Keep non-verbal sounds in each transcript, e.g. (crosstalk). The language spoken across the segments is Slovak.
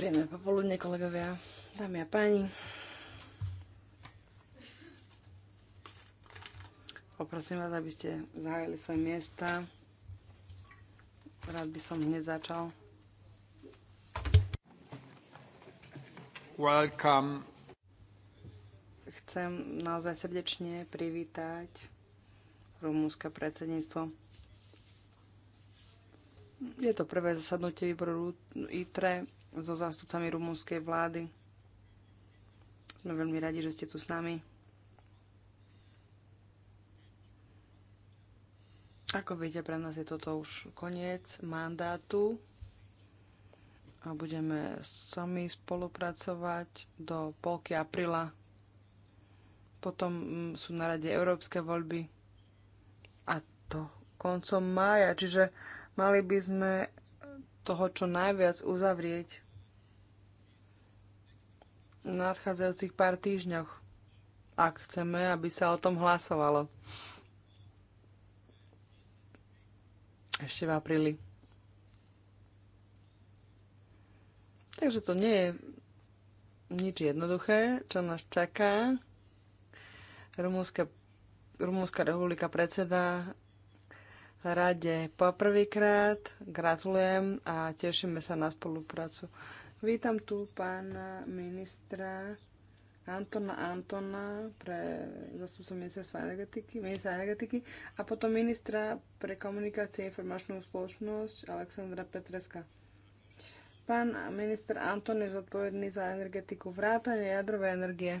Príjemné popoludne, kolegovia, dámy a páni. Poprosím vás, aby ste zahájili svoje miesta. Rád by som hneď začal. Welcome. Chcem naozaj srdečne privítať rumúnske predsedníctvo je to prvé zasadnutie výboru ITRE so zástupcami rumúnskej vlády. Sme veľmi radi, že ste tu s nami. Ako viete, pre nás je toto už koniec mandátu a budeme s vami spolupracovať do polky apríla. Potom mm, sú na rade európske voľby a to koncom mája, čiže mali by sme toho čo najviac uzavrieť nadchádzajúcich pár týždňoch, ak chceme, aby sa o tom hlasovalo. Ešte v apríli. Takže to nie je nič jednoduché, čo nás čaká. Rumúnska, Rumúnska republika predseda rade poprvýkrát. Gratulujem a tešíme sa na spoluprácu. Vítam tu pána ministra Antona Antona pre zastupcu ministerstva energetiky, ministra energetiky a potom ministra pre komunikácie a informačnú spoločnosť Alexandra Petreska. Pán minister Anton je zodpovedný za energetiku vrátane jadrovej energie.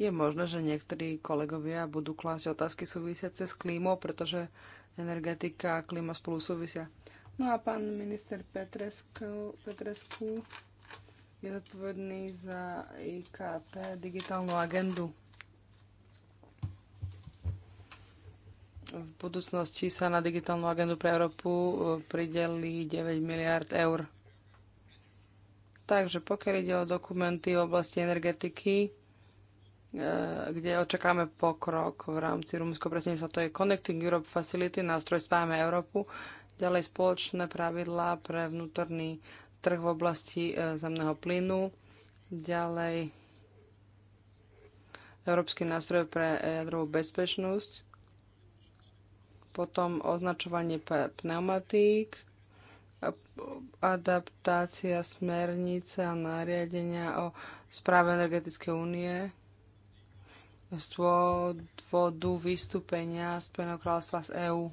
Je možné, že niektorí kolegovia budú klásť otázky súvisiace s klímou, pretože energetika a klíma spolu súvisia. No a pán minister Petresku, Petresku je zodpovedný za IKT, digitálnu agendu. V budúcnosti sa na digitálnu agendu pre Európu e, prideli 9 miliard eur. Takže pokiaľ ide o dokumenty v oblasti energetiky, Eh, kde očakáme pokrok v rámci rumúnskeho predsedníctva. To je Connecting Europe Facility, nástroj Spájame Európu, ďalej spoločné pravidlá pre vnútorný trh v oblasti eh, zemného plynu, ďalej Európsky nástroj pre eh, jadrovú bezpečnosť, potom označovanie pneumatík, adaptácia smernice a nariadenia o správe energetickej únie, z dôvodu vystúpenia Spojeného kráľovstva z EÚ.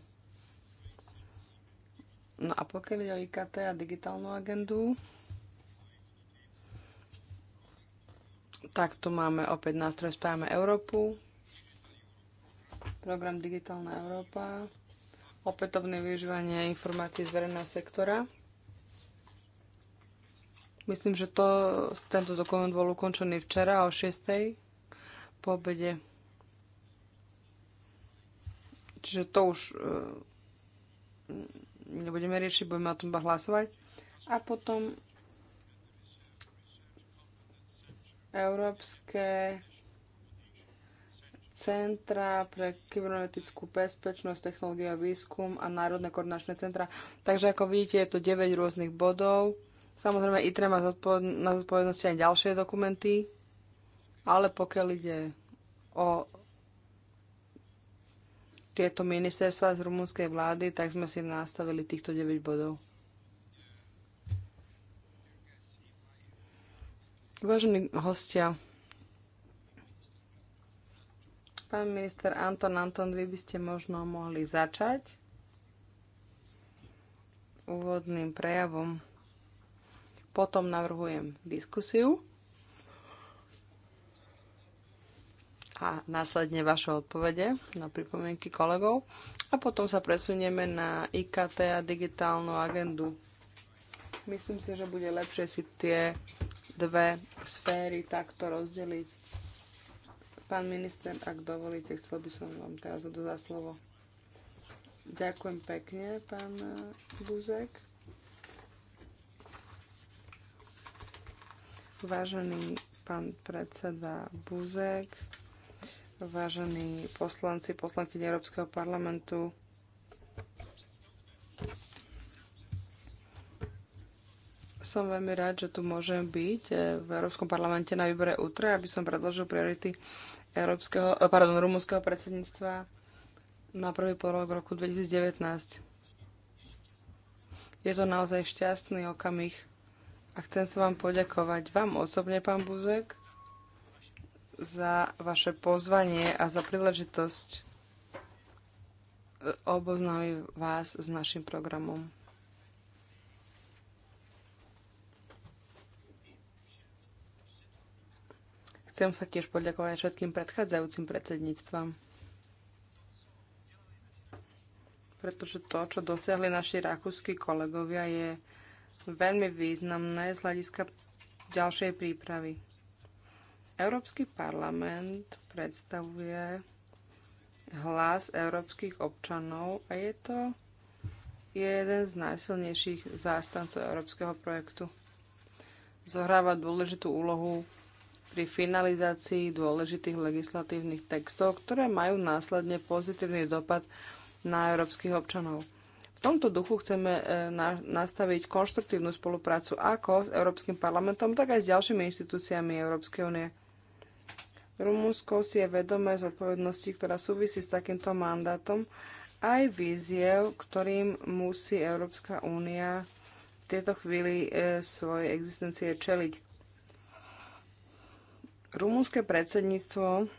No a pokiaľ ide o IKT a digitálnu agendu, tak tu máme opäť nástroj Spájame Európu, program Digitálna Európa, opätovné využívanie informácií z verejného sektora. Myslím, že to, tento dokument bol ukončený včera o 6 po obede. Čiže to už e, nebudeme riešiť, budeme o tom iba hlasovať. A potom Európske centra pre kybernetickú bezpečnosť, technológia a výskum a Národné koordinačné centra. Takže ako vidíte, je to 9 rôznych bodov. Samozrejme, ITRE má na zodpovednosti aj ďalšie dokumenty. Ale pokiaľ ide o tieto ministerstva z rumunskej vlády, tak sme si nastavili týchto 9 bodov. Vážení hostia, pán minister Anton Anton, vy by ste možno mohli začať úvodným prejavom. Potom navrhujem diskusiu. a následne vaše odpovede na pripomienky kolegov a potom sa presunieme na IKT a digitálnu agendu. Myslím si, že bude lepšie si tie dve sféry takto rozdeliť. Pán minister, ak dovolíte, chcel by som vám teraz odozať slovo. Ďakujem pekne, pán Buzek. Vážený pán predseda Buzek, vážení poslanci, poslanky Európskeho parlamentu. Som veľmi rád, že tu môžem byť eh, v Európskom parlamente na výbore útre, aby som predložil priority Európskeho, eh, pardon, rumúnskeho predsedníctva na prvý polrok roku 2019. Je to naozaj šťastný okamih a chcem sa vám poďakovať vám osobne, pán Buzek, za vaše pozvanie a za príležitosť e, oboznámiť vás s našim programom. Chcem sa tiež poďakovať všetkým predchádzajúcim predsedníctvam, pretože to, čo dosiahli naši rakúsky kolegovia, je veľmi významné z hľadiska ďalšej prípravy. Európsky parlament predstavuje hlas európskych občanov a je to jeden z najsilnejších zástancov európskeho projektu. Zohráva dôležitú úlohu pri finalizácii dôležitých legislatívnych textov, ktoré majú následne pozitívny dopad na európskych občanov. V tomto duchu chceme e, nastaviť konštruktívnu spoluprácu ako s Európskym parlamentom, tak aj s ďalšími inštitúciami Európskej únie. Rumunsko si je vedomé zodpovednosti, ktorá súvisí s takýmto mandátom, aj víziev, ktorým musí Európska únia v tejto chvíli e, svojej existencie čeliť. Rumunské predsedníctvo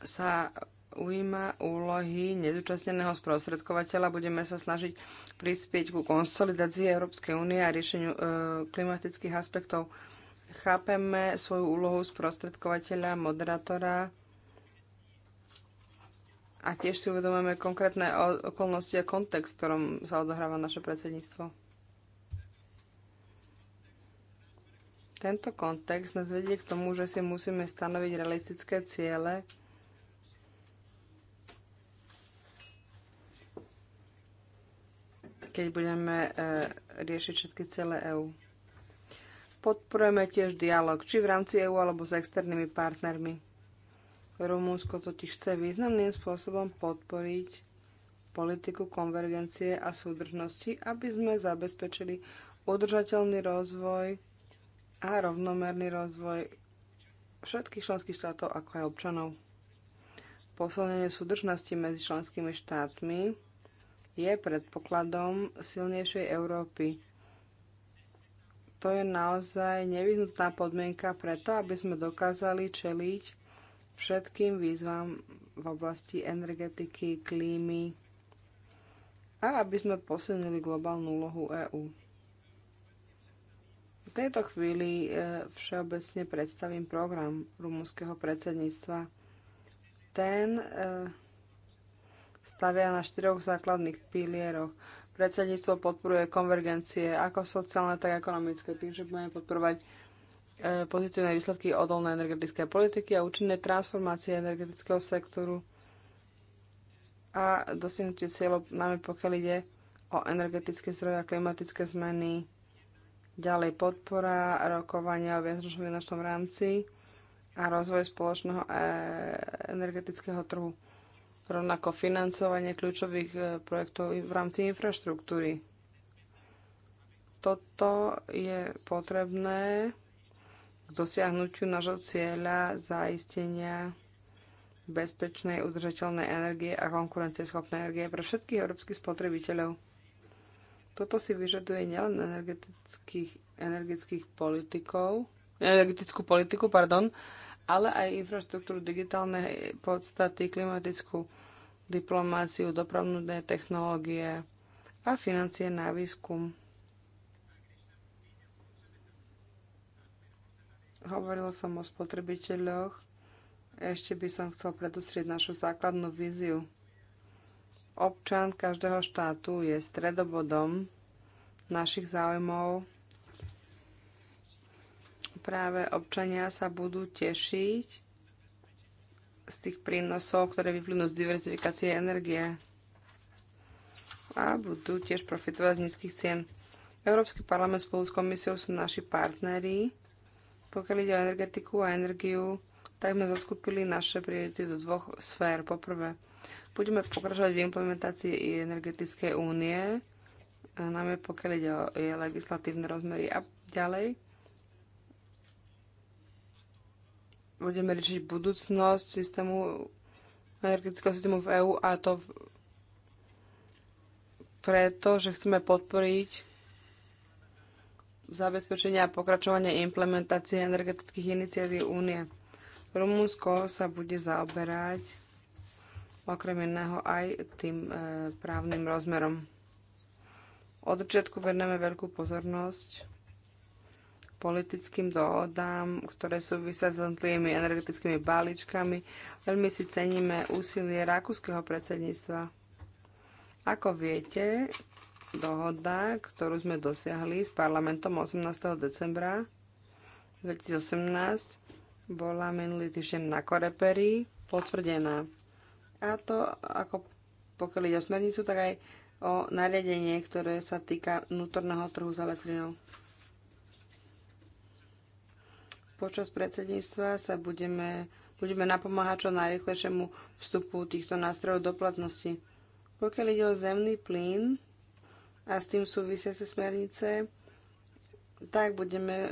sa ujíma úlohy nezúčastneného sprostredkovateľa. Budeme sa snažiť prispieť ku konsolidácii Európskej únie a riešeniu e, klimatických aspektov Chápeme svoju úlohu sprostredkovateľa, moderátora a tiež si uvedomujeme konkrétne okolnosti a kontext, v ktorom sa odohráva naše predsedníctvo. Tento kontext nás vedie k tomu, že si musíme stanoviť realistické ciele, keď budeme e, riešiť všetky celé EÚ. Podporujeme tiež dialog, či v rámci EÚ alebo s externými partnermi. Rumúnsko totiž chce významným spôsobom podporiť politiku konvergencie a súdržnosti, aby sme zabezpečili udržateľný rozvoj a rovnomerný rozvoj všetkých členských štátov ako aj občanov. Posilnenie súdržnosti medzi členskými štátmi je predpokladom silnejšej Európy to je naozaj nevyhnutná podmienka preto, aby sme dokázali čeliť všetkým výzvam v oblasti energetiky, klímy a aby sme posilnili globálnu úlohu EÚ. V tejto chvíli e, všeobecne predstavím program rumúnskeho predsedníctva. Ten e, stavia na štyroch základných pilieroch Predsedníctvo podporuje konvergencie ako sociálne, tak ekonomické, tým, že budeme podporovať e, pozitívne výsledky odolnej energetickej politiky a účinné transformácie energetického sektoru a dosiahnutie cieľov nami, pokiaľ ide o energetické zdroje a klimatické zmeny. Ďalej podpora rokovania o viacročnom rámci a rozvoj spoločného e, energetického trhu rovnako financovanie kľúčových e, projektov v rámci infraštruktúry. Toto je potrebné k dosiahnutiu nášho cieľa zaistenia bezpečnej, udržateľnej energie a konkurencieschopnej energie pre všetkých európskych spotrebiteľov. Toto si vyžaduje nielen energetických, energetických politikov, energetickú politiku, pardon, ale aj infraštruktúru digitálnej podstaty, klimatickú diplomáciu, dopravné technológie a financie na výskum. Hovoril som o spotrebiteľoch. Ešte by som chcel predostrieť našu základnú víziu. Občan každého štátu je stredobodom našich záujmov práve občania sa budú tešiť z tých prínosov, ktoré vyplynú z diverzifikácie energie a budú tiež profitovať z nízkych cien. Európsky parlament spolu s komisiou sú naši partneri. Pokiaľ ide o energetiku a energiu, tak sme zoskupili naše priority do dvoch sfér. Poprvé, budeme pokračovať v implementácii i energetickej únie, najmä pokiaľ ide o legislatívne rozmery a ďalej budeme riešiť budúcnosť systému, energetického systému v EÚ a to preto, že chceme podporiť zabezpečenie a pokračovanie implementácie energetických iniciatív únie. Rumunsko sa bude zaoberať okrem iného aj tým e, právnym rozmerom. Od začiatku venujeme veľkú pozornosť politickým dohodám, ktoré súvisia s jednotlivými energetickými balíčkami. Veľmi si ceníme úsilie rakúskeho predsedníctva. Ako viete, dohoda, ktorú sme dosiahli s parlamentom 18. decembra 2018, bola minulý týždeň na Koreperi potvrdená. A to, ako pokiaľ ide o smernicu, tak aj o nariadenie, ktoré sa týka vnútorného trhu s elektrinou. Počas predsedníctva sa budeme, budeme napomáhať čo najrychlejšiemu vstupu týchto nástrojov do platnosti. Pokiaľ ide o zemný plyn a s tým súvisiace smernice, tak budeme e,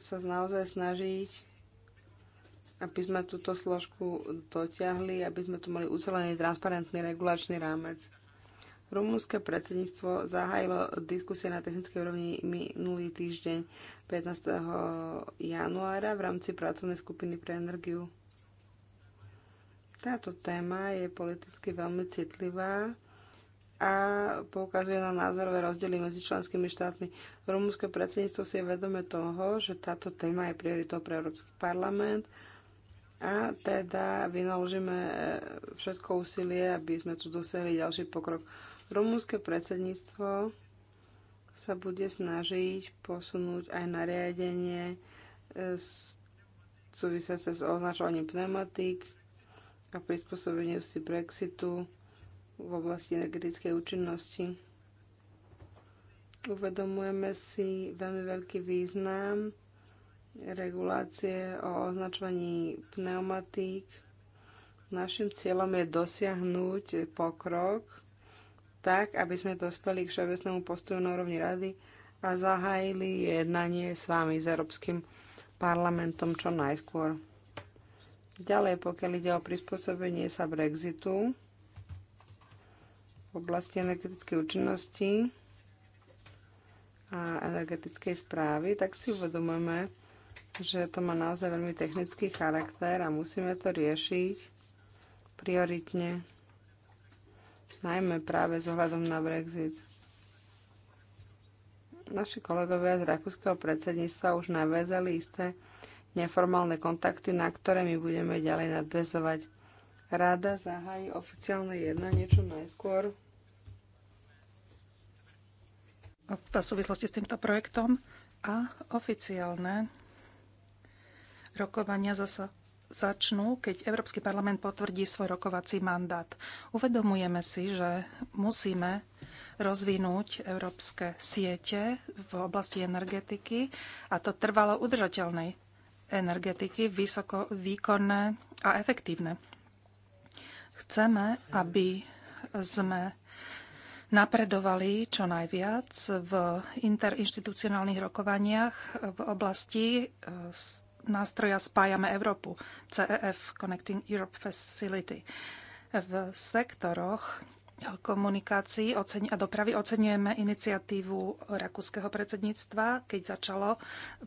sa naozaj snažiť, aby sme túto složku dotiahli, aby sme tu mali ucelený, transparentný regulačný rámec. Rumunské predsedníctvo zahájilo diskusie na technickej úrovni minulý týždeň 15. januára v rámci pracovnej skupiny pre energiu. Táto téma je politicky veľmi citlivá a poukazuje na názorové rozdiely medzi členskými štátmi. Rumunské predsedníctvo si je vedome toho, že táto téma je prioritou pre Európsky parlament a teda vynaložíme eh, všetko úsilie, aby sme tu dosiahli ďalší pokrok. Rumúnske predsedníctvo sa bude snažiť posunúť aj nariadenie e, sa s označovaním pneumatík a prispôsobeniu si Brexitu v oblasti energetickej účinnosti. Uvedomujeme si veľmi veľký význam regulácie o označovaní pneumatík. Našim cieľom je dosiahnuť pokrok tak, aby sme dospeli k všeobecnému postoju na úrovni rady a zahájili jednanie s vami, s Európskym parlamentom čo najskôr. Ďalej, pokiaľ ide o prispôsobenie sa Brexitu v oblasti energetickej účinnosti a energetickej správy, tak si uvedomujeme, že to má naozaj veľmi technický charakter a musíme to riešiť prioritne najmä práve s ohľadom na Brexit. Naši kolegovia z rakúskeho predsedníctva už naviazali isté neformálne kontakty, na ktoré my budeme ďalej nadvezovať. Rada zahájí oficiálne jednanie čo najskôr. V súvislosti s týmto projektom a oficiálne rokovania zasa začnú, keď Európsky parlament potvrdí svoj rokovací mandát. Uvedomujeme si, že musíme rozvinúť európske siete v oblasti energetiky a to trvalo udržateľnej energetiky, vysoko výkonné a efektívne. Chceme, aby sme napredovali čo najviac v interinstitucionálnych rokovaniach v oblasti e, nástroja Spájame Európu, CEF, Connecting Europe Facility. V sektoroch komunikácií a dopravy oceňujeme iniciatívu rakúskeho predsedníctva, keď začalo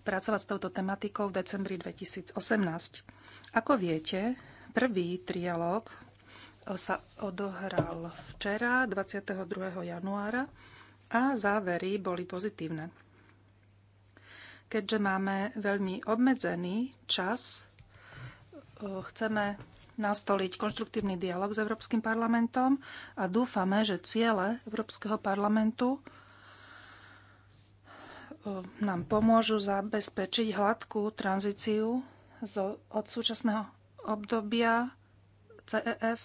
pracovať s touto tematikou v decembri 2018. Ako viete, prvý trialóg sa odohral včera, 22. januára, a závery boli pozitívne. Keďže máme veľmi obmedzený čas, e, chceme nastoliť konštruktívny dialog s Európskym parlamentom a dúfame, že ciele Európskeho parlamentu e, nám pomôžu zabezpečiť hladkú tranzíciu od súčasného obdobia CEF,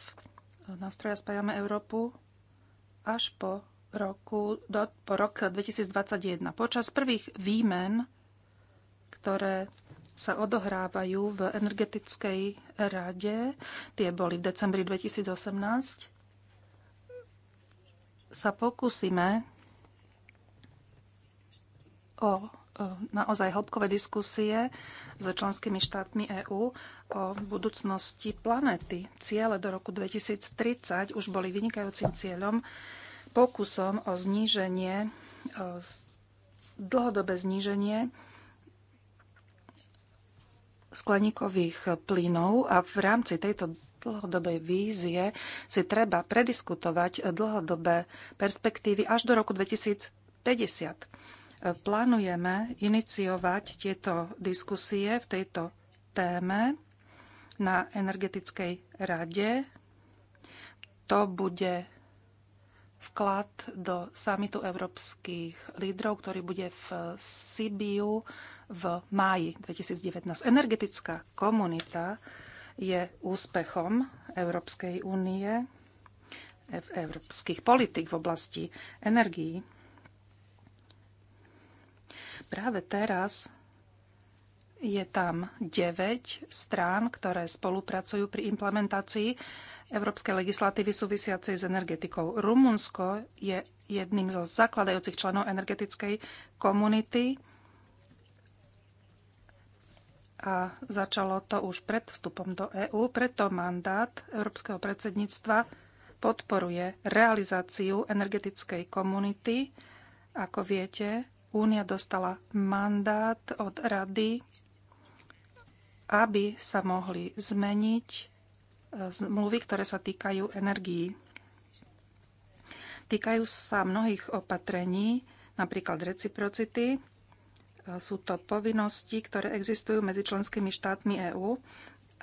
nástroja Spájame Európu, až po, roku, do, po rok 2021. Počas prvých výmen ktoré sa odohrávajú v energetickej rade, tie boli v decembri 2018, sa pokúsime o e, naozaj hĺbkové diskusie s členskými štátmi EÚ o budúcnosti planéty. Ciele do roku 2030 už boli vynikajúcim cieľom, pokusom o zníženie, e, dlhodobé zníženie skleníkových plynov a v rámci tejto dlhodobej vízie si treba prediskutovať dlhodobé perspektívy až do roku 2050. Plánujeme iniciovať tieto diskusie v tejto téme na energetickej rade. To bude vklad do samitu európskych lídrov, ktorý bude v Sibiu v máji 2019. Energetická komunita je úspechom Európskej únie, európskych politik v oblasti energií. Práve teraz je tam 9 strán, ktoré spolupracujú pri implementácii európskej legislatívy súvisiacej s energetikou. Rumunsko je jedným zo zakladajúcich členov energetickej komunity a začalo to už pred vstupom do EÚ, preto mandát Európskeho predsedníctva podporuje realizáciu energetickej komunity. Ako viete, Únia dostala mandát od Rady, aby sa mohli zmeniť zmluvy, ktoré sa týkajú energií. Týkajú sa mnohých opatrení, napríklad reciprocity. Sú to povinnosti, ktoré existujú medzi členskými štátmi EÚ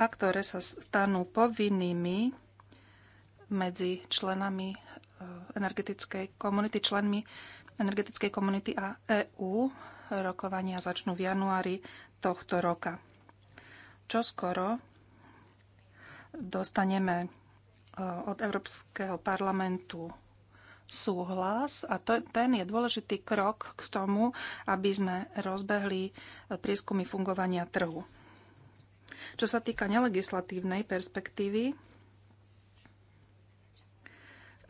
a ktoré sa stanú povinnými medzi členami eh, energetickej komunity, členmi energetickej komunity a EÚ. Rokovania začnú v januári tohto roka. Čo skoro dostaneme e, od Európskeho parlamentu súhlas a to, ten je dôležitý krok k tomu, aby sme rozbehli e, prieskumy fungovania trhu. Čo sa týka nelegislatívnej perspektívy,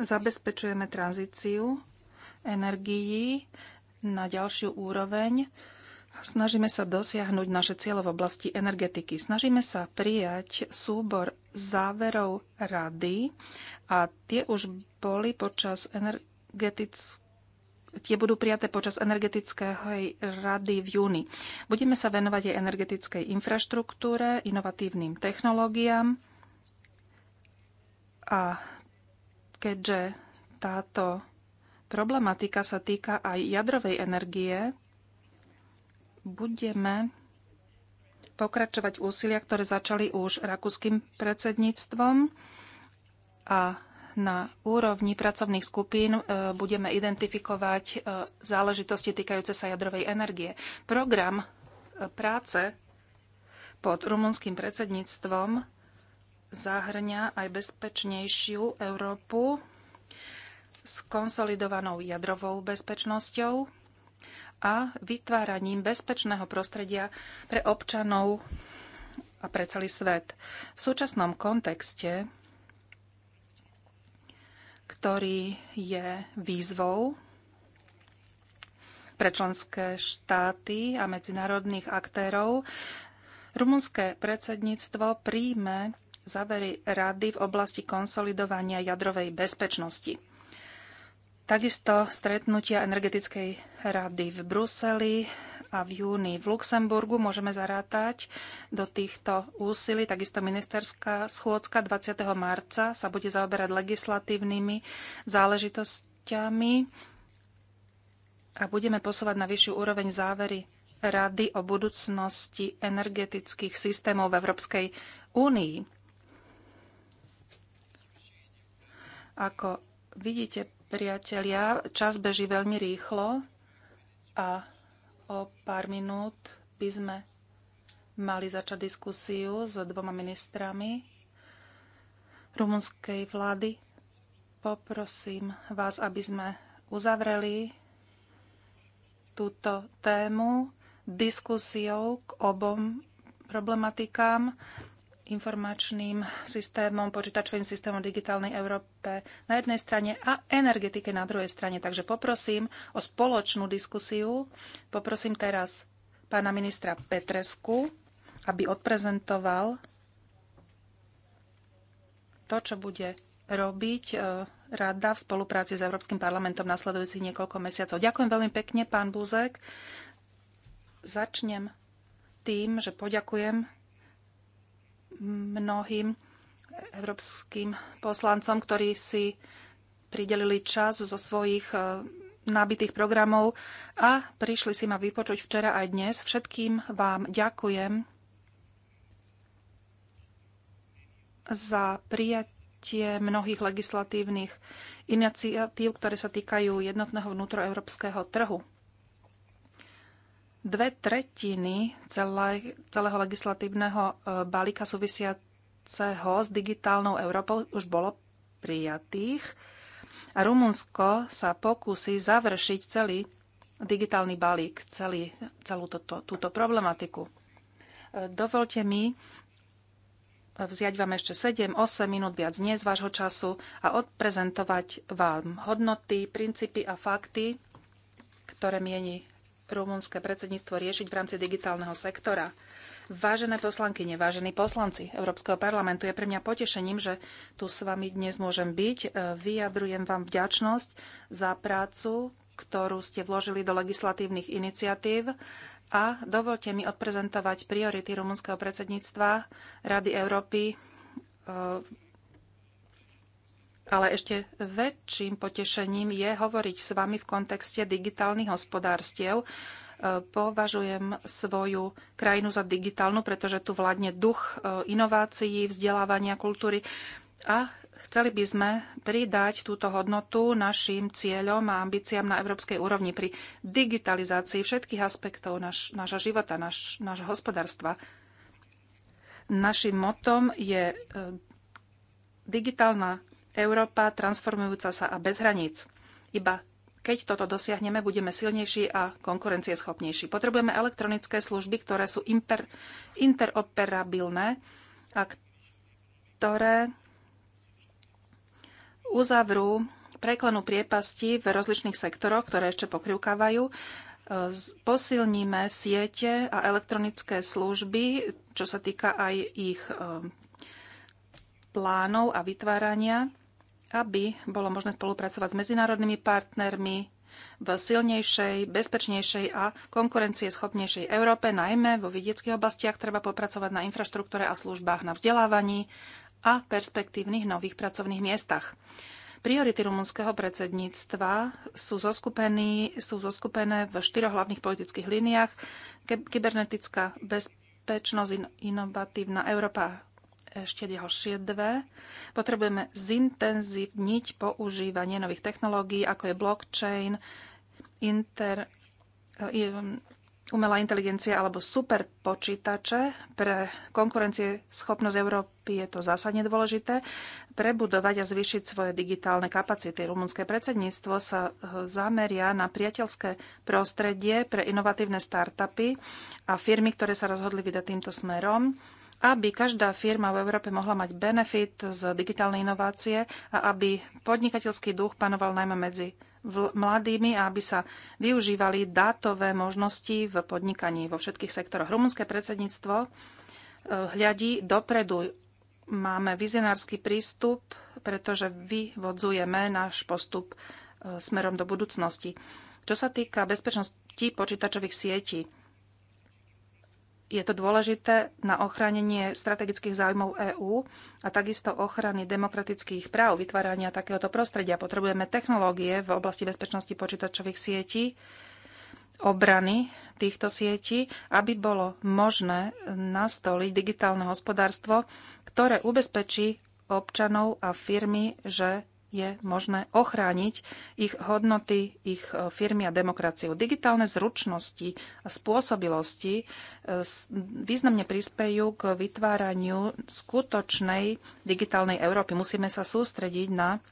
zabezpečujeme tranzíciu energií na ďalšiu úroveň. Snažíme sa dosiahnuť naše cieľe v oblasti energetiky. Snažíme sa prijať súbor záverov rady a tie už boli počas energetického tie budú prijaté počas energetickej rady v júni. Budeme sa venovať aj energetickej infraštruktúre, inovatívnym technológiám a keďže táto problematika sa týka aj jadrovej energie, budeme pokračovať úsilia, ktoré začali už rakúskym predsedníctvom a na úrovni pracovných skupín e, budeme identifikovať e, záležitosti týkajúce sa jadrovej energie. Program e, práce pod rumunským predsedníctvom zahrňa aj bezpečnejšiu Európu s konsolidovanou jadrovou bezpečnosťou a vytváraním bezpečného prostredia pre občanov a pre celý svet. V súčasnom kontexte, ktorý je výzvou pre členské štáty a medzinárodných aktérov, rumunské predsedníctvo príjme závery rady v oblasti konsolidovania jadrovej bezpečnosti. Takisto stretnutia energetickej rady v Bruseli a v júni v Luxemburgu môžeme zarátať do týchto úsilí. Takisto ministerská schôdzka 20. marca sa bude zaoberať legislatívnymi záležitosťami a budeme posúvať na vyššiu úroveň závery Rady o budúcnosti energetických systémov v Európskej únii. Ako vidíte, Priatelia, čas beží veľmi rýchlo a o pár minút by sme mali začať diskusiu s dvoma ministrami rumunskej vlády. Poprosím vás, aby sme uzavreli túto tému diskusiou k obom problematikám informačným systémom, počítačovým systémom digitálnej Európe na jednej strane a energetike na druhej strane. Takže poprosím o spoločnú diskusiu. Poprosím teraz pána ministra Petresku, aby odprezentoval to, čo bude robiť e, rada v spolupráci s Európskym parlamentom nasledujúcich niekoľko mesiacov. Ďakujem veľmi pekne, pán Buzek. Začnem tým, že poďakujem mnohým európskym poslancom, ktorí si pridelili čas zo svojich e, nabitých programov a prišli si ma vypočuť včera aj dnes. Všetkým vám ďakujem za prijatie mnohých legislatívnych iniciatív, ktoré sa týkajú jednotného vnútroeurópskeho trhu. Dve tretiny celé, celého legislatívneho e, balíka súvisiaceho s digitálnou Európou už bolo prijatých a Rumunsko sa pokusí završiť celý digitálny balík, celý, celú to, túto problematiku. E, dovolte mi vziať vám ešte 7-8 minút viac dnes z vášho času a odprezentovať vám hodnoty, princípy a fakty, ktoré mieni rumunské predsedníctvo riešiť v rámci digitálneho sektora. Vážené poslankyne, vážení poslanci Európskeho parlamentu, je pre mňa potešením, že tu s vami dnes môžem byť. E, vyjadrujem vám vďačnosť za prácu, ktorú ste vložili do legislatívnych iniciatív a dovolte mi odprezentovať priority rumunského predsedníctva Rady Európy e, ale ešte väčším potešením je hovoriť s vami v kontexte digitálnych hospodárstiev. E, považujem svoju krajinu za digitálnu, pretože tu vládne duch e, inovácií, vzdelávania, kultúry. A chceli by sme pridať túto hodnotu našim cieľom a ambíciám na európskej úrovni pri digitalizácii všetkých aspektov nášho naš, života, nášho naš, hospodárstva. Našim motom je e, digitálna Európa transformujúca sa a bez hraníc. Iba keď toto dosiahneme, budeme silnejší a konkurencieschopnejší. Potrebujeme elektronické služby, ktoré sú imper, interoperabilné a ktoré uzavrú preklenú priepasti v rozličných sektoroch, ktoré ešte pokrivkávajú. Posilníme siete a elektronické služby, čo sa týka aj ich eh, plánov a vytvárania aby bolo možné spolupracovať s medzinárodnými partnermi v silnejšej, bezpečnejšej a konkurencieschopnejšej Európe, najmä vo vidieckých oblastiach treba popracovať na infraštruktúre a službách na vzdelávaní a perspektívnych nových pracovných miestach. Priority rumunského predsedníctva sú, sú zoskupené v štyroch hlavných politických líniách. Kybernetická bezpečnosť, inovatívna Európa ešte ďalšie dve. Potrebujeme zintenzívniť používanie nových technológií, ako je blockchain, inter, eh, um, umelá inteligencia alebo superpočítače. Pre konkurencie schopnosť Európy je to zásadne dôležité. Prebudovať a zvýšiť svoje digitálne kapacity. Rumunské predsedníctvo sa eh, zameria na priateľské prostredie pre inovatívne startupy a firmy, ktoré sa rozhodli vydať týmto smerom aby každá firma v Európe mohla mať benefit z digitálnej inovácie a aby podnikateľský duch panoval najmä medzi mladými a aby sa využívali dátové možnosti v podnikaní vo všetkých sektoroch. Rumunské predsedníctvo eh, hľadí dopredu. Máme vizionársky prístup, pretože vyvodzujeme náš postup eh, smerom do budúcnosti. Čo sa týka bezpečnosti počítačových sietí, je to dôležité na ochránenie strategických záujmov EÚ a takisto ochrany demokratických práv, vytvárania takéhoto prostredia. Potrebujeme technológie v oblasti bezpečnosti počítačových sietí, obrany týchto sietí, aby bolo možné nastoliť digitálne hospodárstvo, ktoré ubezpečí občanov a firmy, že je možné ochrániť ich hodnoty, ich e, firmy a demokraciu. Digitálne zručnosti a spôsobilosti e, významne prispejú k vytváraniu skutočnej digitálnej Európy. Musíme sa sústrediť na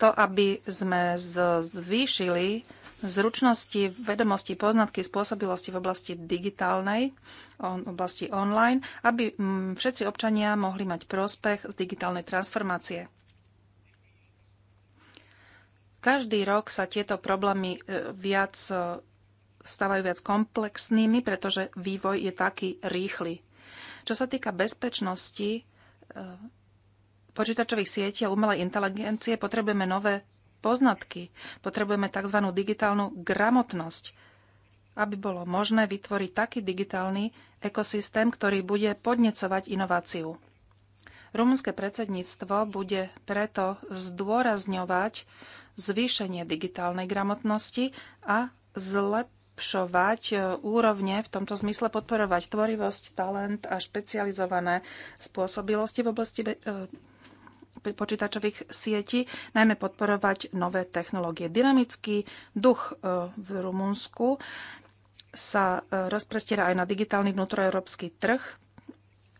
to, aby sme zvýšili zručnosti, vedomosti, poznatky, spôsobilosti v oblasti digitálnej, v oblasti online, aby mm, všetci občania mohli mať prospech z digitálnej transformácie. Každý rok sa tieto problémy e, viac e, stávajú viac komplexnými, pretože vývoj je taký rýchly. Čo sa týka bezpečnosti e, počítačových sietí a umelej inteligencie, potrebujeme nové poznatky, potrebujeme tzv. digitálnu gramotnosť, aby bolo možné vytvoriť taký digitálny ekosystém, ktorý bude podnecovať inováciu. Rumunské predsedníctvo bude preto zdôrazňovať zvýšenie digitálnej gramotnosti a zlepšovať e, úrovne, v tomto zmysle podporovať tvorivosť, talent a špecializované spôsobilosti v oblasti e, počítačových sietí, najmä podporovať nové technológie. Dynamický duch e, v Rumunsku sa rozprestiera aj na digitálny vnútroeurópsky trh.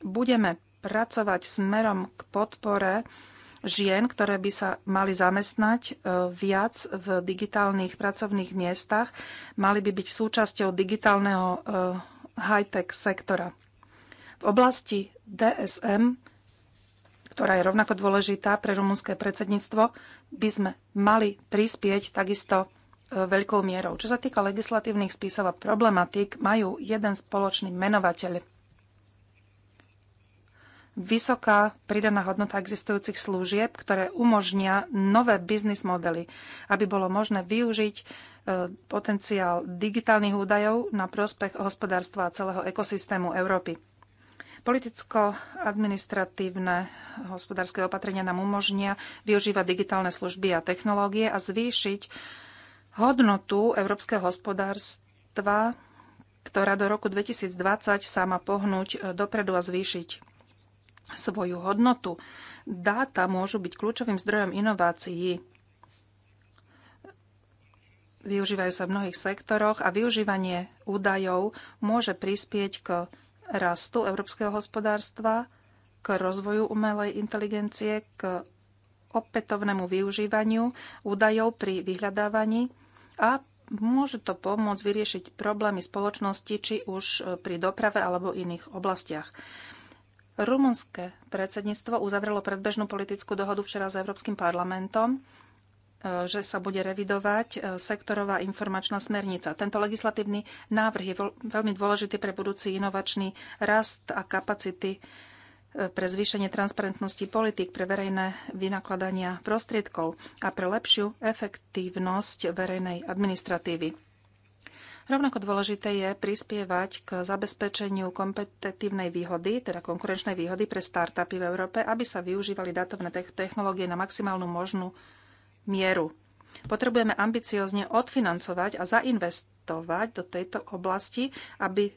Budeme pracovať smerom k podpore žien, ktoré by sa mali zamestnať e, viac v digitálnych pracovných miestach, mali by byť súčasťou digitálneho e, high-tech sektora. V oblasti DSM, ktorá je rovnako dôležitá pre rumunské predsedníctvo, by sme mali prispieť takisto e, veľkou mierou. Čo sa týka legislatívnych spisov a problematík, majú jeden spoločný menovateľ – vysoká pridaná hodnota existujúcich služieb, ktoré umožnia nové biznis modely, aby bolo možné využiť e, potenciál digitálnych údajov na prospech hospodárstva a celého ekosystému Európy. Politicko-administratívne hospodárske opatrenia nám umožnia využívať digitálne služby a technológie a zvýšiť hodnotu európskeho hospodárstva, ktorá do roku 2020 sa má pohnúť e, dopredu a zvýšiť svoju hodnotu. Dáta môžu byť kľúčovým zdrojom inovácií. Využívajú sa v mnohých sektoroch a využívanie údajov môže prispieť k rastu európskeho hospodárstva, k rozvoju umelej inteligencie, k opätovnému využívaniu údajov pri vyhľadávaní a môže to pomôcť vyriešiť problémy spoločnosti, či už pri doprave alebo iných oblastiach. Rumunské predsedníctvo uzavrelo predbežnú politickú dohodu včera s Európskym parlamentom, e, že sa bude revidovať e, sektorová informačná smernica. Tento legislatívny návrh je veľmi dôležitý pre budúci inovačný rast a kapacity e, pre zvýšenie transparentnosti politik, pre verejné vynakladania prostriedkov a pre lepšiu efektívnosť verejnej administratívy. Rovnako dôležité je prispievať k zabezpečeniu kompetitívnej výhody, teda konkurenčnej výhody pre startupy v Európe, aby sa využívali datovné technológie na maximálnu možnú mieru. Potrebujeme ambiciozne odfinancovať a zainvestovať do tejto oblasti, aby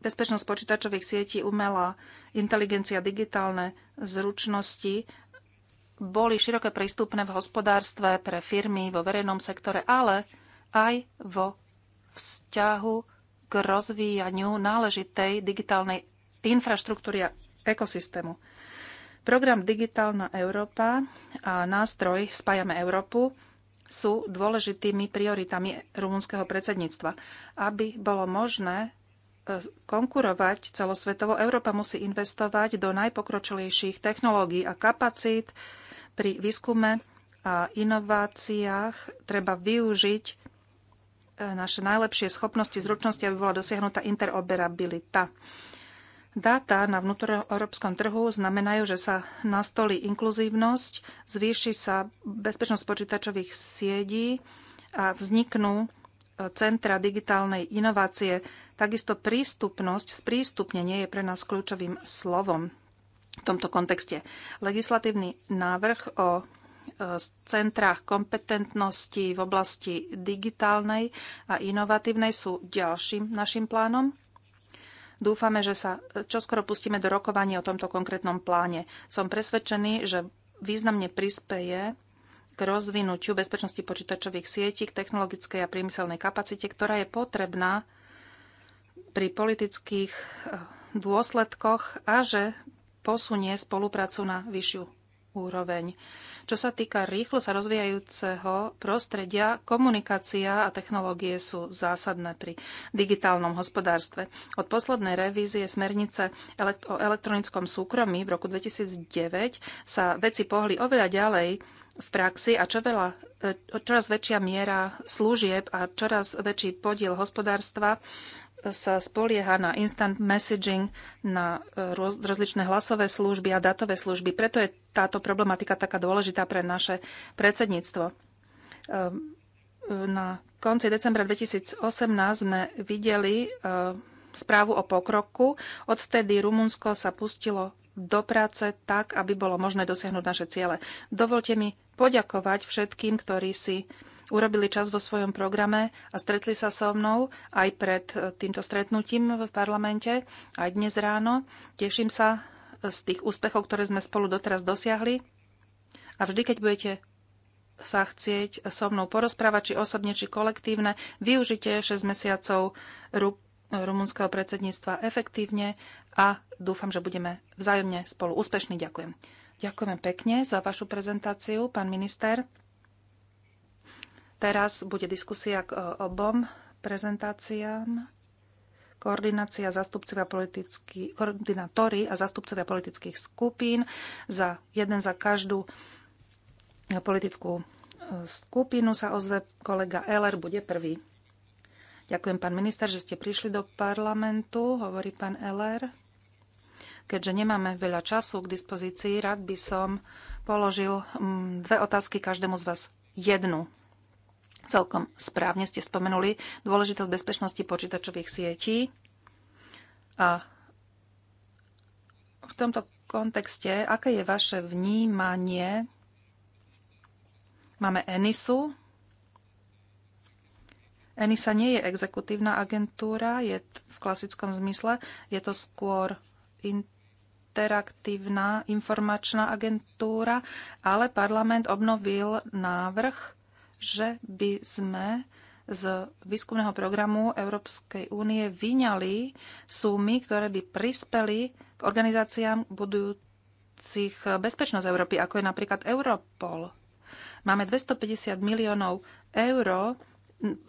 bezpečnosť počítačových sietí, umelá inteligencia, digitálne zručnosti boli široké prístupné v hospodárstve, pre firmy, vo verejnom sektore, ale aj vo vzťahu k rozvíjaniu náležitej digitálnej infraštruktúry a ekosystému. Program Digitálna Európa a nástroj Spájame Európu sú dôležitými prioritami rumúnskeho predsedníctva. Aby bolo možné e, konkurovať celosvetovo, Európa musí investovať do najpokročilejších technológií a kapacít pri výskume a inováciách. Treba využiť naše najlepšie schopnosti, zručnosti, aby bola dosiahnutá interoperabilita. Dáta na vnútroeurópskom trhu znamenajú, že sa nastolí inkluzívnosť, zvýši sa bezpečnosť počítačových siedí a vzniknú e, centra digitálnej inovácie. Takisto prístupnosť, sprístupnenie je pre nás kľúčovým slovom v tomto kontexte. Legislatívny návrh o centrách kompetentnosti v oblasti digitálnej a inovatívnej sú ďalším našim plánom. Dúfame, že sa čoskoro pustíme do rokovania o tomto konkrétnom pláne. Som presvedčený, že významne prispeje k rozvinutiu bezpečnosti počítačových sietí, k technologickej a priemyselnej kapacite, ktorá je potrebná pri politických eh, dôsledkoch a že posunie spoluprácu na vyššiu úroveň. Čo sa týka rýchlo sa rozvíjajúceho prostredia, komunikácia a technológie sú zásadné pri digitálnom hospodárstve. Od poslednej revízie smernice o elektronickom súkromí v roku 2009 sa veci pohli oveľa ďalej v praxi a čo veľa, e, čoraz väčšia miera služieb a čoraz väčší podiel hospodárstva sa spolieha na instant messaging, na e, rozličné hlasové služby a datové služby. Preto je táto problematika taká dôležitá pre naše predsedníctvo. E, e, na konci decembra 2018 sme videli správu o pokroku. Odtedy Rumunsko sa pustilo do práce tak, aby bolo možné dosiahnuť naše ciele. Dovolte mi poďakovať všetkým, ktorí si uh, urobili čas vo svojom programe a stretli sa so mnou aj pred e, týmto stretnutím v parlamente, aj dnes ráno. Teším sa e, z tých úspechov, ktoré sme spolu doteraz dosiahli. A vždy, keď budete sa chcieť so mnou porozprávať, či osobne, či kolektívne, využite 6 mesiacov ru- rumunského predsedníctva efektívne a dúfam, že budeme vzájomne spolu úspešní. Ďakujem. Ďakujeme pekne za vašu prezentáciu, pán minister. Teraz bude diskusia k e, obom prezentáciám. Koordinácia zastupcovia politický, koordinátori a zastupcovia politických skupín, za, jeden za každú e, politickú e, skupinu sa ozve kolega Eller, bude prvý. Ďakujem, pán minister, že ste prišli do parlamentu, hovorí pán Eller. Keďže nemáme veľa času k dispozícii, rád by som položil mm, dve otázky každému z vás. Jednu Celkom správne ste spomenuli dôležitosť bezpečnosti počítačových sietí. A v tomto kontexte, aké je vaše vnímanie? Máme ENISu. ENISA nie je exekutívna agentúra, je v klasickom zmysle, je to skôr interaktívna informačná agentúra, ale parlament obnovil návrh že by sme z výskumného programu Európskej únie vyňali sumy, ktoré by prispeli k organizáciám budúcich bezpečnosť Európy, ako je napríklad Europol. Máme 250 miliónov eur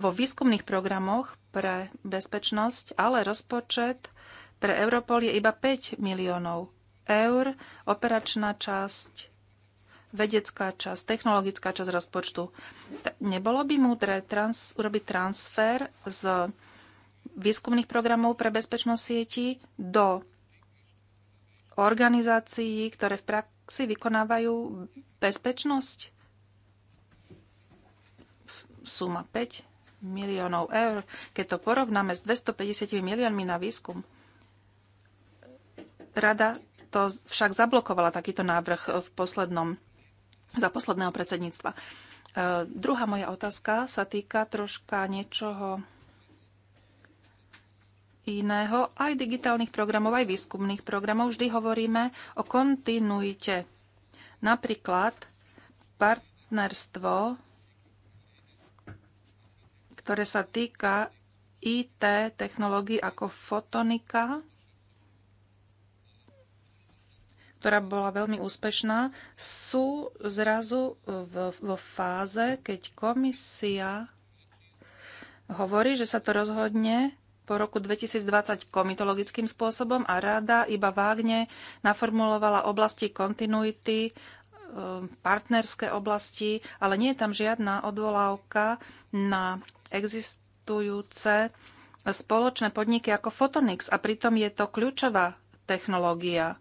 vo výskumných programoch pre bezpečnosť, ale rozpočet pre Europol je iba 5 miliónov eur. Operačná časť vedecká časť, technologická časť rozpočtu. Nebolo by múdre trans- urobiť transfer z výskumných programov pre bezpečnosť sieti do organizácií, ktoré v praxi vykonávajú bezpečnosť? Suma 5 miliónov eur, keď to porovnáme s 250 miliónmi na výskum. Rada to však zablokovala takýto návrh v poslednom za posledného predsedníctva. E, druhá moja otázka sa týka troška niečoho iného, aj digitálnych programov, aj výskumných programov. Vždy hovoríme o kontinuite. Napríklad partnerstvo, ktoré sa týka IT technológií ako fotonika, ktorá bola veľmi úspešná, sú zrazu v, vo fáze, keď komisia hovorí, že sa to rozhodne po roku 2020 komitologickým spôsobom a rada iba vágne naformulovala oblasti kontinuity, e, partnerské oblasti, ale nie je tam žiadna odvolávka na existujúce spoločné podniky ako Photonics a pritom je to kľúčová technológia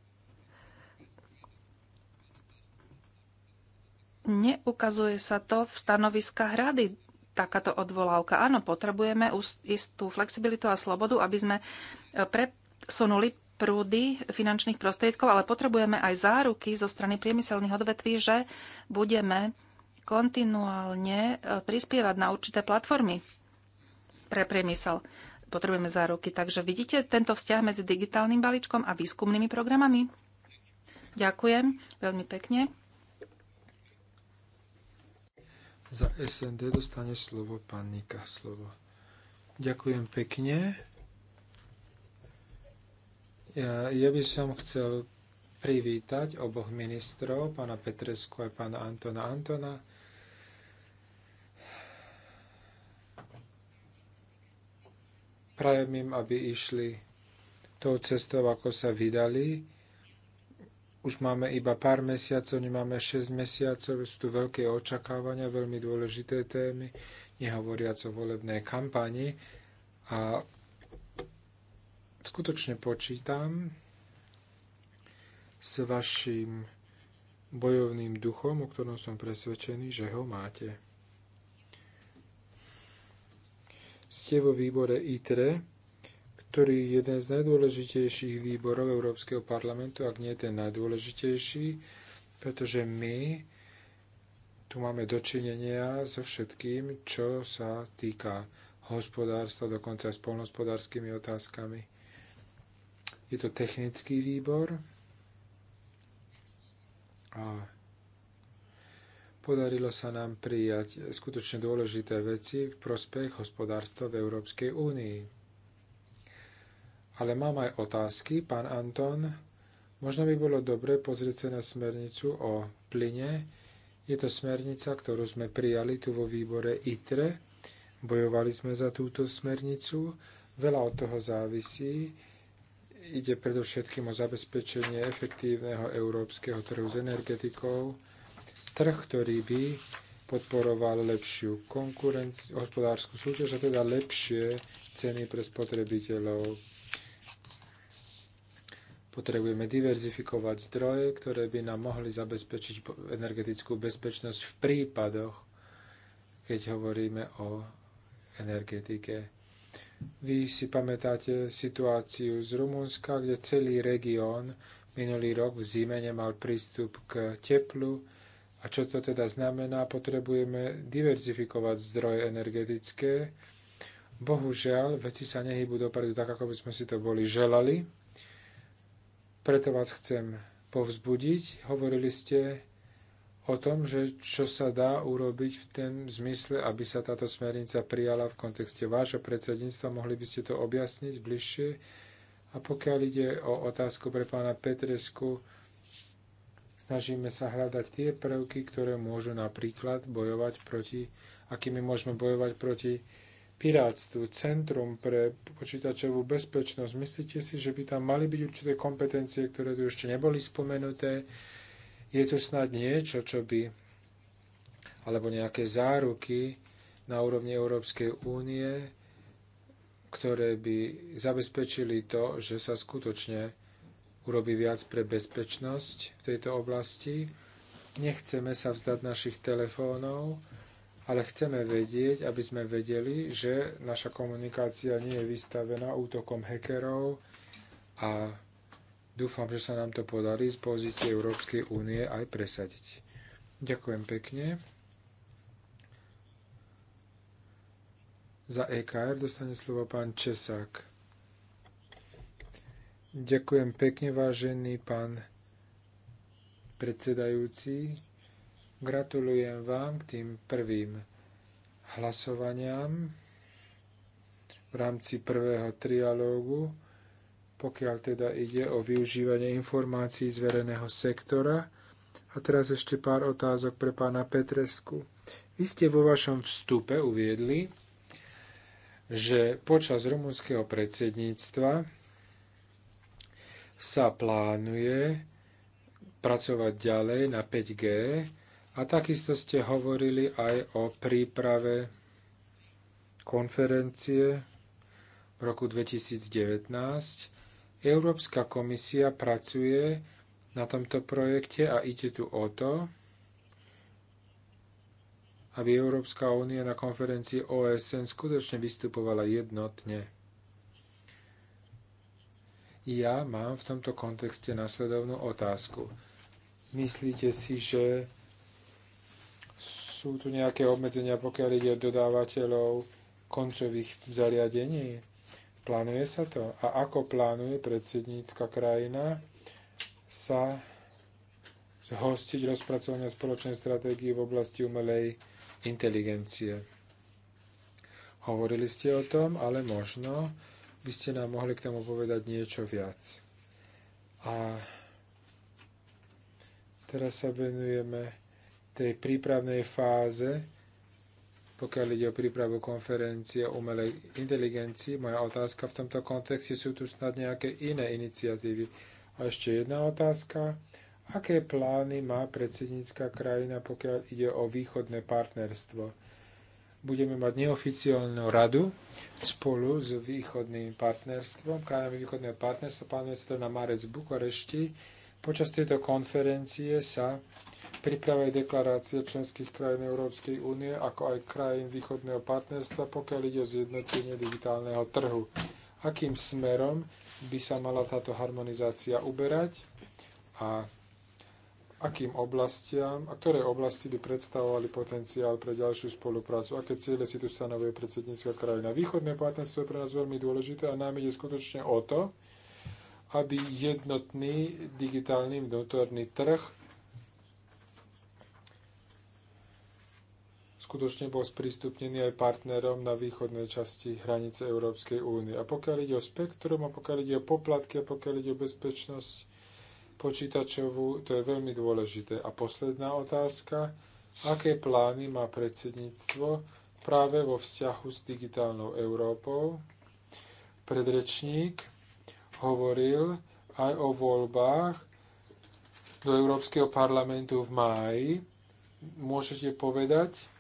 Neukazuje sa to v stanoviskách rady, takáto odvolávka. Áno, potrebujeme istú flexibilitu a slobodu, aby sme e, presunuli prúdy finančných prostriedkov, ale potrebujeme aj záruky zo strany priemyselných odvetví, že budeme kontinuálne e, prispievať na určité platformy pre priemysel. Potrebujeme záruky. Takže vidíte tento vzťah medzi digitálnym balíčkom a výskumnými programami? Ďakujem veľmi pekne. Za SND dostane slovo pán Nika. Slovo. Ďakujem pekne. Ja, ja by som chcel privítať oboch ministrov, pána Petresku a pána Antona Antona. Prajem im, aby išli tou cestou, ako sa vydali, už máme iba pár mesiacov, nemáme 6 mesiacov, sú tu veľké očakávania, veľmi dôležité témy, nehovoriac o volebnej kampani. A skutočne počítam s vašim bojovným duchom, o ktorom som presvedčený, že ho máte. Ste vo výbore ITRE, ktorý je jeden z najdôležitejších výborov Európskeho parlamentu, ak nie ten najdôležitejší, pretože my tu máme dočinenia so všetkým, čo sa týka hospodárstva, dokonca aj s otázkami. Je to technický výbor a podarilo sa nám prijať skutočne dôležité veci v prospech hospodárstva v Európskej únii. Ale mám aj otázky, pán Anton. Možno by bolo dobre pozrieť sa na smernicu o plyne. Je to smernica, ktorú sme prijali tu vo výbore ITRE. Bojovali sme za túto smernicu. Veľa od toho závisí. Ide predovšetkým o zabezpečenie efektívneho európskeho trhu s energetikou. Trh, ktorý by podporoval lepšiu konkurenciu hospodárskú súťaž a teda lepšie ceny pre spotrebiteľov Potrebujeme diverzifikovať zdroje, ktoré by nám mohli zabezpečiť energetickú bezpečnosť v prípadoch, keď hovoríme o energetike. Vy si pamätáte situáciu z Rumunska, kde celý región minulý rok v zime nemal prístup k teplu. A čo to teda znamená? Potrebujeme diverzifikovať zdroje energetické. Bohužiaľ, veci sa nehybu dopredu tak, ako by sme si to boli želali preto vás chcem povzbudiť. Hovorili ste o tom, že čo sa dá urobiť v tom zmysle, aby sa táto smernica prijala v kontexte vášho predsedníctva. Mohli by ste to objasniť bližšie? A pokiaľ ide o otázku pre pána Petresku, snažíme sa hľadať tie prvky, ktoré môžu napríklad bojovať proti, akými môžeme bojovať proti pirátstvu, Centrum pre počítačovú bezpečnosť. Myslíte si, že by tam mali byť určité kompetencie, ktoré tu ešte neboli spomenuté? Je tu snad niečo, čo by, alebo nejaké záruky na úrovni Európskej únie, ktoré by zabezpečili to, že sa skutočne urobí viac pre bezpečnosť v tejto oblasti. Nechceme sa vzdať našich telefónov, ale chceme vedieť, aby sme vedeli, že naša komunikácia nie je vystavená útokom hackerov a dúfam, že sa nám to podarí z pozície Európskej únie aj presadiť. Ďakujem pekne. Za EKR dostane slovo pán Česák. Ďakujem pekne, vážený pán predsedajúci. Gratulujem vám k tým prvým hlasovaniam v rámci prvého trialógu, pokiaľ teda ide o využívanie informácií z verejného sektora. A teraz ešte pár otázok pre pána Petresku. Vy ste vo vašom vstupe uviedli, že počas rumunského predsedníctva sa plánuje pracovať ďalej na 5G, a takisto ste hovorili aj o príprave konferencie v roku 2019. Európska komisia pracuje na tomto projekte a ide tu o to, aby Európska únia na konferencii OSN skutočne vystupovala jednotne. Ja mám v tomto kontexte následovnú otázku. Myslíte si, že sú tu nejaké obmedzenia, pokiaľ ide o dodávateľov koncových zariadení? Plánuje sa to? A ako plánuje predsednícka krajina sa zhostiť rozpracovania spoločnej stratégie v oblasti umelej inteligencie? Hovorili ste o tom, ale možno by ste nám mohli k tomu povedať niečo viac. A teraz sa venujeme tej prípravnej fáze, pokiaľ ide o prípravu konferencie o umelej inteligencii. Moja otázka v tomto kontexte sú tu snad nejaké iné iniciatívy. A ešte jedna otázka. Aké plány má predsednícka krajina, pokiaľ ide o východné partnerstvo? Budeme mať neoficiálnu radu spolu s východným partnerstvom, krajinami východného partnerstva. Plánuje sa to na Marec v Bukurešti. Počas tejto konferencie sa príprave deklarácie členských krajín Európskej únie, ako aj krajín východného partnerstva, pokiaľ ide o zjednotenie digitálneho trhu. Akým smerom by sa mala táto harmonizácia uberať a akým oblastiam a ktoré oblasti by predstavovali potenciál pre ďalšiu spoluprácu, aké ciele si tu stanovuje predsednícka krajina. Východné partnerstvo je pre nás veľmi dôležité a nám ide skutočne o to, aby jednotný digitálny vnútorný trh skutočne bol sprístupnený aj partnerom na východnej časti hranice Európskej únie. A pokiaľ ide o spektrum, a pokiaľ ide o poplatky, a pokiaľ ide o bezpečnosť počítačovú, to je veľmi dôležité. A posledná otázka, aké plány má predsedníctvo práve vo vzťahu s digitálnou Európou? Predrečník hovoril aj o voľbách do Európskeho parlamentu v máji môžete povedať,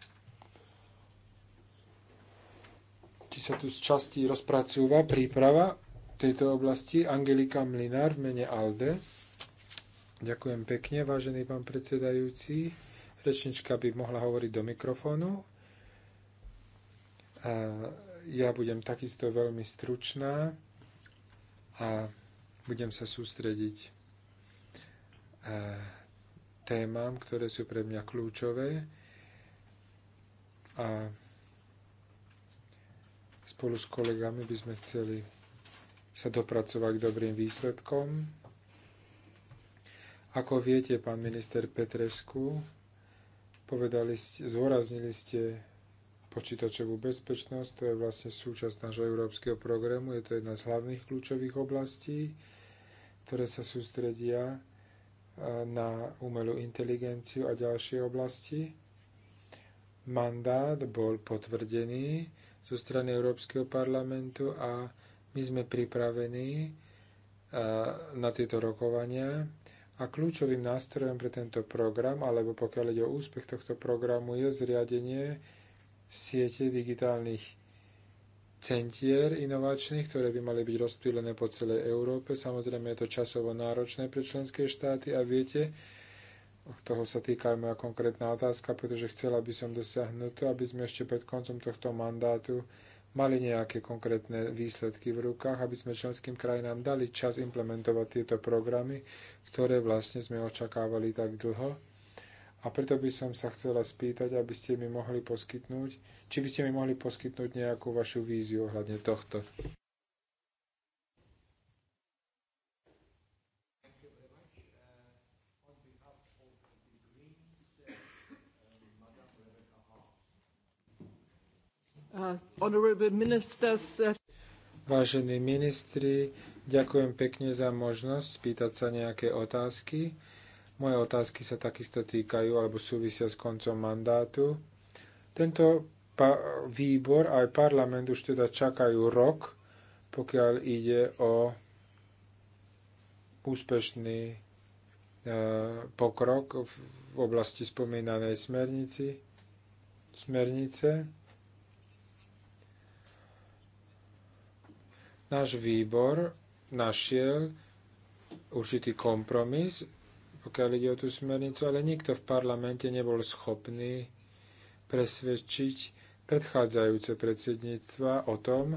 či sa tu z časti rozpracúva príprava tejto oblasti Angelika Mlinár v mene ALDE. Ďakujem pekne, vážený pán predsedajúci. Rečnička by mohla hovoriť do mikrofónu. A ja budem takisto veľmi stručná a budem sa sústrediť e, témam, ktoré sú pre mňa kľúčové. A Spolu s kolegami by sme chceli sa dopracovať k dobrým výsledkom. Ako viete, pán minister Petresku, povedali, zvoraznili ste počítačovú bezpečnosť, to je vlastne súčasť nášho európskeho programu, je to jedna z hlavných kľúčových oblastí, ktoré sa sústredia e, na umelú inteligenciu a ďalšie oblasti. Mandát bol potvrdený zo strany Európskeho parlamentu a my sme pripravení eh, na tieto rokovania. A kľúčovým nástrojom pre tento program, alebo pokiaľ ide o úspech tohto programu, je zriadenie siete digitálnych centier inovačných, ktoré by mali byť rozptýlené po celej Európe. Samozrejme je to časovo náročné pre členské štáty a viete, toho sa týka aj moja konkrétna otázka, pretože chcela by som dosiahnuť to, aby sme ešte pred koncom tohto mandátu mali nejaké konkrétne výsledky v rukách, aby sme členským krajinám dali čas implementovať tieto programy, ktoré vlastne sme očakávali tak dlho. A preto by som sa chcela spýtať, aby ste mi mohli poskytnúť, či by ste mi mohli poskytnúť nejakú vašu víziu ohľadne tohto. Uh, Vážení ministri, ďakujem pekne za možnosť spýtať sa nejaké otázky. Moje otázky sa takisto týkajú alebo súvisia s koncom mandátu. Tento výbor aj parlament už teda čakajú rok, pokiaľ ide o úspešný e, pokrok v oblasti spomínanej smernici, smernice. Náš výbor našiel určitý kompromis, pokiaľ ide o tú smernicu, ale nikto v parlamente nebol schopný presvedčiť predchádzajúce predsedníctva o tom,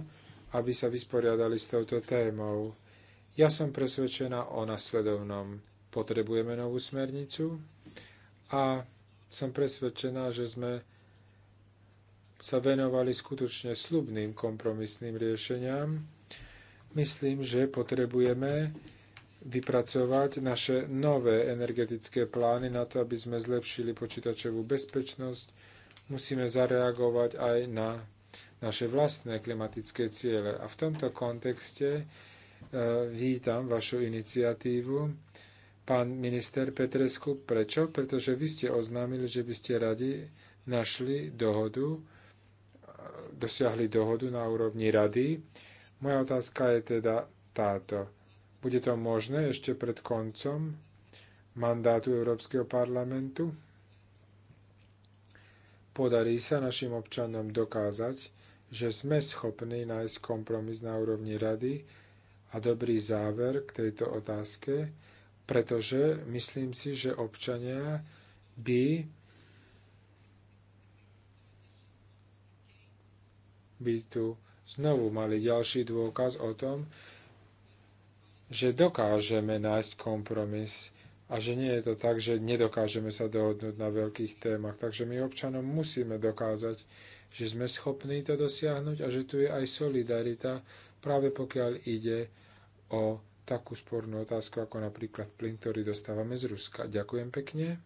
aby sa vysporiadali s touto témou. Ja som presvedčená o nasledovnom. Potrebujeme novú smernicu a som presvedčená, že sme sa venovali skutočne slubným kompromisným riešeniam Myslím, že potrebujeme vypracovať naše nové energetické plány na to, aby sme zlepšili počítačovú bezpečnosť. Musíme zareagovať aj na naše vlastné klimatické ciele. A v tomto kontexte e, vítam vašu iniciatívu. Pán minister Petresku, prečo? Pretože vy ste oznámili, že by ste radi našli dohodu, e, dosiahli dohodu na úrovni rady moja otázka je teda táto. Bude to možné ešte pred koncom mandátu Európskeho parlamentu? Podarí sa našim občanom dokázať, že sme schopní nájsť kompromis na úrovni rady a dobrý záver k tejto otázke, pretože myslím si, že občania by by tu znovu mali ďalší dôkaz o tom, že dokážeme nájsť kompromis a že nie je to tak, že nedokážeme sa dohodnúť na veľkých témach. Takže my občanom musíme dokázať, že sme schopní to dosiahnuť a že tu je aj solidarita, práve pokiaľ ide o takú spornú otázku ako napríklad plyn, ktorý dostávame z Ruska. Ďakujem pekne.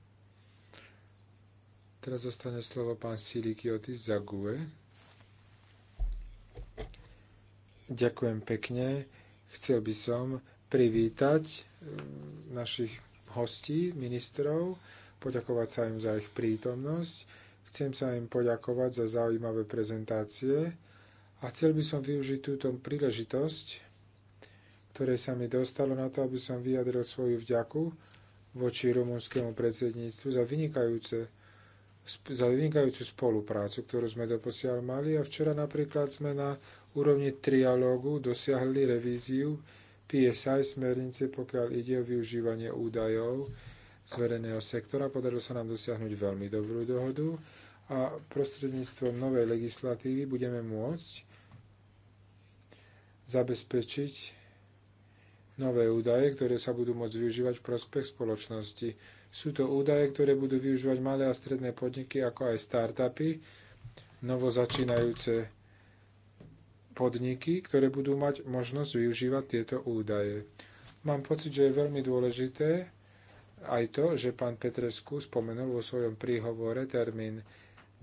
Teraz zostane slovo pán Silikiotis Zague. Ďakujem pekne. Chcel by som privítať e, našich hostí, ministrov, poďakovať sa im za ich prítomnosť. Chcem sa im poďakovať za zaujímavé prezentácie a chcel by som využiť túto príležitosť, ktoré sa mi dostalo na to, aby som vyjadril svoju vďaku voči rumúnskému predsedníctvu za vynikajúce za vynikajúcu spoluprácu, ktorú sme doposiaľ mali a včera napríklad sme na úrovni trialógu dosiahli revíziu PSI smernice, pokiaľ ide o využívanie údajov z verejného sektora. Podarilo sa nám dosiahnuť veľmi dobrú dohodu a prostredníctvom novej legislatívy budeme môcť zabezpečiť nové údaje, ktoré sa budú môcť využívať v prospech spoločnosti. Sú to údaje, ktoré budú využívať malé a stredné podniky, ako aj startupy, novozačínajúce podniky, ktoré budú mať možnosť využívať tieto údaje. Mám pocit, že je veľmi dôležité aj to, že pán Petresku spomenul vo svojom príhovore termín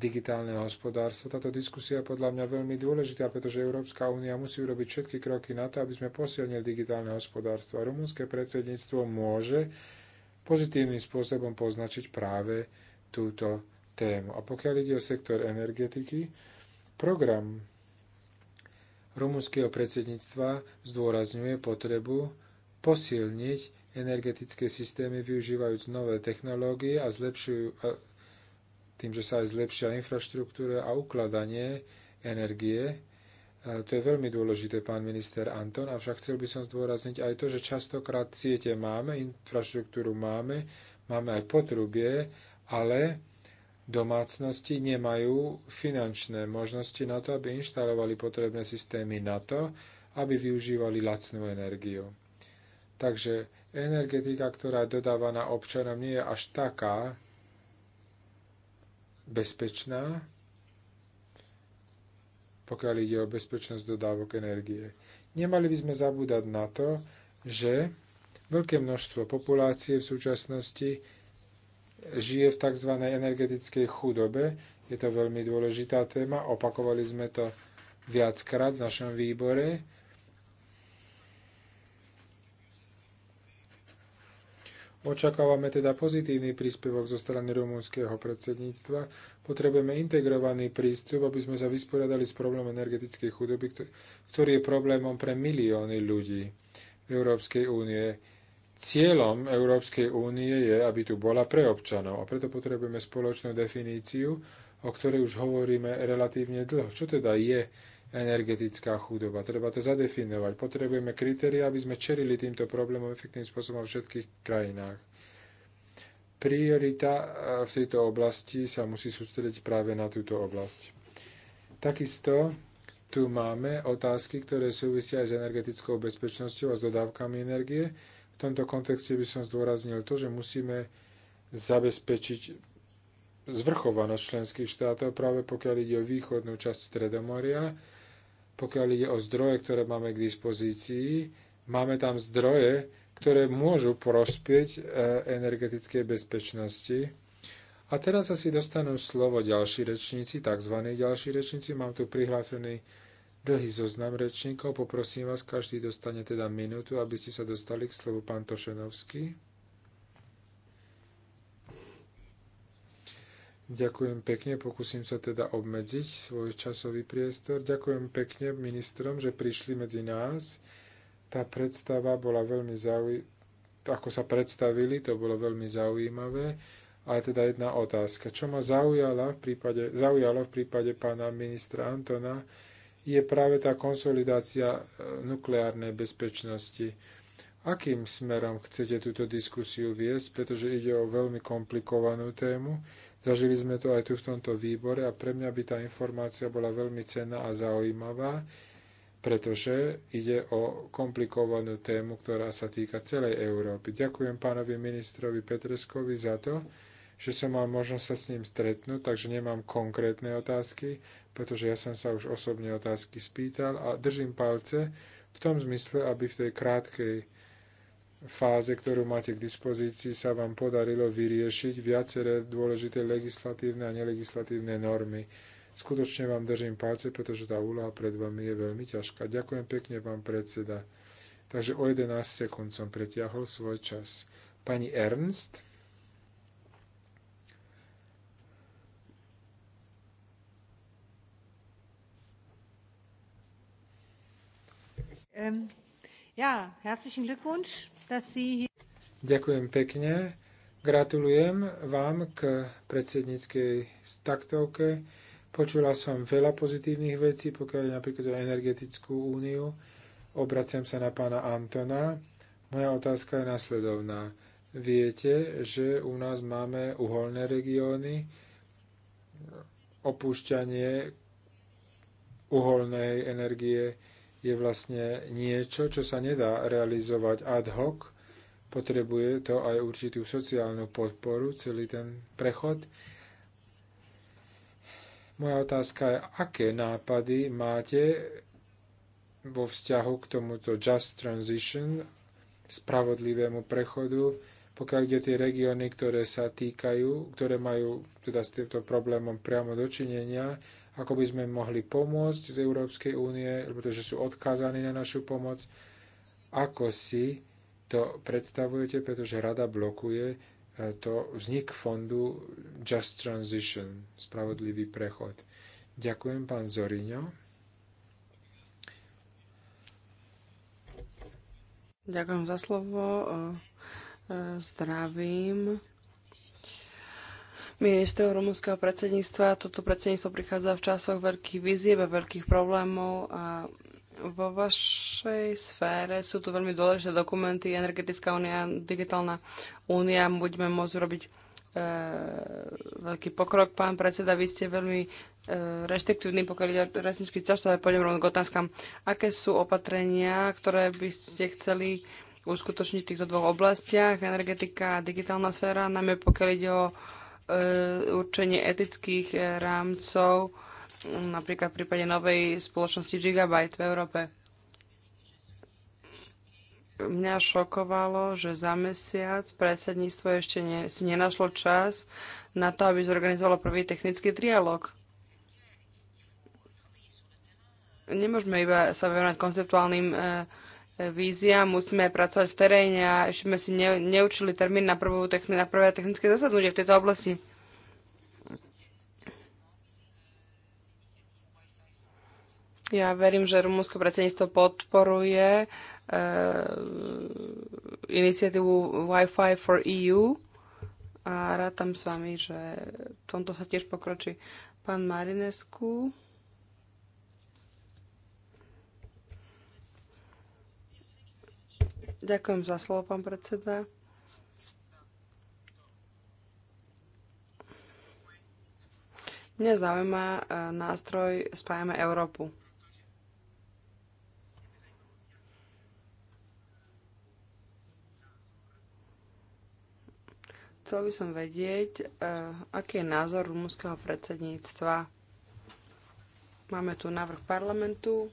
digitálne hospodárstva. Táto diskusia je podľa mňa veľmi dôležitá, pretože Európska únia musí urobiť všetky kroky na to, aby sme posilnili digitálne hospodárstvo. A rumunské predsedníctvo môže pozitívnym spôsobom poznačiť práve túto tému. A pokiaľ ide o sektor energetiky, program rumunského predsedníctva zdôrazňuje potrebu posilniť energetické systémy využívajúc nové technológie a zlepšujú tým, že sa aj zlepšia infraštruktúra a ukladanie energie. to je veľmi dôležité, pán minister Anton, avšak chcel by som zdôrazniť aj to, že častokrát siete máme, infraštruktúru máme, máme aj potrubie, ale domácnosti nemajú finančné možnosti na to, aby inštalovali potrebné systémy na to, aby využívali lacnú energiu. Takže energetika, ktorá je dodávaná občanom, nie je až taká bezpečná, pokiaľ ide o bezpečnosť dodávok energie. Nemali by sme zabúdať na to, že veľké množstvo populácie v súčasnosti žije v tzv. energetickej chudobe. Je to veľmi dôležitá téma. Opakovali sme to viackrát v našom výbore. Očakávame teda pozitívny príspevok zo strany rumúnskeho predsedníctva. Potrebujeme integrovaný prístup, aby sme sa vysporiadali s problémom energetickej chudoby, ktorý je problémom pre milióny ľudí v Európskej únie. Cieľom Európskej únie je, aby tu bola pre občanov a preto potrebujeme spoločnú definíciu, o ktorej už hovoríme relatívne dlho. Čo teda je energetická chudoba? Treba to zadefinovať. Potrebujeme kritéria, aby sme čerili týmto problémom efektným spôsobom v všetkých krajinách. Priorita eh, v tejto oblasti sa musí sústrediť práve na túto oblasť. Takisto tu máme otázky, ktoré súvisia aj s energetickou bezpečnosťou a s dodávkami energie. V tomto kontexte by som zdôraznil to, že musíme zabezpečiť zvrchovanosť členských štátov práve pokiaľ ide o východnú časť Stredomoria, pokiaľ ide o zdroje, ktoré máme k dispozícii. Máme tam zdroje, ktoré môžu prospieť e, energetickej bezpečnosti. A teraz asi dostanú slovo ďalší rečníci, tzv. ďalší rečníci. Mám tu prihlásený dlhý zoznam rečníkov. Poprosím vás, každý dostane teda minútu, aby ste sa dostali k slovu pán Tošenovský. Ďakujem pekne, pokúsim sa teda obmedziť svoj časový priestor. Ďakujem pekne ministrom, že prišli medzi nás. Tá predstava bola veľmi zaujímavá, ako sa predstavili, to bolo veľmi zaujímavé. A teda jedna otázka. Čo ma zaujala v prípade, zaujalo v prípade pána ministra Antona, je práve tá konsolidácia e, nukleárnej bezpečnosti. Akým smerom chcete túto diskusiu viesť, pretože ide o veľmi komplikovanú tému. Zažili sme to aj tu v tomto výbore a pre mňa by tá informácia bola veľmi cenná a zaujímavá, pretože ide o komplikovanú tému, ktorá sa týka celej Európy. Ďakujem pánovi ministrovi Petreskovi za to, že som mal možnosť sa s ním stretnúť, takže nemám konkrétne otázky pretože ja som sa už osobne otázky spýtal a držím palce v tom zmysle, aby v tej krátkej fáze, ktorú máte k dispozícii, sa vám podarilo vyriešiť viaceré dôležité legislatívne a nelegislatívne normy. Skutočne vám držím palce, pretože tá úloha pred vami je veľmi ťažká. Ďakujem pekne, pán predseda. Takže o 11 sekúnd som pretiahol svoj čas. Pani Ernst? Ähm, Ďakujem pekne. Gratulujem vám k predsedníckej taktovke. Počula som veľa pozitívnych vecí, pokiaľ napríklad o energetickú úniu. Obraciam sa na pána Antona. Moja otázka je nasledovná. Viete, že u nás máme uholné regióny, opúšťanie uholnej energie, je vlastne niečo, čo sa nedá realizovať ad hoc. Potrebuje to aj určitú sociálnu podporu, celý ten prechod. Moja otázka je, aké nápady máte vo vzťahu k tomuto Just Transition, spravodlivému prechodu, pokiaľ ide tie regióny, ktoré sa týkajú, ktoré majú teda s týmto problémom priamo dočinenia, ako by sme mohli pomôcť z Európskej únie, pretože sú odkázaní na našu pomoc. Ako si to predstavujete, pretože rada blokuje e, to vznik fondu Just Transition, spravodlivý prechod. Ďakujem, pán Zoriňo. Ďakujem za slovo. E, e, zdravím ministrov rumunského predsedníctva. Toto predsedníctvo prichádza v časoch veľkých vizieb a veľkých problémov a vo vašej sfére sú tu veľmi dôležité dokumenty, energetická únia, digitálna únia, budeme môcť robiť e, veľký pokrok. Pán predseda, vy ste veľmi e, reštriktívni, pokiaľ ide o resničky často, ale pôjdem rovno k otázkam. Aké sú opatrenia, ktoré by ste chceli uskutočniť v týchto dvoch oblastiach, energetika a digitálna sféra, najmä pokiaľ ide o E, určenie etických e, rámcov, napríklad v prípade novej spoločnosti Gigabyte v Európe. Mňa šokovalo, že za mesiac predsedníctvo ešte ne, si nenašlo čas na to, aby zorganizovalo prvý technický trialog. Nemôžeme iba sa venovať konceptuálnym eh, vízia, musíme pracovať v teréne a ešte sme si ne, neučili termín na, prvú techni- na prvé technické zasadnutie v tejto oblasti. Ja verím, že rumúnske predsedníctvo podporuje uh, iniciatívu Wi-Fi for EU a tam s vami, že v tomto sa tiež pokročí. Pán Marinescu. Ďakujem za slovo, pán predseda. Mňa zaujíma e, nástroj Spájame Európu. Chcel by som vedieť, e, aký je názor rumúnskeho predsedníctva. Máme tu návrh parlamentu,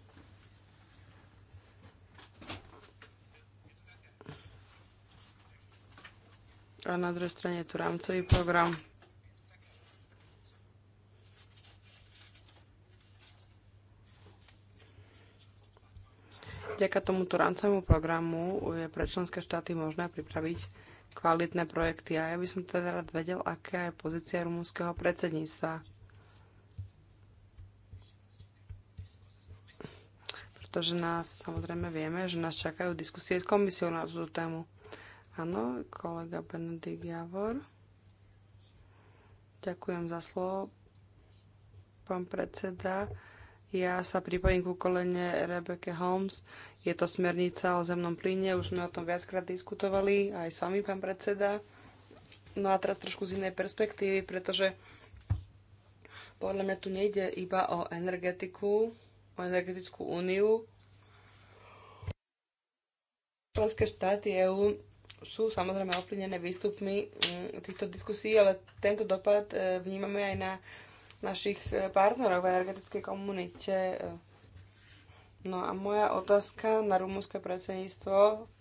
A na druhej strane je tu rámcový program. Vďaka tomuto rámcovému programu je pre členské štáty možné pripraviť kvalitné projekty a ja by som teda rád vedel, aká je pozícia rumúnskeho predsedníctva. Pretože nás samozrejme vieme, že nás čakajú diskusie s komisiou na túto tému. Áno, kolega Benedikt Javor. Ďakujem za slovo, pán predseda. Ja sa pripojím ku kolene Rebeke Holmes. Je to smernica o zemnom plyne, už sme o tom viackrát diskutovali, aj s vami, pán predseda. No a teraz trošku z inej perspektívy, pretože podľa mňa tu nejde iba o energetiku, o energetickú úniu. Členské štáty EÚ sú samozrejme ovplyvnené výstupmi mm, týchto diskusí, ale tento dopad e, vnímame aj na našich e, partnerov v energetickej komunite. E, no a moja otázka na rumúnske predsedníctvo.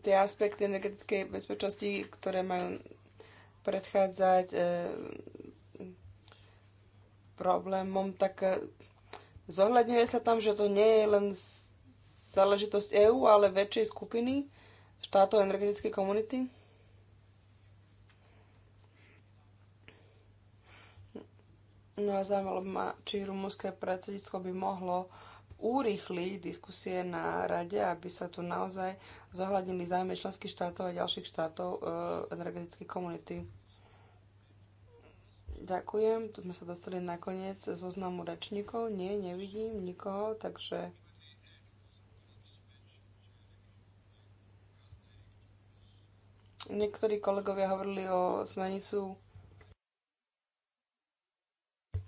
Tie aspekty energetickej bezpečnosti, ktoré majú predchádzať problémom, tak Zohľadňuje sa tam, že to nie je len záležitosť EÚ, ale väčšej skupiny štátov energetickej komunity? No a zaujímalo by ma, či rumúnske predsedníctvo by mohlo urýchliť diskusie na rade, aby sa tu naozaj zohľadnili zájmy členských štátov a ďalších štátov e, energetickej komunity. Ďakujem, tu sme sa dostali na koniec zoznamu rečníkov. Nie, nevidím nikoho, takže... Niektorí kolegovia hovorili o smenicu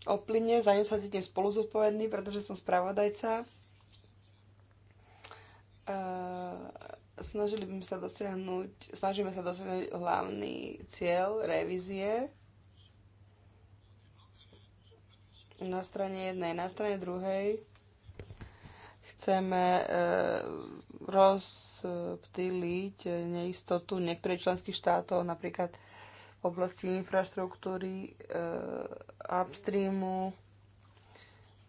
o plyne, za ňu sa cítim spolu zodpovedný, pretože som spravodajca. E snažili by sme sa dosiahnuť, snažíme sa dosiahnuť hlavný cieľ revízie na strane jednej, na strane druhej chceme e, rozptýliť neistotu niektorých členských štátov, napríklad v oblasti infraštruktúry, e, upstreamu,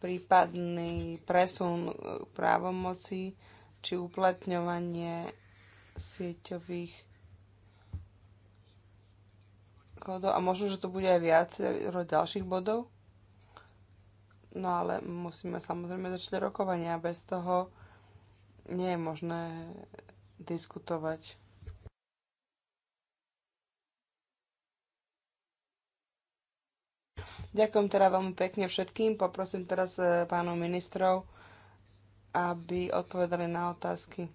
prípadný presun e, právomoci či uplatňovanie sieťových kódov. A možno, že to bude aj viac ďalších bodov. No ale musíme samozrejme začať rokovania. Bez toho nie je možné diskutovať. Ďakujem teda veľmi pekne všetkým. Poprosím teraz e, pánov ministrov, aby odpovedali na otázky.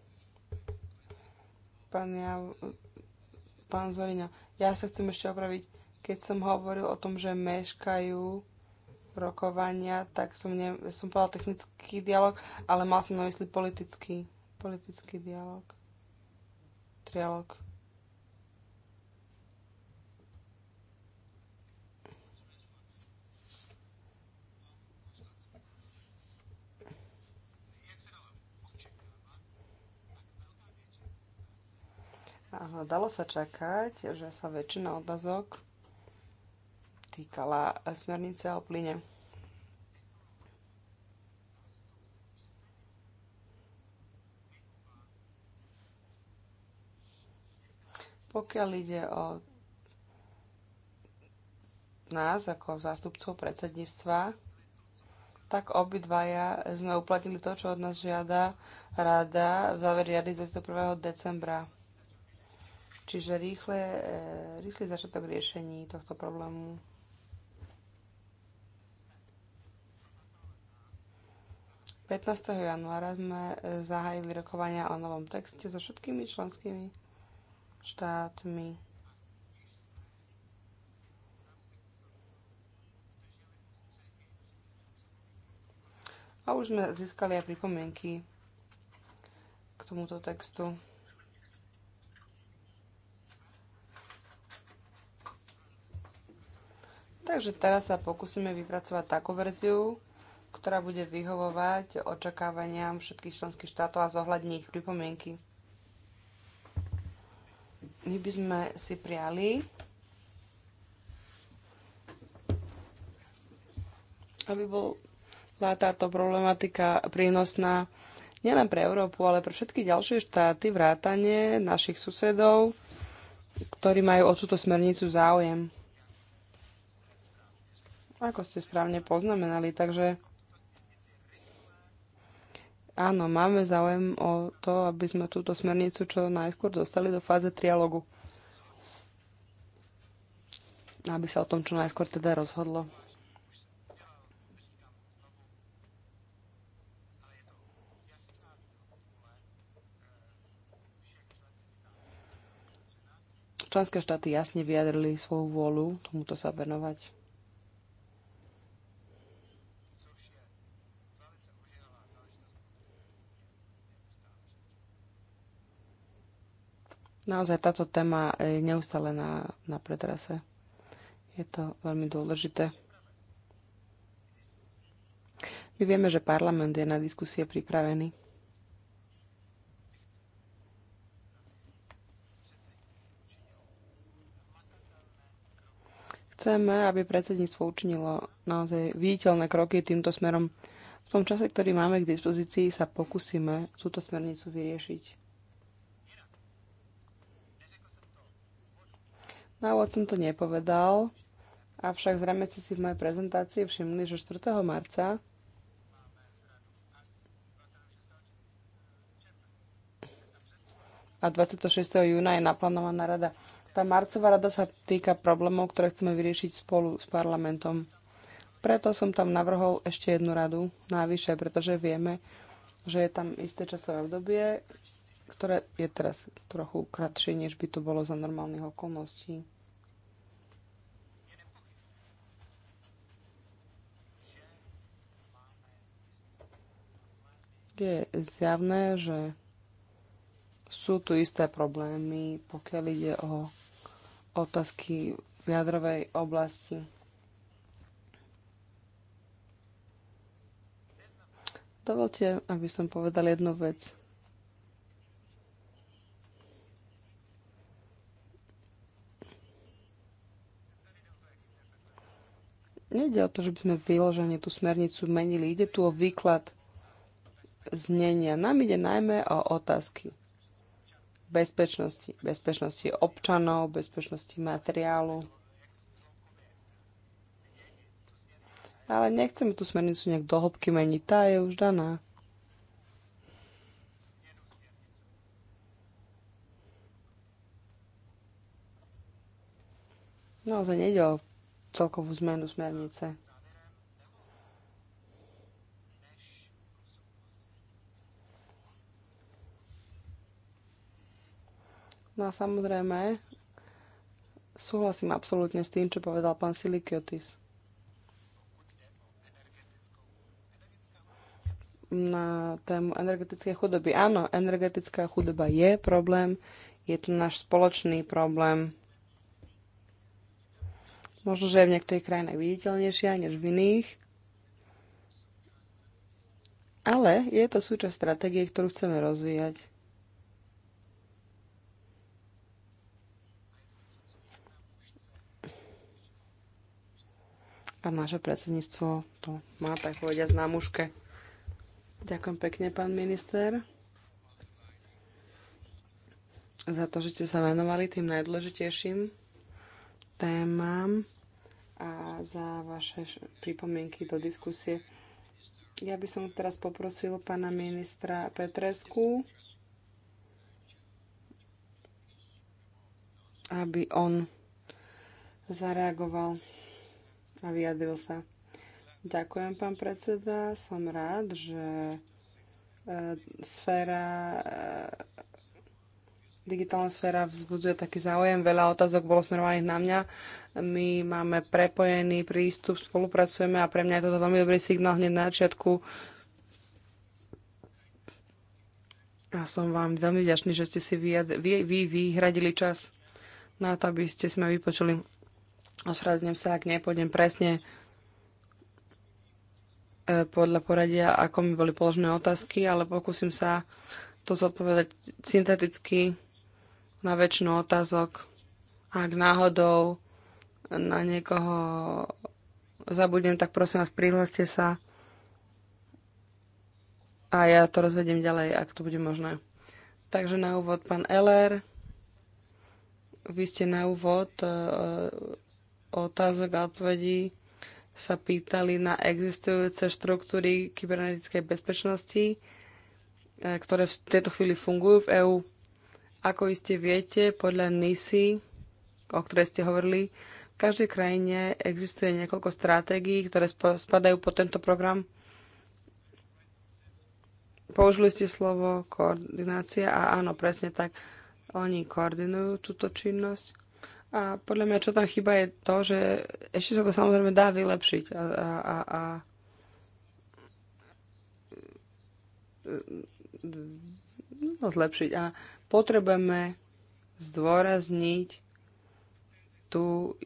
Pán, ja, pán Zorina, ja sa chcem ešte opraviť. Keď som hovoril o tom, že meškajú rokovania, tak som, ne, som povedala technický dialog, ale mal som na mysli politický, politický dialog. Trialog. Áno, dalo sa čakať, že sa väčšina odazok týkala smernice o plyne. Pokiaľ ide o nás ako zástupcov predsedníctva, tak obidvaja sme uplatnili to, čo od nás žiada rada v záveri rady 21. decembra. Čiže rýchle, eh, rýchly začiatok riešení tohto problému. 15. januára sme e, zahájili rokovania o novom texte so všetkými členskými štátmi. A už sme získali aj pripomienky k tomuto textu. Takže teraz sa pokúsime vypracovať takú verziu, ktorá bude vyhovovať očakávaniam všetkých členských štátov a zohľadní ich pripomienky. My by sme si priali, aby bola táto problematika prínosná nielen pre Európu, ale pre všetky ďalšie štáty, vrátane našich susedov, ktorí majú o túto smernicu záujem. Ako ste správne poznamenali, takže Áno, máme záujem o to, aby sme túto smernicu čo najskôr dostali do fáze trialogu. Aby sa o tom čo najskôr teda rozhodlo. Členské štáty jasne vyjadrili svoju vôľu tomuto sa venovať. Naozaj táto téma je neustále na, na pretrase. Je to veľmi dôležité. My vieme, že parlament je na diskusie pripravený. chceme, aby predsedníctvo učinilo naozaj viditeľné kroky týmto smerom. V tom čase, ktorý máme k dispozícii, sa pokúsime túto smernicu vyriešiť. Na úvod som to nepovedal, avšak zrejme ste si v mojej prezentácii všimli, že 4. marca a 26. júna je naplánovaná rada. Tá marcová rada sa týka problémov, ktoré chceme vyriešiť spolu s parlamentom. Preto som tam navrhol ešte jednu radu návyše, pretože vieme, že je tam isté časové obdobie, ktoré je teraz trochu kratšie, než by to bolo za normálnych okolností. Je zjavné, že sú tu isté problémy, pokiaľ ide o otázky v jadrovej oblasti. Dovolte, aby som povedal jednu vec. Nejde o to, že by sme vyloženie tú smernicu menili, ide tu o výklad znenia. Nám ide najmä o otázky bezpečnosti, bezpečnosti občanov, bezpečnosti materiálu. Ale nechceme tú smernicu nejak dohlbky meniť, tá je už daná. Naozaj nejde o celkovú zmenu smernice. No a samozrejme, súhlasím absolútne s tým, čo povedal pán Silikiotis. Na tému energetickej chudoby. Áno, energetická chudoba je problém, je to náš spoločný problém. Možno, že je v niektorých krajinách viditeľnejšia než v iných. Ale je to súčasť stratégie, ktorú chceme rozvíjať. A naše predsedníctvo to má tak povediať na muške. Ďakujem pekne, pán minister, za to, že ste sa venovali tým najdôležitejším témam a za vaše pripomienky do diskusie. Ja by som teraz poprosil pána ministra Petresku, aby on zareagoval a vyjadril sa. Ďakujem, pán predseda. Som rád, že e, sféra digitálna sféra vzbudzuje taký záujem. Veľa otázok bolo smerovaných na mňa. My máme prepojený prístup, spolupracujeme a pre mňa je toto veľmi dobrý signál hneď na začiatku. A som vám veľmi vďačný, že ste si vy, vy, vy vyhradili čas na to, aby ste si ma vypočuli. Ospravedlňujem sa, ak nepôjdem presne e, podľa poradia, ako mi boli položené otázky, ale pokúsim sa to zodpovedať synteticky na väčšinu otázok. Ak náhodou na niekoho zabudnem, tak prosím vás, prihláste sa a ja to rozvediem ďalej, ak to bude možné. Takže na úvod pán Eller, vy ste na úvod e, otázok a odpovedí sa pýtali na existujúce štruktúry kybernetickej bezpečnosti, e, ktoré v tejto chvíli fungujú v EÚ. Ako iste viete, podľa NISI, o ktorej ste hovorili, v každej krajine existuje niekoľko stratégií, ktoré spadajú pod tento program. Použili ste slovo koordinácia a áno, presne tak, oni koordinujú túto činnosť. A podľa mňa, čo tam chyba je to, že ešte sa to samozrejme dá vylepšiť a, a, a, a no, zlepšiť. A potrebujeme zdôrazniť tú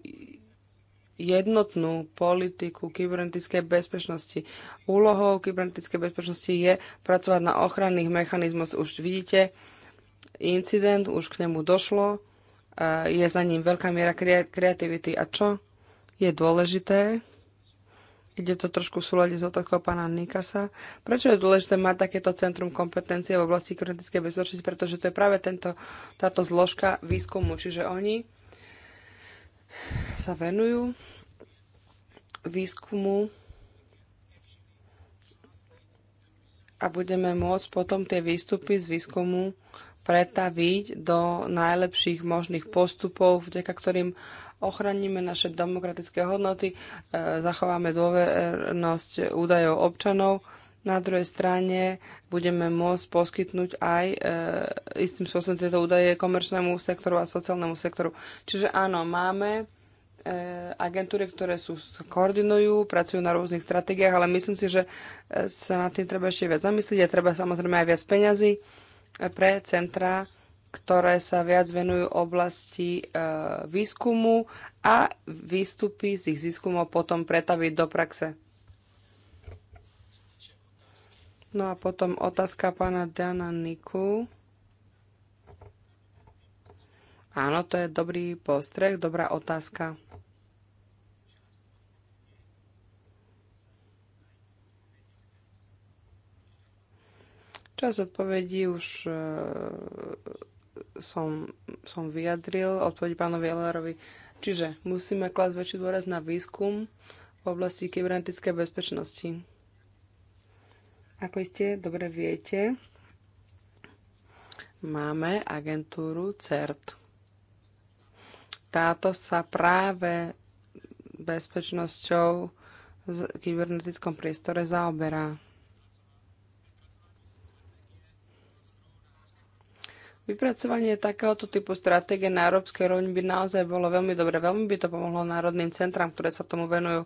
jednotnú politiku kybernetickej bezpečnosti. Úlohou kybernetickej bezpečnosti je pracovať na ochranných mechanizmoch. Už vidíte, incident, už k nemu došlo, je za ním veľká miera kreativity. A čo je dôležité? ide to trošku v súlade s otázkou pána Nikasa. Prečo je dôležité mať takéto centrum kompetencie v oblasti kybernetickej bezpečnosti? Pretože to je práve tento, táto zložka výskumu, čiže oni sa venujú výskumu a budeme môcť potom tie výstupy z výskumu pretaviť do najlepších možných postupov, vďaka ktorým ochraníme naše demokratické hodnoty, e, zachováme dôvernosť údajov občanov. Na druhej strane budeme môcť poskytnúť aj e, istým spôsobom tieto údaje komerčnému sektoru a sociálnemu sektoru. Čiže áno, máme e, agentúry, ktoré sú, koordinujú, pracujú na rôznych stratégiách, ale myslím si, že e, sa nad tým treba ešte viac zamyslieť a treba samozrejme aj viac peňazí pre centra, ktoré sa viac venujú oblasti e, výskumu a výstupy z ich výskumov potom pretaviť do praxe. No a potom otázka pána Dana Niku. Áno, to je dobrý postreh, dobrá otázka. Čas odpovedí už e, som, som vyjadril, odpovedí pánovi Ellerovi. Čiže musíme klásť väčší dôraz na výskum v oblasti kybernetické bezpečnosti. Ako ste dobre viete, máme agentúru CERT. Táto sa práve bezpečnosťou v kybernetickom priestore zaoberá. Vypracovanie takéhoto typu stratégie na európskej rovni by naozaj bolo veľmi dobre. Veľmi by to pomohlo národným centram, ktoré sa tomu venujú.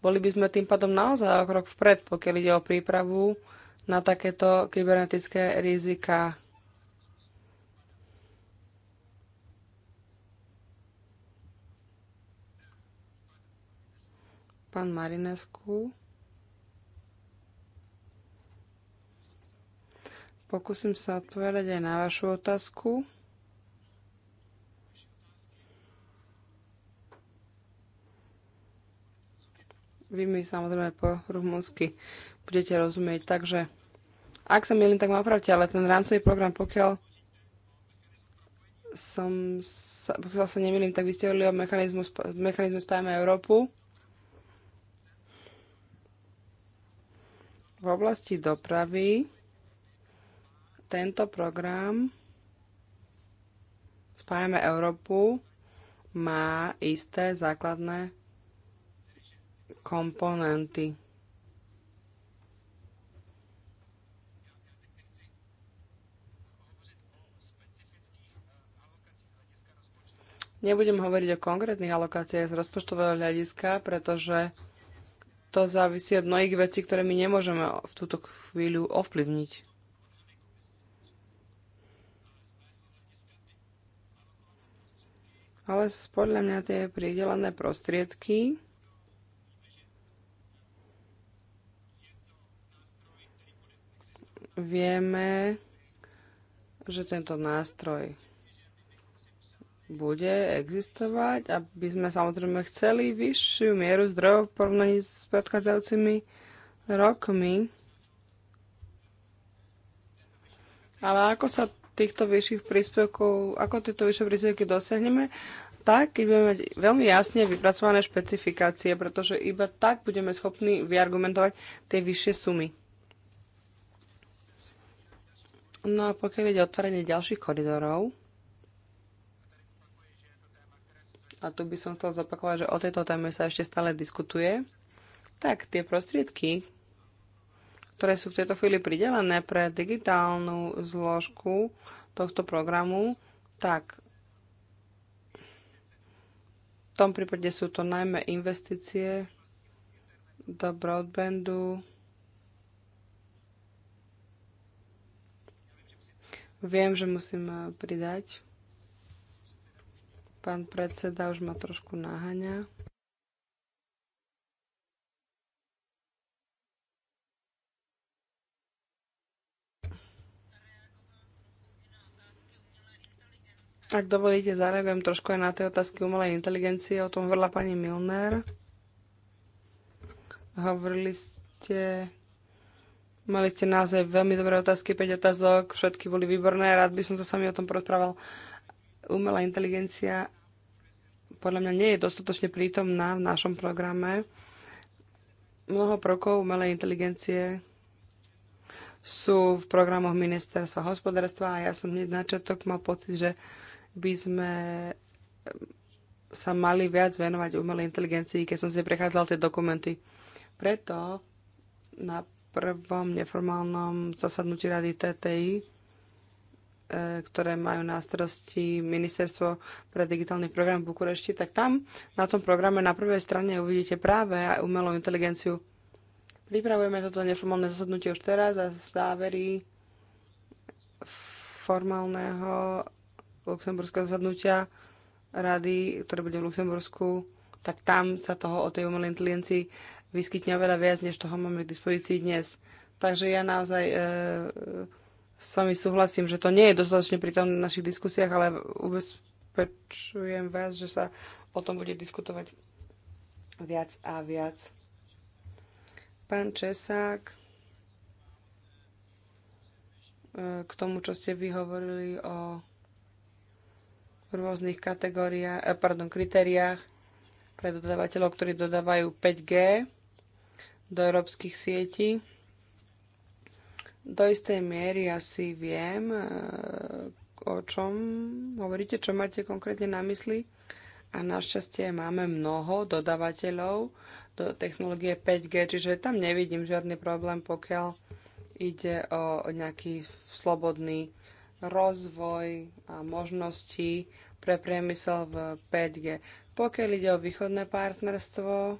Boli by sme tým pádom naozaj o krok vpred, pokiaľ ide o prípravu na takéto kybernetické rizika. Pán Marinescu. Pokúsim sa odpovedať aj na vašu otázku. Vy mi samozrejme po rumúnsky budete rozumieť, takže ak sa milím, tak ma opravte, ale ten rámcový program, pokiaľ som sa, pokiaľ sa nemýlim, tak vy ste hovorili o mechanizmu, mechanizmu Spájame Európu. V oblasti dopravy tento program Spájame Európu má isté základné komponenty. Nebudem hovoriť o konkrétnych alokáciách z rozpočtového hľadiska, pretože to závisí od mnohých vecí, ktoré my nemôžeme v túto chvíľu ovplyvniť. ale podľa mňa tie pridelené prostriedky vieme, že tento nástroj bude existovať, aby sme samozrejme chceli vyššiu mieru zdrojov v porovnaní s predchádzajúcimi rokmi. Ale ako sa týchto vyšších príspevkov, ako tieto vyššie príspevky dosiahneme, tak, keď budeme mať veľmi jasne vypracované špecifikácie, pretože iba tak budeme schopní vyargumentovať tie vyššie sumy. No a pokiaľ ide otvorenie ďalších koridorov, a tu by som chcel zopakovať, že o tejto téme sa ešte stále diskutuje, tak tie prostriedky, ktoré sú v tejto chvíli pridelené pre digitálnu zložku tohto programu, tak v tom prípade sú to najmä investície do broadbandu, Viem, že musím eh, pridať. Pán predseda už ma trošku naháňa. Ak dovolíte, zareagujem trošku aj na tie otázky umelej inteligencie. O tom hovorila pani Milner. Hovorili ste... Mali ste naozaj veľmi dobré otázky, 5 otázok, všetky boli výborné, rád by som sa sami o tom porozprával. Umelá inteligencia podľa mňa nie je dostatočne prítomná v našom programe. Mnoho prokov umelej inteligencie sú v programoch ministerstva hospodárstva a ja som hneď načiatok mal pocit, že by sme eh, sa mali viac venovať umelej inteligencii, keď som si prechádzal tie dokumenty. Preto na prvom neformálnom zasadnutí rady TTI, eh, ktoré majú na starosti Ministerstvo pre digitálny program v Bukurešti, tak tam na tom programe na prvej strane uvidíte práve aj umelú inteligenciu. Pripravujeme toto neformálne zasadnutie už teraz a závery formálneho luxemburského zhodnutia rady, ktoré bude v Luxembursku, tak tam sa toho o tej umelej inteligencii vyskytne oveľa viac, než toho máme k dispozícii dnes. Takže ja naozaj e, s vami súhlasím, že to nie je dostatočne pri tom našich diskusiách, ale ubezpečujem vás, že sa o tom bude diskutovať viac a viac. Pán Česák, e, k tomu, čo ste vyhovorili o rôznych kategóriách, eh, pardon, kritériách pre dodávateľov, ktorí dodávajú 5G do európskych sietí. Do istej miery asi viem, eh, o čom hovoríte, čo máte konkrétne na mysli. A našťastie máme mnoho dodávateľov do technológie 5G, čiže tam nevidím žiadny problém, pokiaľ ide o nejaký slobodný rozvoj a možnosti pre priemysel v 5G. Pokiaľ ide o východné partnerstvo,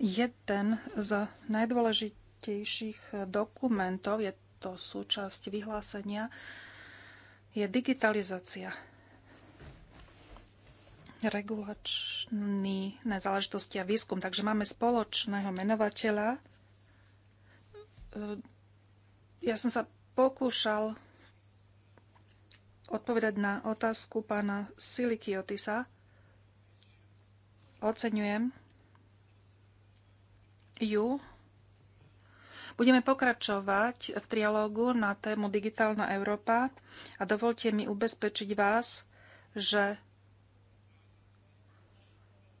jeden z najdôležitejších dokumentov, je to súčasť vyhlásenia, je digitalizácia regulačný nezáležitosti záležitosti a výskum. Takže máme spoločného menovateľa Ehm, ja som sa pokúšal odpovedať na otázku pána Silikiotisa. Oceňujem ju. Budeme pokračovať v trialógu na tému Digitálna Európa a dovolte mi ubezpečiť vás, že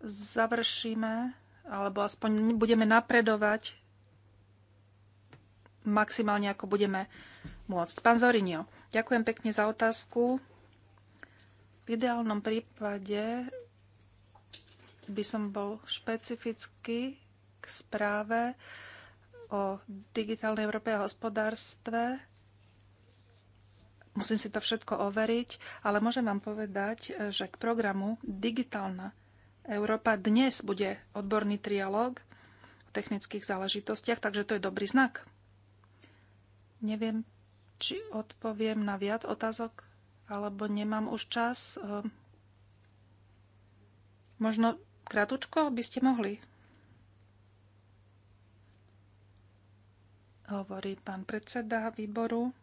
završíme alebo aspoň budeme napredovať maximálne, ako budeme môcť. Pán Zorinio, ďakujem pekne za otázku. V ideálnom prípade by som bol špecificky k správe o digitálnej Európe a hospodárstve. Musím si to všetko overiť, ale môžem vám povedať, že k programu Digitálna Európa dnes bude odborný trialog v technických záležitostiach, takže to je dobrý znak. Neviem, či odpoviem na viac otázok, alebo nemám už čas. Ehm, možno kratučko by ste mohli. Hovorí pán predseda výboru.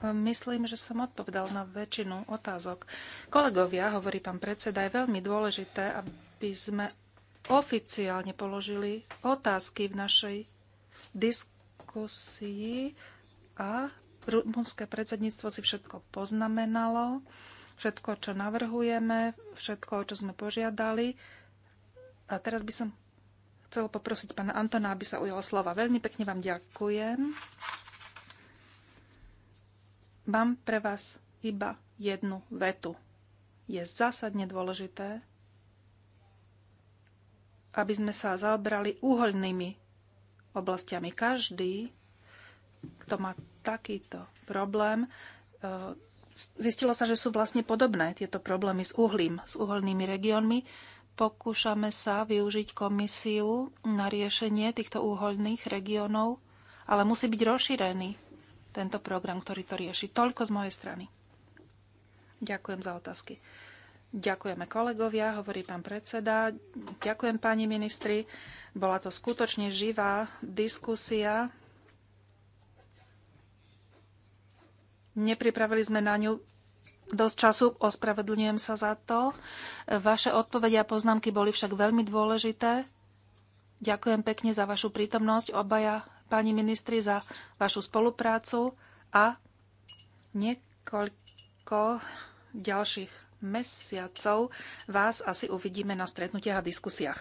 Myslím, že som odpovedal na väčšinu otázok. Kolegovia, hovorí pán predseda, je veľmi dôležité, aby sme oficiálne položili otázky v našej diskusii a rumunské predsedníctvo si všetko poznamenalo, všetko, čo navrhujeme, všetko, čo sme požiadali. A teraz by som chcel poprosiť pána Antona, aby sa ujala slova. Veľmi pekne vám ďakujem. Mám pre vás iba jednu vetu. Je zásadne dôležité, aby sme sa zaoberali úhoľnými oblastiami. Každý, kto má takýto problém, e, zistilo sa, že sú vlastne podobné tieto problémy s uhlím, s uholnými regiónmi. Pokúšame sa využiť komisiu na riešenie týchto úhoľných regiónov, ale musí byť rozšírený tento program, ktorý to rieši. Toľko z mojej strany. Ďakujem za otázky. Ďakujeme kolegovia, hovorí pán predseda. Ďakujem pani ministri. Bola to skutočne živá diskusia. Nepripravili sme na ňu dosť času, ospravedlňujem sa za to. Vaše odpovede a poznámky boli však veľmi dôležité. Ďakujem pekne za vašu prítomnosť, obaja pani ministri, za vašu spoluprácu a niekoľko ďalších mesiacov vás asi uvidíme na stretnutiach a diskusiách.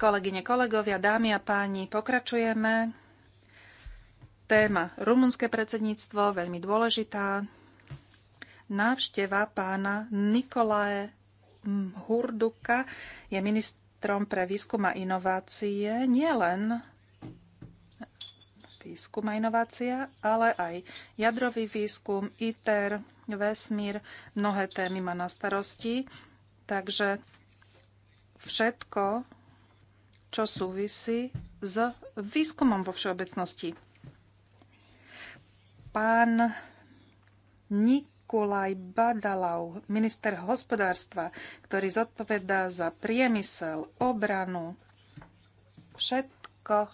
Kolegyne, kolegovia, dámy a páni, pokračujeme. Téma rumunské predsedníctvo, veľmi dôležitá. Návšteva pána Nikolae Hurduka je ministrom pre výskum a inovácie nielen výskum a inovácia, ale aj jadrový výskum, ITER, vesmír, mnohé témy má na starosti. Takže všetko, čo súvisí s výskumom vo všeobecnosti. Pán Nikolaj Badalau, minister hospodárstva, ktorý zodpovedá za priemysel, obranu, všetko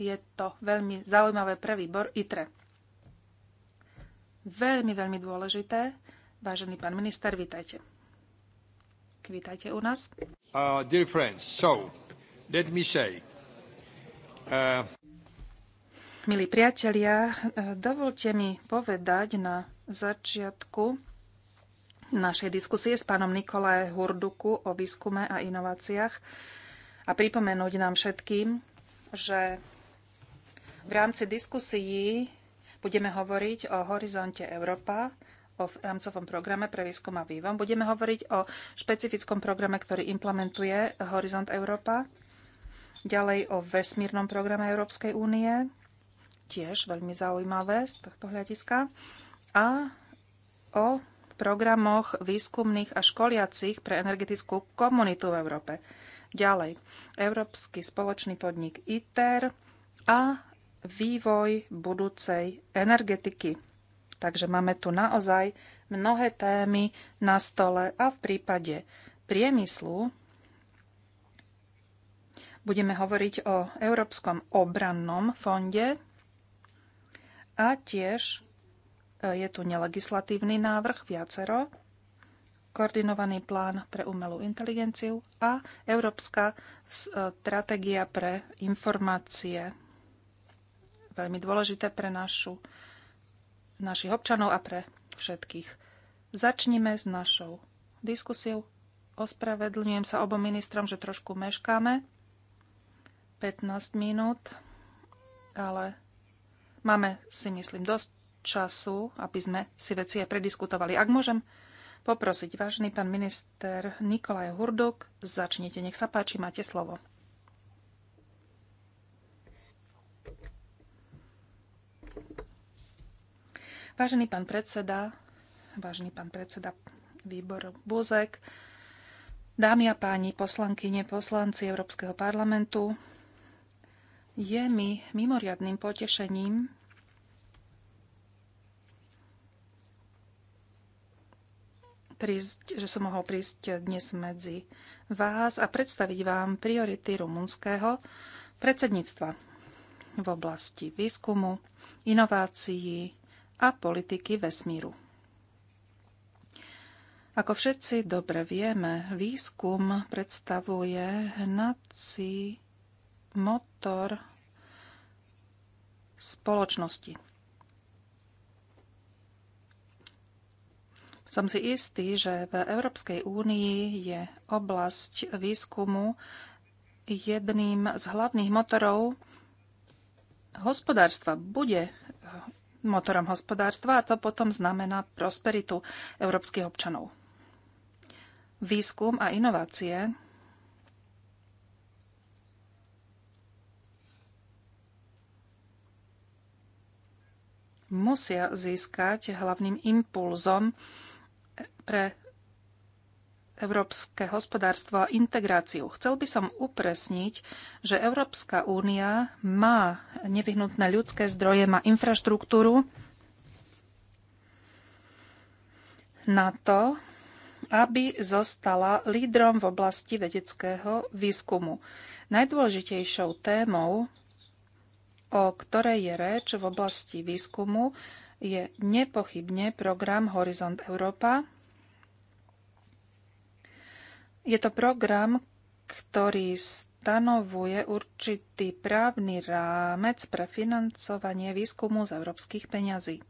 je to veľmi zaujímavé pre výbor ITRE. Veľmi, veľmi dôležité. Vážený pán minister, vítajte. Vítajte u nás. Uh, dear friends, so, let me say, uh... Milí priatelia, uh, dovolte mi povedať na začiatku našej diskusie s pánom Nikolé Hurduku o výskume a inováciách a pripomenúť nám všetkým, že v rámci diskusií budeme hovoriť o horizonte Európa, o rámcovom programe pre výskum a vývoj. Budeme hovoriť o špecifickom programe, ktorý implementuje Horizont Európa, ďalej o vesmírnom programe Európskej únie, tiež veľmi zaujímavé z tohto hľadiska, a o programoch výskumných a školiacich pre energetickú komunitu v Európe. Ďalej, Európsky spoločný podnik ITER a vývoj budúcej energetiky. Takže máme tu naozaj mnohé témy na stole a v prípade priemyslu budeme hovoriť o Európskom obrannom fonde a tiež e, je tu nelegislatívny návrh viacero, koordinovaný plán pre umelú inteligenciu a Európska e, stratégia pre informácie. Veľmi dôležité pre našu našich občanov a pre všetkých. Začnime s našou diskusiou. Ospravedlňujem sa obom ministrom, že trošku meškáme. 15 minút, ale máme si myslím dosť času, aby sme si veci aj prediskutovali. Ak môžem poprosiť, vážený pán minister Nikolaj Hurduk, začnite, nech sa páči, máte slovo. Vážený pán predseda, vážený pán predseda výboru Buzek, dámy a páni poslankyne, poslanci Európskeho parlamentu, je mi mimoriadným potešením prísť, že som mohol prísť dnes medzi vás a predstaviť vám priority rumunského predsedníctva v oblasti výskumu, inovácií, a politiky vesmíru. Ako všetci dobre vieme, výskum predstavuje hnací motor spoločnosti. Som si istý, že v Európskej únii je oblasť výskumu jedným z hlavných motorov hospodárstva. Bude motorom hospodárstva a to potom znamená prosperitu európskych občanov. Výskum a inovácie musia získať hlavným impulzom pre európske hospodárstvo a integráciu. Chcel by som upresniť, že Európska únia má nevyhnutné ľudské zdroje, má infraštruktúru na to, aby zostala lídrom v oblasti vedeckého výskumu. Najdôležitejšou témou, o ktorej je reč v oblasti výskumu, je nepochybne program Horizont Európa, je to program, ktorý stanovuje určitý právny rámec pre financovanie výskumu z európskych peňazí.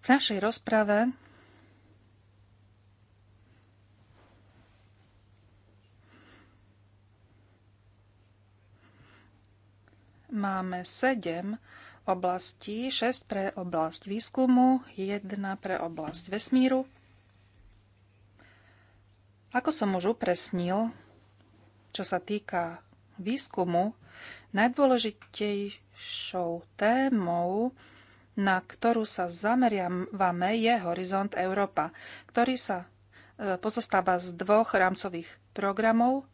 V našej rozprave máme sedem oblastí, šesť pre oblasť výskumu, jedna pre oblasť vesmíru, ako som už upresnil, čo sa týka výskumu, najdôležitejšou témou, na ktorú sa zameriavame, je Horizont Európa, ktorý sa e, pozostáva z dvoch rámcových programov,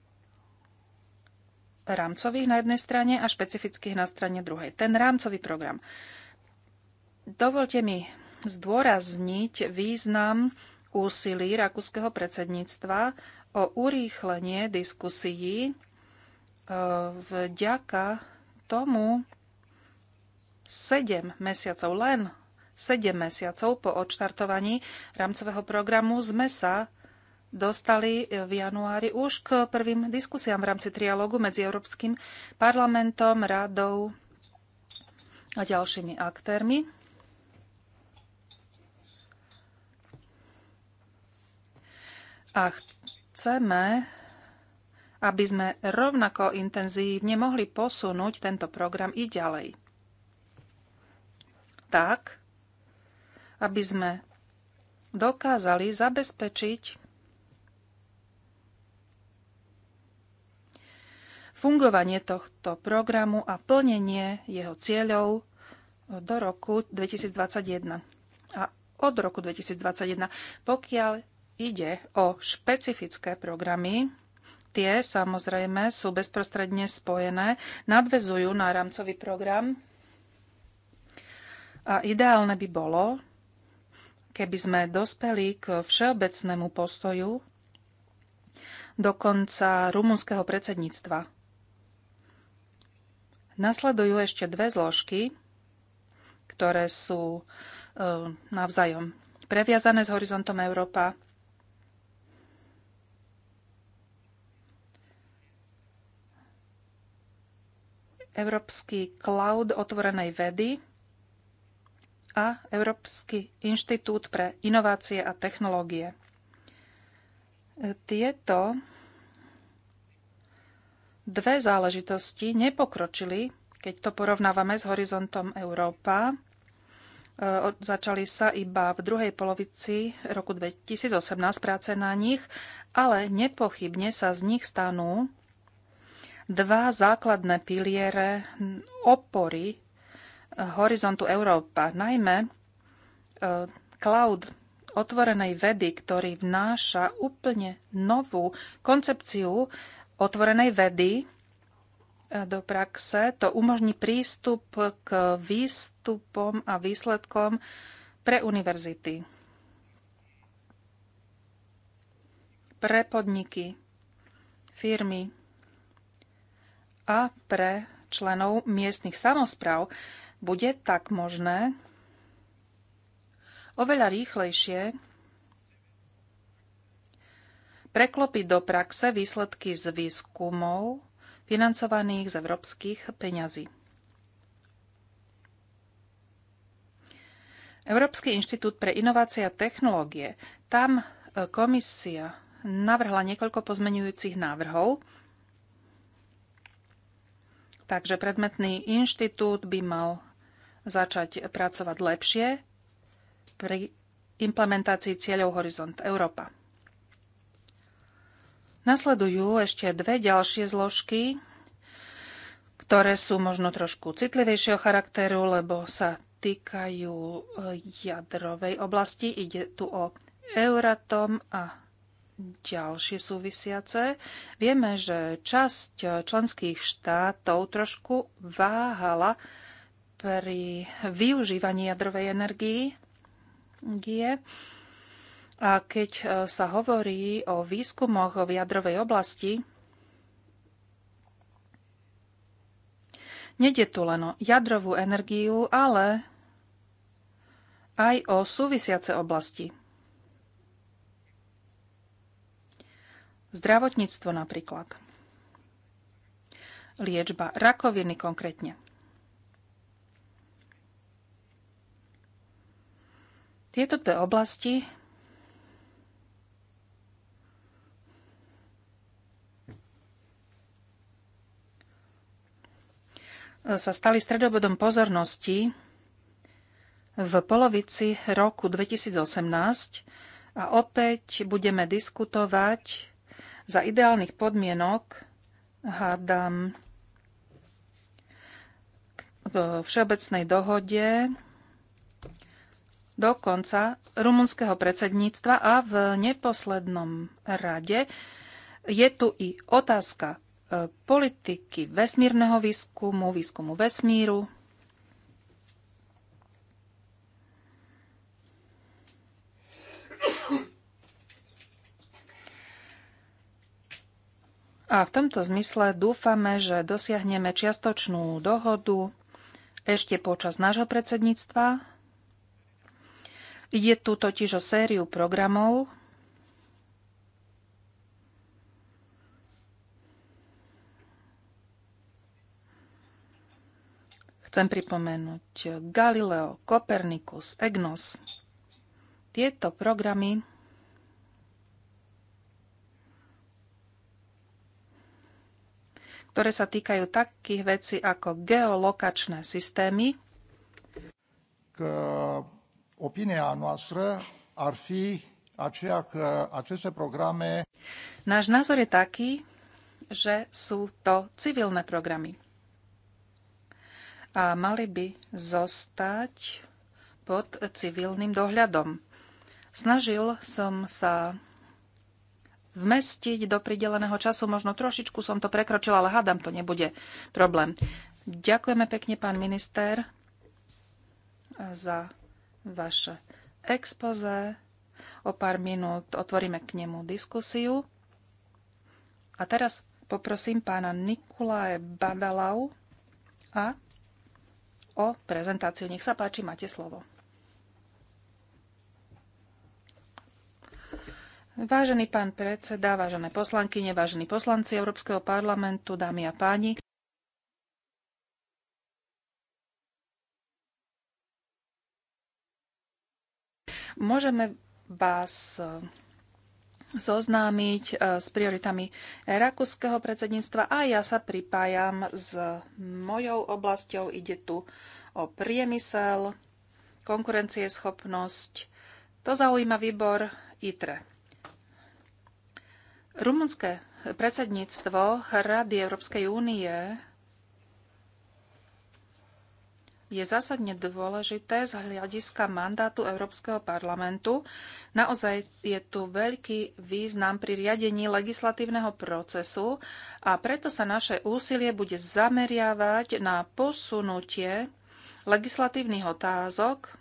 rámcových na jednej strane a špecifických na strane druhej. Ten rámcový program. Dovolte mi zdôrazniť význam úsilí rakúskeho predsedníctva o urýchlenie diskusií e, vďaka tomu 7 mesiacov, len 7 mesiacov po odštartovaní rámcového programu sme sa dostali v januári už k prvým diskusiám v rámci trialógu medzi Európskym parlamentom, radou a ďalšími aktérmi. A chceme, aby sme rovnako intenzívne mohli posunúť tento program i ďalej. Tak, aby sme dokázali zabezpečiť fungovanie tohto programu a plnenie jeho cieľov do roku 2021. A od roku 2021, pokiaľ ide o špecifické programy, tie samozrejme sú bezprostredne spojené, nadvezujú na rámcový program a ideálne by bolo, keby sme dospeli k všeobecnému postoju do konca rumunského predsedníctva. Nasledujú ešte dve zložky, ktoré sú e, navzájom previazané s horizontom Európa Európsky cloud otvorenej vedy a Európsky inštitút pre inovácie a technológie. Tieto dve záležitosti nepokročili, keď to porovnávame s horizontom Európa. E, začali sa iba v druhej polovici roku 2018 práce na nich, ale nepochybne sa z nich stanú dva základné piliere opory eh, horizontu Európa, najmä eh, cloud otvorenej vedy, ktorý vnáša úplne novú koncepciu otvorenej vedy eh, do praxe. To umožní prístup k výstupom a výsledkom pre univerzity, pre podniky, firmy, a pre členov miestnych samozpráv bude tak možné oveľa rýchlejšie preklopiť do praxe výsledky z výskumov financovaných z európskych peňazí. Európsky inštitút pre inovácie a technológie. Tam e, komisia navrhla niekoľko pozmenujúcich návrhov, Takže predmetný inštitút by mal začať pracovať lepšie pri implementácii cieľov Horizont Európa. Nasledujú ešte dve ďalšie zložky, ktoré sú možno trošku citlivejšieho charakteru, lebo sa týkajú eh, jadrovej oblasti. Ide tu o Euratom a ďalšie súvisiace. Vieme, že časť členských štátov trošku váhala pri využívaní jadrovej energii. A keď sa hovorí o výskumoch v jadrovej oblasti, Nede tu len o jadrovú energiu, ale aj o súvisiace oblasti. Zdravotníctvo napríklad. Liečba rakoviny konkrétne. Tieto dve oblasti sa stali stredobodom pozornosti v polovici roku 2018 a opäť budeme diskutovať za ideálnych podmienok hádam k všeobecnej dohode do konca rumunského predsedníctva a v neposlednom rade je tu i otázka e, politiky vesmírneho výskumu, výskumu vesmíru, A v tomto zmysle dúfame, že dosiahneme čiastočnú dohodu ešte počas nášho predsedníctva. Ide tu totiž o sériu programov, Chcem pripomenúť Galileo, Kopernikus, EGNOS. Tieto programy ktoré sa týkajú takých vecí ako geolokačné systémy. opinia noastră ar fi aceea că aceste programe... Náš názor je taký, že sú to civilné programy. A mali by zostať pod civilným dohľadom. Snažil som sa vmestiť do prideleného času. Možno trošičku som to prekročila, ale hádam, to nebude problém. Ďakujeme pekne, pán minister, za vaše expoze. O pár minút otvoríme k nemu diskusiu. A teraz poprosím pána Nikolae Badalau a o prezentáciu. Nech sa páči, máte slovo. Vážený pán predseda, vážené poslankyne, vážení poslanci Európskeho parlamentu, dámy a páni. Môžeme vás zoznámiť eh, eh, s prioritami rakúskeho predsedníctva a ja sa pripájam s mojou oblasťou. Ide tu o priemysel, konkurencieschopnosť. To zaujíma výbor ITRE. Rumunské predsedníctvo Rady Európskej únie je zásadne dôležité z hľadiska mandátu Európskeho parlamentu. Naozaj je tu veľký význam pri riadení legislatívneho procesu a preto sa naše úsilie bude zameriavať na posunutie legislatívnych otázok,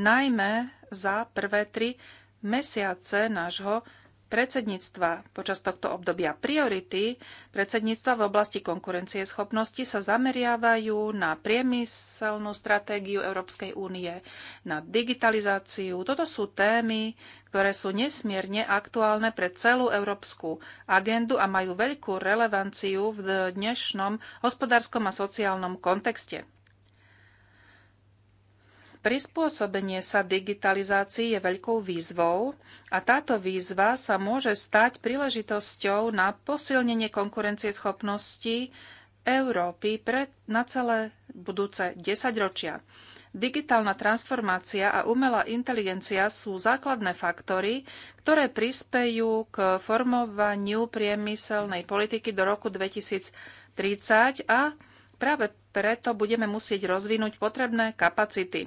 najmä za prvé tri mesiace nášho predsedníctva počas tohto obdobia. Priority predsedníctva v oblasti konkurencie schopnosti sa zameriavajú na priemyselnú stratégiu Európskej únie, na digitalizáciu. Toto sú témy, ktoré sú nesmierne aktuálne pre celú európsku agendu a majú veľkú relevanciu v dnešnom hospodárskom a sociálnom kontexte. Prispôsobenie sa digitalizácii je veľkou výzvou a táto výzva sa môže stať príležitosťou na posilnenie konkurencieschopnosti Európy pre, na celé budúce desaťročia. Digitálna transformácia a umelá inteligencia sú základné faktory, ktoré prispejú k formovaniu priemyselnej politiky do roku 2030 a práve preto budeme musieť rozvinúť potrebné kapacity.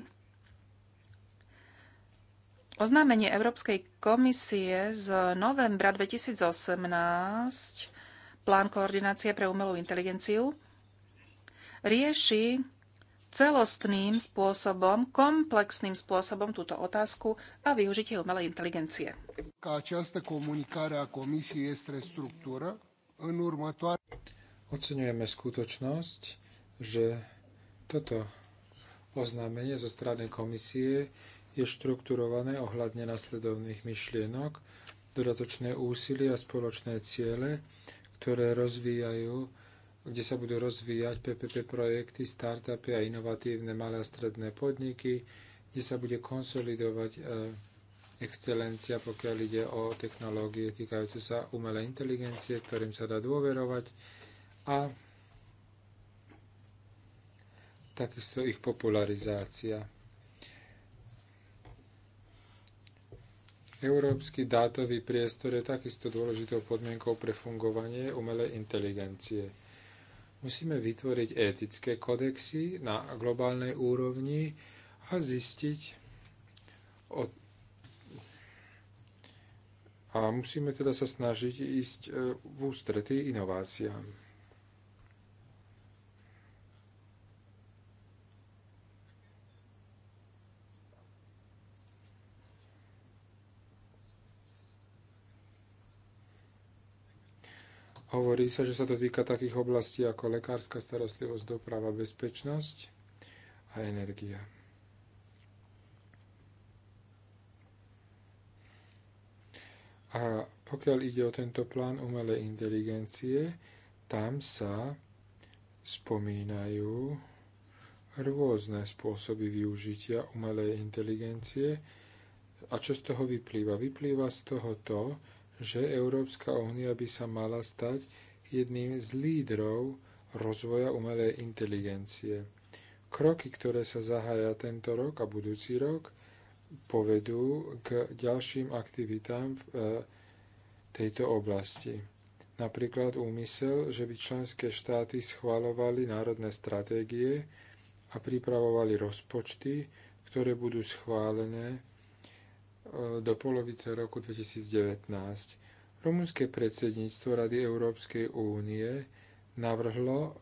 Oznámenie Európskej komisie z novembra 2018, plán koordinácie pre umelú inteligenciu, rieši celostným spôsobom, komplexným spôsobom túto otázku a využitie umelej inteligencie. Oceňujeme skutočnosť, že toto oznámenie zo strany komisie je štrukturované ohľadne nasledovných myšlienok, dodatočné úsilie a spoločné ciele, ktoré rozvíjajú, kde sa budú rozvíjať PPP projekty, startupy a inovatívne malé a stredné podniky, kde sa bude konsolidovať e, excelencia, pokiaľ ide o technológie týkajúce sa umelej inteligencie, ktorým sa dá dôverovať a takisto ich popularizácia. Európsky dátový priestor je takisto dôležitou podmienkou pre fungovanie umelej inteligencie. Musíme vytvoriť etické kodexy na globálnej úrovni a zistiť, od... a musíme teda sa snažiť ísť e, v ústretí inováciám. Hovorí sa, že sa to týka takých oblastí ako lekárska starostlivosť, doprava, bezpečnosť a energia. A pokiaľ ide o tento plán umelej inteligencie, tam sa spomínajú rôzne spôsoby využitia umelej inteligencie. A čo z toho vyplýva? Vyplýva z toho to, že Európska únia by sa mala stať jedným z lídrov rozvoja umelej inteligencie. Kroky, ktoré sa zahája tento rok a budúci rok, povedú k ďalším aktivitám v e, tejto oblasti. Napríklad úmysel, že by členské štáty schvalovali národné stratégie a pripravovali rozpočty, ktoré budú schválené Eh, do polovice roku 2019. Rumunské predsedníctvo Rady Európskej únie navrhlo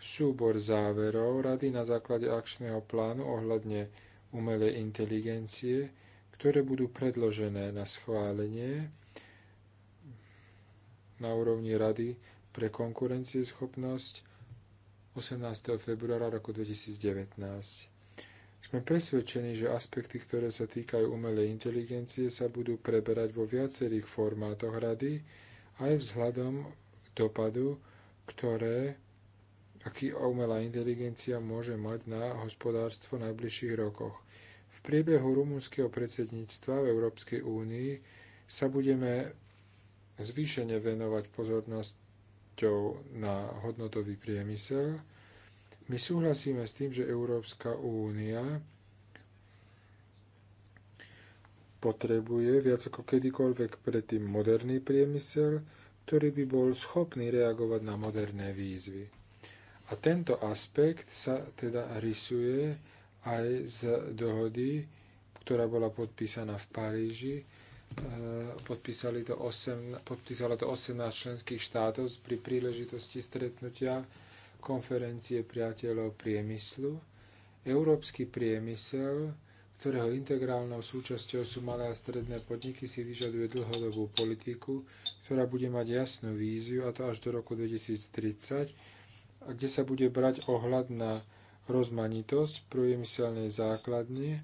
súbor záverov Rady na základe akčného plánu ohľadne umelej inteligencie, ktoré budú predložené na schválenie na úrovni Rady pre konkurencieschopnosť 18. februára roku 2019. Sme presvedčení, že aspekty, ktoré sa týkajú umelej inteligencie, sa budú preberať vo viacerých formátoch rady, aj vzhľadom dopadu, ktoré, aký umelá inteligencia môže mať na hospodárstvo v najbližších rokoch. V priebehu rumúnskeho predsedníctva v Európskej únii sa budeme zvýšene venovať pozornosťou na hodnotový priemysel, my súhlasíme s tým, že Európska únia potrebuje viac ako kedykoľvek predtým moderný priemysel, ktorý by bol schopný reagovať na moderné výzvy. A tento aspekt sa teda rysuje aj z dohody, ktorá bola podpísaná v Paríži. E, podpísalo to 18 členských štátov pri príležitosti stretnutia konferencie priateľov priemyslu. Európsky priemysel, ktorého integrálnou súčasťou sú malé a stredné podniky, si vyžaduje dlhodobú politiku, ktorá bude mať jasnú víziu, a to až do roku 2030, a kde sa bude brať ohľad na rozmanitosť priemyselnej základne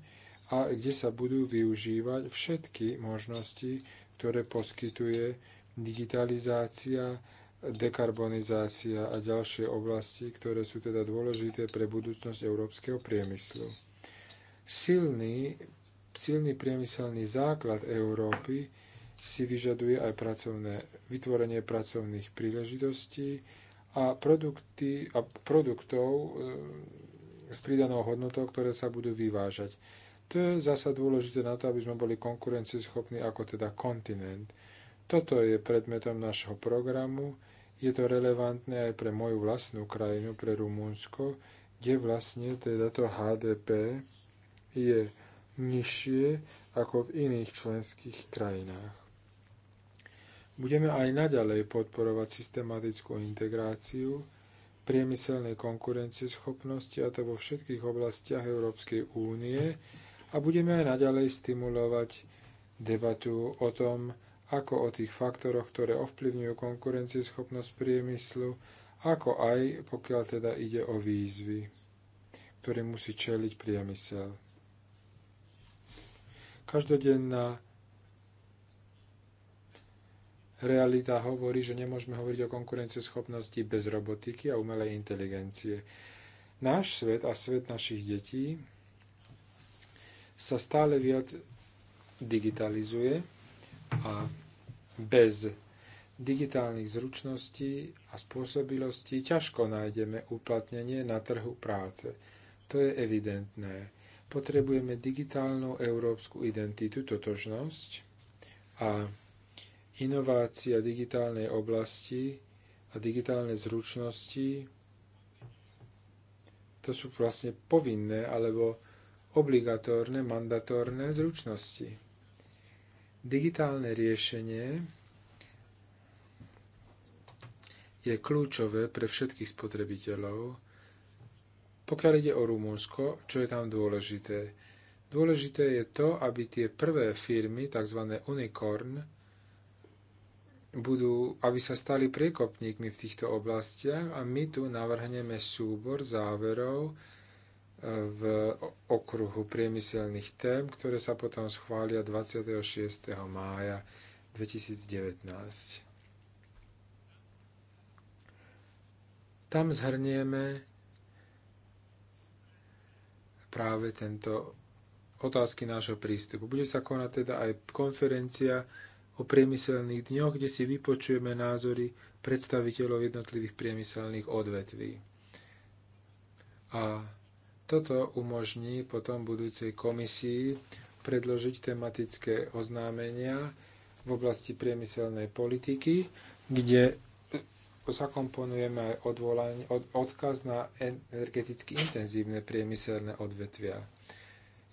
a kde sa budú využívať všetky možnosti, ktoré poskytuje digitalizácia, dekarbonizácia a ďalšie oblasti, ktoré sú teda dôležité pre budúcnosť európskeho priemyslu. Silný, silný priemyselný základ Európy si vyžaduje aj pracovné, vytvorenie pracovných príležitostí a, produkty, a produktov e, s pridanou hodnotou, ktoré sa budú vyvážať. To je zasa dôležité na to, aby sme boli konkurencieschopní ako teda kontinent. Toto je predmetom našho programu. Je to relevantné aj pre moju vlastnú krajinu, pre Rumunsko, kde vlastne teda to HDP je nižšie ako v iných členských krajinách. Budeme aj naďalej podporovať systematickú integráciu priemyselnej konkurencieschopnosti a to vo všetkých oblastiach Európskej únie a budeme aj naďalej stimulovať debatu o tom, ako o tých faktoroch, ktoré ovplyvňujú konkurencieschopnosť priemyslu, ako aj pokiaľ teda ide o výzvy, ktoré musí čeliť priemysel. Každodenná realita hovorí, že nemôžeme hovoriť o konkurencieschopnosti bez robotiky a umelej inteligencie. Náš svet a svet našich detí sa stále viac digitalizuje a bez digitálnych zručností a spôsobilostí ťažko nájdeme uplatnenie na trhu práce. To je evidentné. Potrebujeme digitálnu európsku identitu, totožnosť a inovácia digitálnej oblasti a digitálne zručnosti to sú vlastne povinné alebo obligatórne, mandatórne zručnosti. Digitálne riešenie je kľúčové pre všetkých spotrebiteľov. Pokiaľ ide o Rumunsko, čo je tam dôležité? Dôležité je to, aby tie prvé firmy, tzv. unicorn, budú, aby sa stali priekopníkmi v týchto oblastiach a my tu navrhneme súbor záverov, v okruhu priemyselných tém, ktoré sa potom schvália 26. mája 2019. Tam zhrnieme práve tento otázky nášho prístupu. Bude sa konať teda aj konferencia o priemyselných dňoch, kde si vypočujeme názory predstaviteľov jednotlivých priemyselných odvetví. A toto umožní potom budúcej komisii predložiť tematické oznámenia v oblasti priemyselnej politiky, kde zakomponujeme aj odvolanie, od, odkaz na energeticky intenzívne priemyselné odvetvia.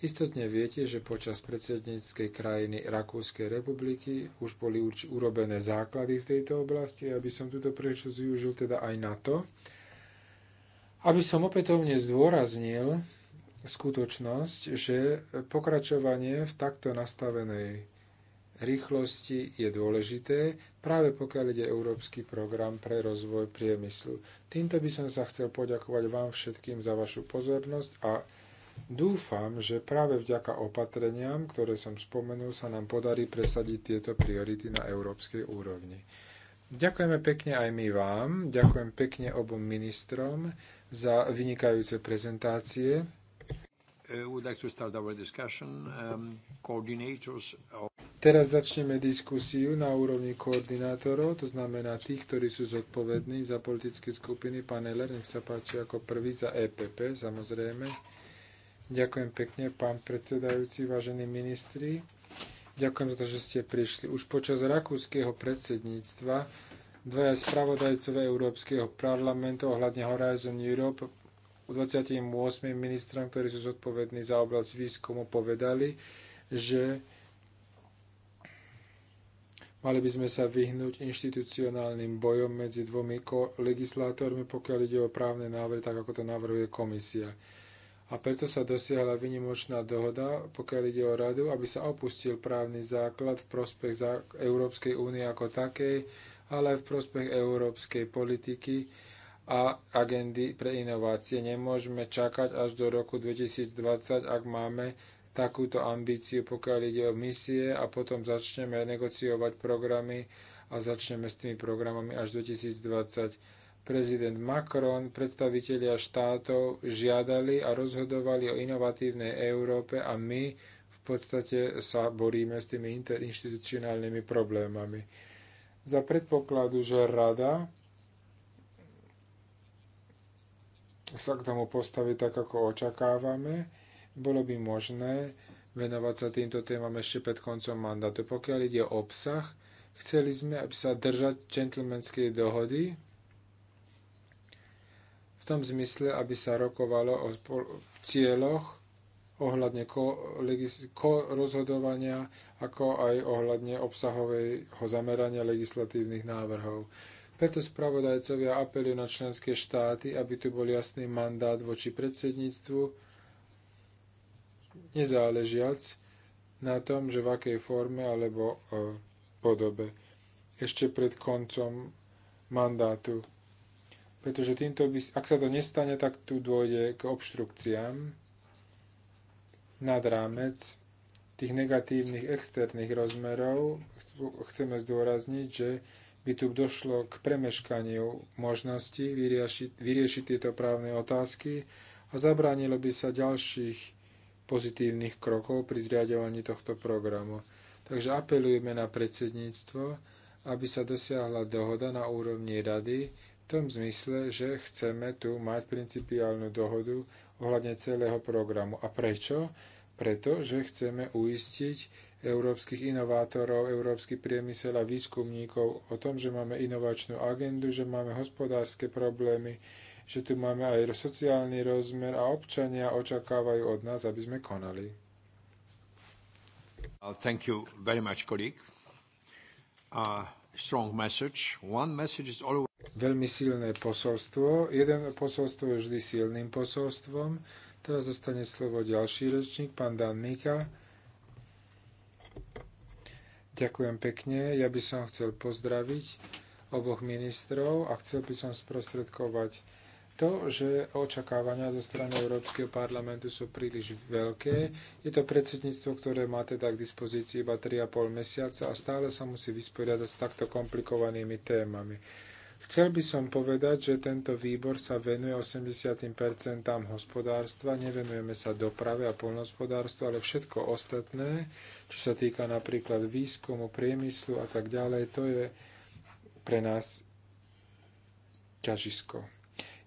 Istotne viete, že počas predsedníckej krajiny Rakúskej republiky už boli urobené základy v tejto oblasti, aby som túto prečo využil teda aj na to, aby som opätovne zdôraznil skutočnosť, že pokračovanie v takto nastavenej rýchlosti je dôležité, práve pokiaľ ide Európsky program pre rozvoj priemyslu. Týmto by som sa chcel poďakovať vám všetkým za vašu pozornosť a dúfam, že práve vďaka opatreniam, ktoré som spomenul, sa nám podarí presadiť tieto priority na európskej úrovni. Ďakujeme pekne aj my vám, ďakujem pekne obom ministrom za vynikajúce prezentácie. Uh, um, Teraz začneme diskusiu na úrovni koordinátorov, to znamená tých, ktorí sú zodpovední za politické skupiny. Pán Eller, nech sa páči ako prvý za EPP, samozrejme. Ďakujem pekne, pán predsedajúci, vážení ministri. Ďakujem za to, že ste prišli. Už počas rakúskeho predsedníctva dvaja spravodajcovia Európskeho parlamentu ohľadne Horizon Europe 28 ministrom, ktorí sú zodpovední za oblasť výskumu, povedali, že mali by sme sa vyhnúť inštitucionálnym bojom medzi dvomi legislátormi, pokiaľ ide o právne návrhy, tak ako to navrhuje komisia. A preto sa dosiahla vynimočná dohoda, pokiaľ ide o radu, aby sa opustil právny základ v prospech Európskej únie ako takej, ale aj v prospech európskej politiky a agendy pre inovácie. Nemôžeme čakať až do roku 2020, ak máme takúto ambíciu, pokiaľ ide o misie a potom začneme negociovať programy a začneme s tými programami až 2020 prezident Macron, predstavitelia štátov žiadali a rozhodovali o inovatívnej Európe a my v podstate sa boríme s tými interinstitucionálnymi problémami za predpokladu, že rada sa k tomu postaví tak, ako očakávame, bolo by možné venovať sa týmto témam ešte pred koncom mandátu. Pokiaľ ide o obsah, chceli sme aby sa držať gentlemanskej dohody v tom zmysle, aby sa rokovalo o cieľoch ohľadne ko legis, ko ako aj ohľadne obsahového zamerania legislatívnych návrhov. Preto spravodajcovia apelujú na členské štáty, aby tu bol jasný mandát voči predsedníctvu, nezáležiac na tom, že v akej forme alebo e, podobe ešte pred koncom mandátu. Pretože týmto by, ak sa to nestane, tak tu dôjde k obštrukciám nad rámec tých negatívnych externých rozmerov chceme zdôrazniť, že by tu došlo k premeškaniu možností vyriešiť, vyriešiť tieto právne otázky a zabránilo by sa ďalších pozitívnych krokov pri zriadovaní tohto programu. Takže apelujeme na predsedníctvo, aby sa dosiahla dohoda na úrovni rady v tom zmysle, že chceme tu mať principiálnu dohodu ohľadne celého programu. A prečo? Preto, že chceme uistiť európskych inovátorov, európsky priemysel a výskumníkov o tom, že máme inovačnú agendu, že máme hospodárske problémy, že tu máme aj sociálny rozmer a občania očakávajú od nás, aby sme konali. Uh, thank you very much, colleague. Uh, strong message. One message is always veľmi silné posolstvo. Jeden posolstvo je vždy silným posolstvom. Teraz zostane slovo ďalší rečník, pán Dan Mika. Ďakujem pekne. Ja by som chcel pozdraviť oboch ministrov a chcel by som sprostredkovať to, že očakávania zo strany Európskeho parlamentu sú príliš veľké. Je to predsedníctvo, ktoré má teda k dispozícii iba 3,5 mesiaca a stále sa musí vysporiadať s takto komplikovanými témami. Chcel by som povedať, že tento výbor sa venuje 80% hospodárstva, nevenujeme sa doprave a polnohospodárstvu, ale všetko ostatné, čo sa týka napríklad výskumu, priemyslu a tak ďalej, to je pre nás ťažisko.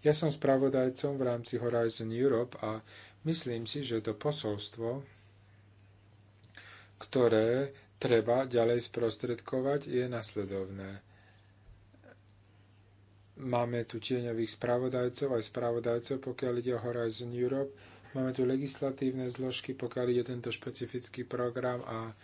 Ja som spravodajcom v rámci Horizon Europe a myslím si, že to posolstvo, ktoré treba ďalej sprostredkovať, je nasledovné Máme tu tieňových spravodajcov, aj spravodajcov, pokiaľ ide o Horizon Europe. Máme tu legislatívne zložky, pokiaľ ide o tento špecifický program a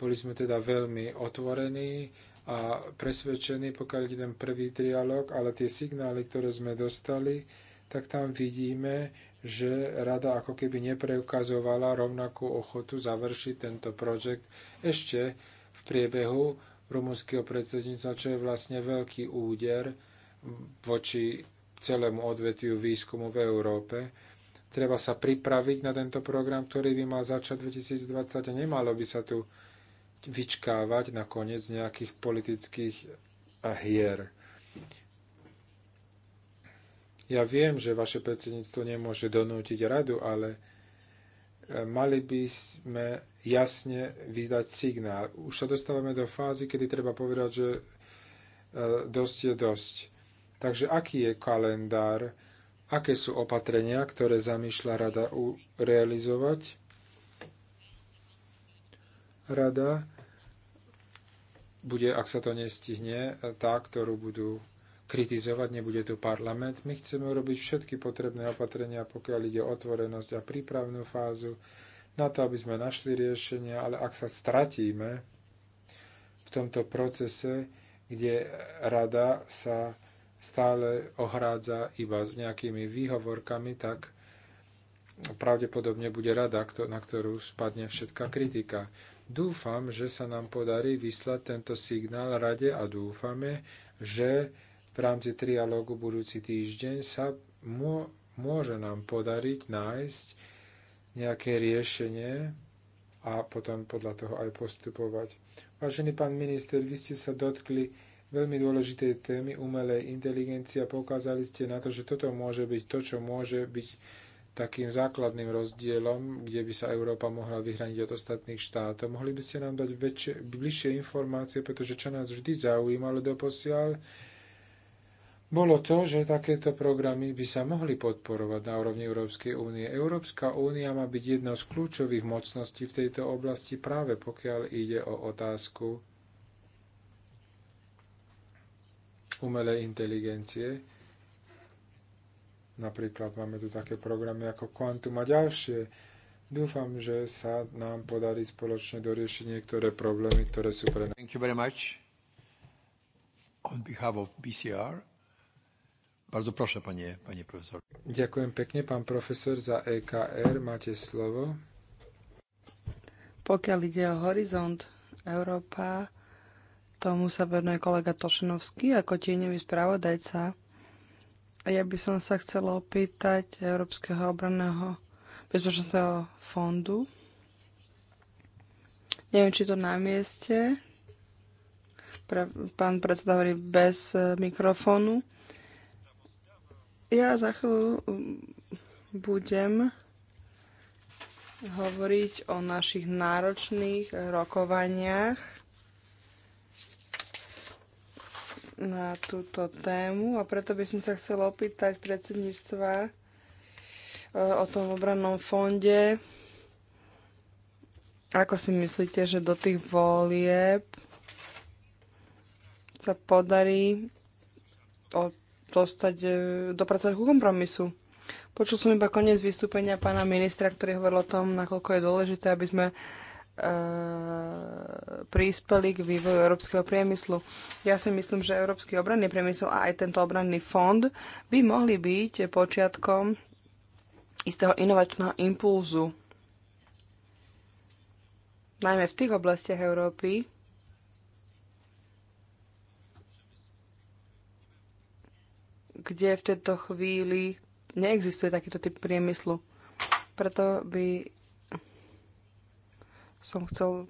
boli sme teda veľmi otvorení a presvedčení, pokiaľ ide ten prvý trialog, ale tie signály, ktoré sme dostali, tak tam vidíme, že rada ako keby nepreukazovala rovnakú ochotu završiť tento projekt ešte v priebehu rumunského predsedníctva, čo je vlastne veľký úder, voči celému odvetviu výskumu v Európe. Treba sa pripraviť na tento program, ktorý by mal začať 2020 a nemalo by sa tu vyčkávať na koniec nejakých politických hier. Ja viem, že vaše predsedníctvo nemôže donútiť radu, ale e, mali by sme jasne vydať signál. Už sa dostávame do fázy, kedy treba povedať, že e, dosť je dosť. Takže aký je kalendár, aké sú opatrenia, ktoré zamýšľa rada realizovať? Rada bude, ak sa to nestihne, tá, ktorú budú kritizovať, nebude tu parlament. My chceme urobiť všetky potrebné opatrenia, pokiaľ ide o otvorenosť a prípravnú fázu, na to, aby sme našli riešenia, ale ak sa stratíme v tomto procese, kde rada sa stále ohrádza iba s nejakými výhovorkami, tak pravdepodobne bude rada, na ktorú spadne všetká kritika. Dúfam, že sa nám podarí vyslať tento signál rade a dúfame, že v rámci trialógu budúci týždeň sa môže nám podariť nájsť nejaké riešenie a potom podľa toho aj postupovať. Vážený pán minister, vy ste sa dotkli veľmi dôležitej témy umelej inteligencie a pokázali ste na to, že toto môže byť to, čo môže byť takým základným rozdielom, kde by sa Európa mohla vyhraniť od ostatných štátov. Mohli by ste nám dať väčšie, bližšie informácie, pretože čo nás vždy zaujímalo doposiaľ, bolo to, že takéto programy by sa mohli podporovať na úrovni Európskej únie. Európska únia má byť jednou z kľúčových mocností v tejto oblasti práve pokiaľ ide o otázku umelej inteligencie. Napríklad máme tu také programy ako Quantum a ďalšie. Dúfam, že sa nám podarí spoločne doriešiť niektoré problémy, ktoré sú pre nás. Thank you very much. On behalf of BCR. Bardzo proszę, panie, panie profesor. Ďakujem pekne, pán profesor, za EKR. Máte slovo. Pokiaľ ide o horizont Európa, tomu sa venuje kolega Tošenovský ako tieňový spravodajca. Ja by som sa chcela opýtať Európskeho obranného bezpečnostného fondu. Neviem, či to na mieste. Pre, pán predseda hovorí bez e, mikrofónu. Ja za chvíľu budem hovoriť o našich náročných rokovaniach na túto tému a preto by som sa chcela opýtať predsedníctva e, o tom obrannom fonde. Ako si myslíte, že do tých volieb sa podarí dostať, e, dopracovať ku kompromisu? Počul som iba koniec vystúpenia pána ministra, ktorý hovoril o tom, nakoľko je dôležité, aby sme E, prispeli k vývoju európskeho priemyslu. Ja si myslím, že európsky obranný priemysel a aj tento obranný fond by mohli byť počiatkom istého inovačného impulzu. Najmä v tých oblastiach Európy, kde v tejto chvíli neexistuje takýto typ priemyslu. Preto by som chcel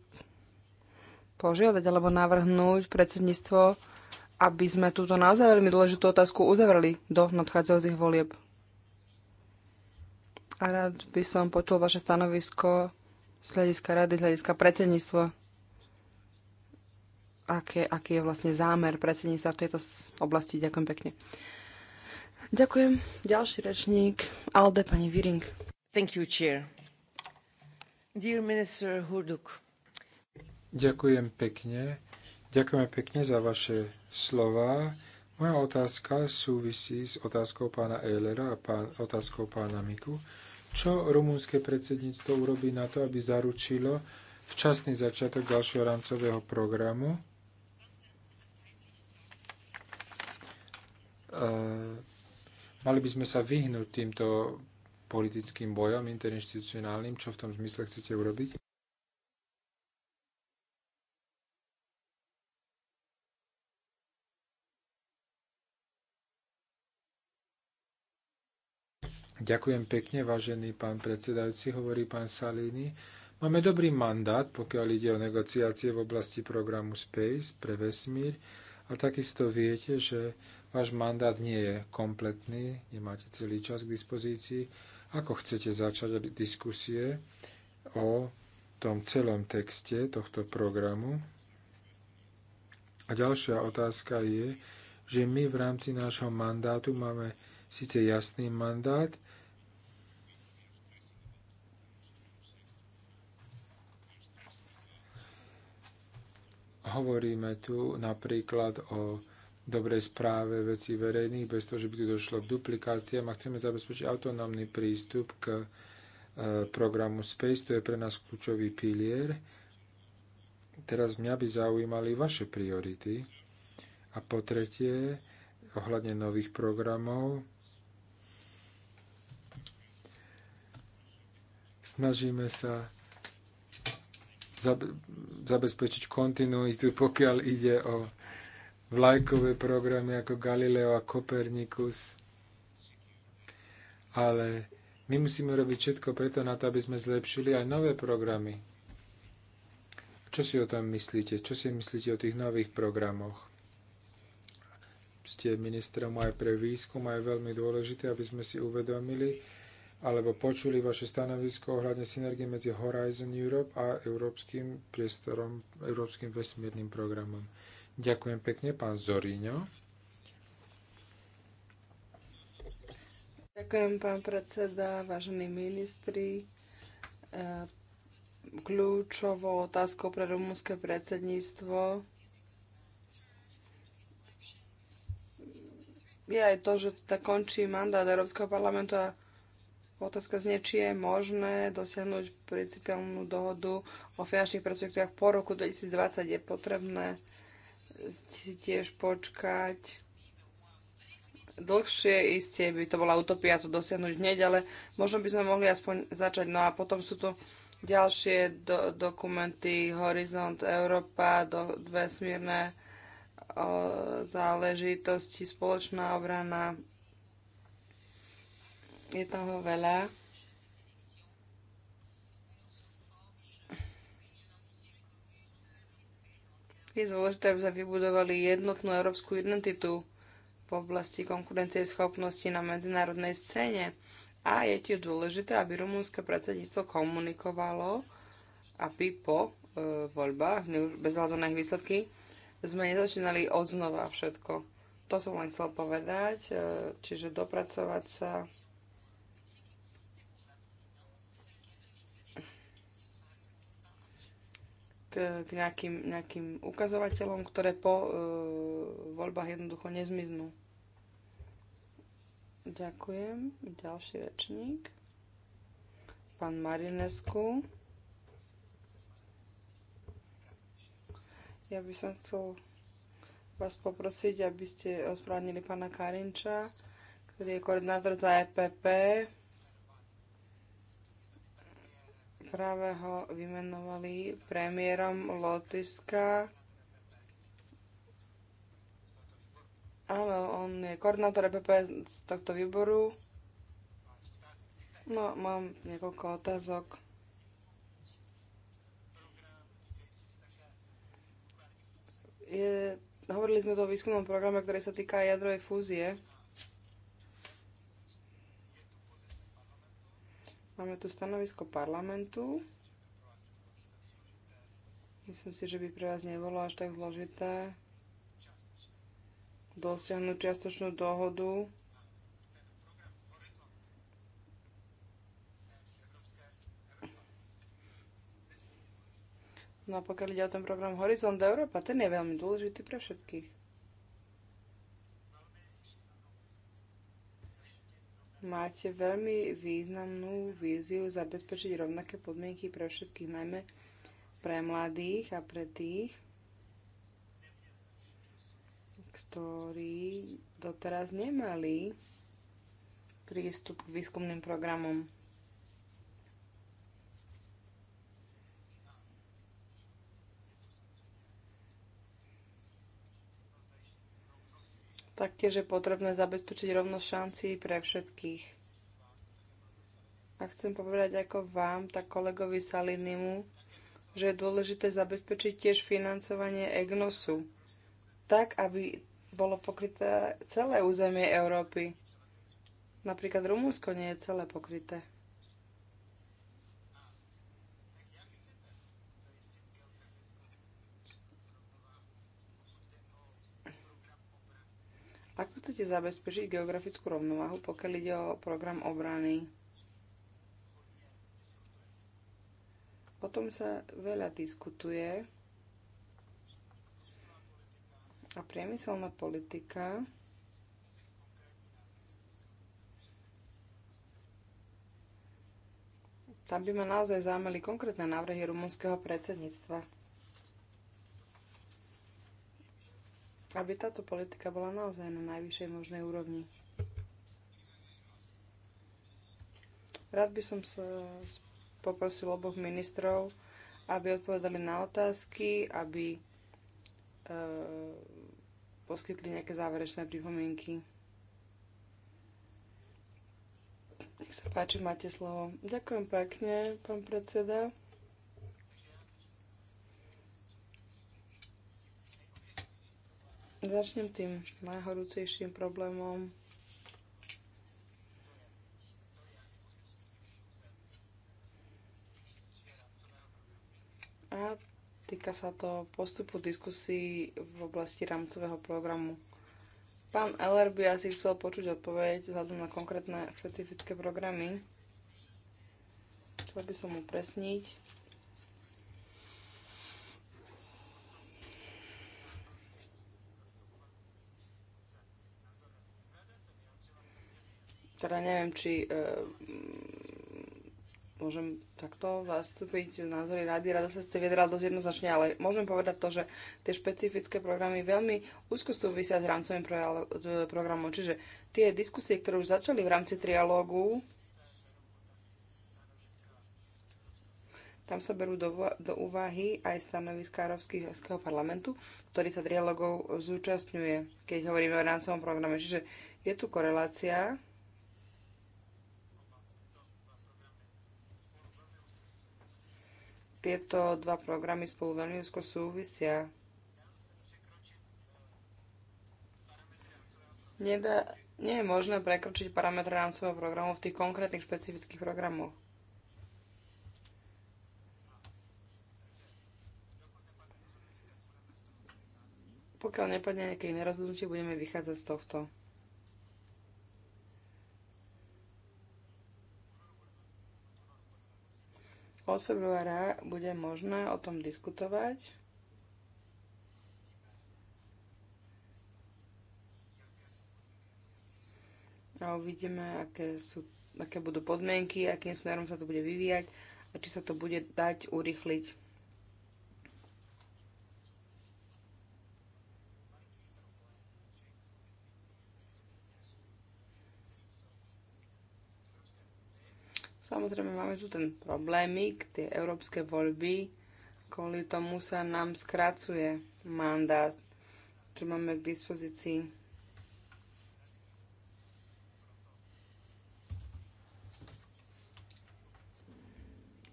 požiadať alebo navrhnúť predsedníctvo, aby sme túto naozaj veľmi dôležitú otázku uzavreli do nadchádzajúcich volieb. A rád by som počul vaše stanovisko z hľadiska rady, z hľadiska predsedníctva. Aké, aký je vlastne zámer predsedníctva v tejto oblasti? Ďakujem pekne. Ďakujem. Ďalší rečník, Alde, pani Viring. Thank you, chair. Dear Minister Hurduk. Ďakujem pekne. Ďakujeme pekne za vaše slova. Moja otázka súvisí s otázkou pána Eilera a pán, otázkou pána Miku. Čo rumúnske predsedníctvo urobí na to, aby zaručilo včasný začiatok ďalšieho rámcového programu? E, mali by sme sa vyhnúť týmto politickým bojom interinstitucionálnym? Čo v tom zmysle chcete urobiť? Ďakujem pekne, vážený pán predsedajúci, hovorí pán Salini. Máme dobrý mandát, pokiaľ ide o negociácie v oblasti programu Space pre vesmír a takisto viete, že váš mandát nie je kompletný, nemáte celý čas k dispozícii ako chcete začať diskusie o tom celom texte tohto programu? A ďalšia otázka je, že my v rámci nášho mandátu máme síce jasný mandát, hovoríme tu napríklad o dobrej správe vecí verejných, bez toho, že by tu došlo k duplikáciám a chceme zabezpečiť autonómny prístup k e, programu Space, to je pre nás kľúčový pilier. Teraz mňa by zaujímali vaše priority. A po tretie, ohľadne nových programov, snažíme sa zabezpečiť kontinuitu, pokiaľ ide o vlajkové programy ako Galileo a Kopernikus. Ale my musíme robiť všetko preto na to, aby sme zlepšili aj nové programy. Čo si o tom myslíte? Čo si myslíte o tých nových programoch? Ste ministrom aj pre výskum a je veľmi dôležité, aby sme si uvedomili alebo počuli vaše stanovisko ohľadne synergie medzi Horizon Europe a Európskym priestorom, Európskym vesmírnym programom. Ďakujem pekne, pán Zoríňo. Ďakujem, pán predseda, vážení ministri. E, kľúčovou otázkou pre rumúnske predsedníctvo je aj to, že teda končí mandát Európskeho parlamentu a otázka znie, či je možné dosiahnuť principiálnu dohodu o finančných perspektívach po roku 2020. Je potrebné si tiež počkať. Dlhšie iste by to bola utopia to dosiahnuť hneď, ale možno by sme mohli aspoň začať. No a potom sú tu ďalšie do, dokumenty Horizont Európa, do, vesmírne o, záležitosti, spoločná obrana. Je toho veľa. Je dôležité, aby sme vybudovali jednotnú európsku identitu v oblasti konkurencie schopnosti na medzinárodnej scéne. A je tiež dôležité, aby rumúnske predsedníctvo komunikovalo, aby po e, voľbách, bez hľadu na ich výsledky, sme nezačínali od znova všetko. To som len chcel povedať, e, čiže dopracovať sa k, k nejakým, nejakým ukazovateľom, ktoré po e, voľbách jednoducho nezmiznú. Ďakujem. Ďalší rečník. Pán Marinesku. Ja by som chcel vás poprosiť, aby ste odprávnili pána Karinča, ktorý je koordinátor za EPP. práve ho vymenovali premiérom Lotyšska. Áno, on je koordinátor EPP z tohto výboru. No, mám niekoľko otázok. Je, hovorili sme tu o výskumnom programe, ktorý sa týka jadrovej fúzie. Máme tu stanovisko parlamentu. Myslím si, že by pre vás nebolo až tak zložité dosiahnuť čiastočnú dohodu. No a pokiaľ ide o ten program Horizont Európa, ten je veľmi dôležitý pre všetkých. máte veľmi významnú víziu zabezpečiť rovnaké podmienky pre všetkých, najmä pre mladých a pre tých, ktorí doteraz nemali prístup k výskumným programom. Taktiež je potrebné zabezpečiť rovnosť šancí pre všetkých. A chcem povedať ako vám, tak kolegovi Salinimu, že je dôležité zabezpečiť tiež financovanie EGNOSu, tak aby bolo pokryté celé územie Európy. Napríklad Rumúnsko nie je celé pokryté. chcete zabezpečiť geografickú rovnováhu, pokiaľ ide o program obrany? O tom sa veľa diskutuje a priemyselná politika tam by ma naozaj zaujímali konkrétne návrhy rumunského predsedníctva. aby táto politika bola naozaj na najvyššej možnej úrovni. Rád by som sa poprosil oboch ministrov, aby odpovedali na otázky, aby e, poskytli nejaké záverečné pripomienky. Nech sa páči, máte slovo. Ďakujem pekne, pán predseda. Začnem tým najhorúcejším problémom. A týka sa to postupu diskusí v oblasti rámcového programu. Pán Eller by asi chcel počuť odpoveď vzhľadom na konkrétne špecifické programy. Chcel by som upresniť, Teda neviem, či e, môžem takto zastúpiť názory rady. Rada sa ste vyjadrala dosť jednoznačne, ale môžem povedať to, že tie špecifické programy veľmi úzko súvisia s rámcovým programom. Čiže tie diskusie, ktoré už začali v rámci trialógu, Tam sa berú do, do úvahy aj stanoviska Európskeho parlamentu, ktorý sa trialogov zúčastňuje, keď hovoríme o rámcovom programe. Čiže je tu korelácia tieto dva programy spolu veľmi úzko súvisia. Nedá, nie je možné prekročiť parametre rámcového programu v tých konkrétnych špecifických programoch. Pokiaľ nepadne nejaké iné rozhodnutie, budeme vychádzať z tohto. Od februára bude možné o tom diskutovať. A uvidíme, aké, sú, aké budú podmienky, akým smerom sa to bude vyvíjať a či sa to bude dať urychliť. Samozrejme, máme tu ten problémik, tie európske voľby, kvôli tomu sa nám skracuje mandát, čo máme k dispozícii.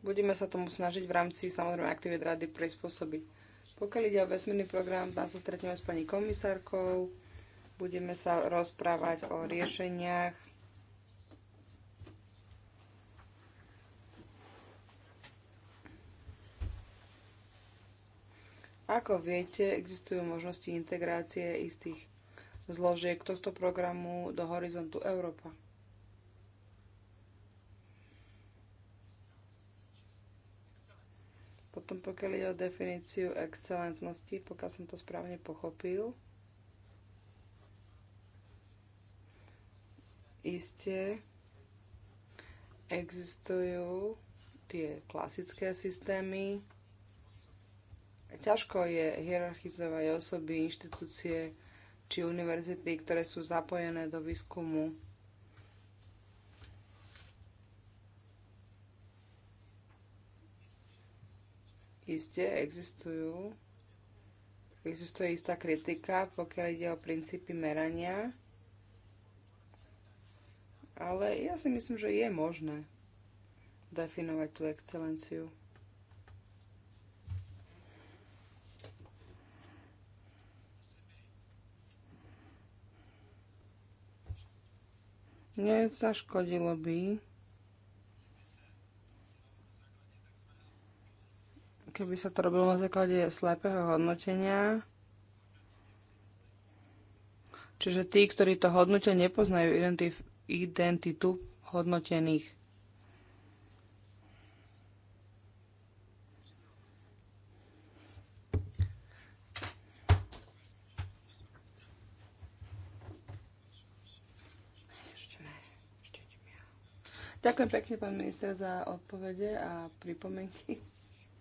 Budeme sa tomu snažiť v rámci samozrejme aktivít rady prispôsobiť. Pokiaľ ide o vesmírny program, tam sa stretneme s pani komisárkou, budeme sa rozprávať o riešeniach Ako viete, existujú možnosti integrácie istých zložiek tohto programu do horizontu Európa. Potom pokiaľ ide o definíciu excelentnosti, pokiaľ som to správne pochopil, iste existujú tie klasické systémy, Ťažko je hierarchizovať osoby, inštitúcie či univerzity, ktoré sú zapojené do výskumu. Isté existujú. Existuje istá kritika, pokiaľ ide o princípy merania. Ale ja si myslím, že je možné definovať tú excelenciu. Nezaškodilo by, keby sa to robilo na základe slepého hodnotenia. Čiže tí, ktorí to hodnotia, nepoznajú identitu hodnotených. Ďakujem pekne, pán minister, za odpovede a pripomenky.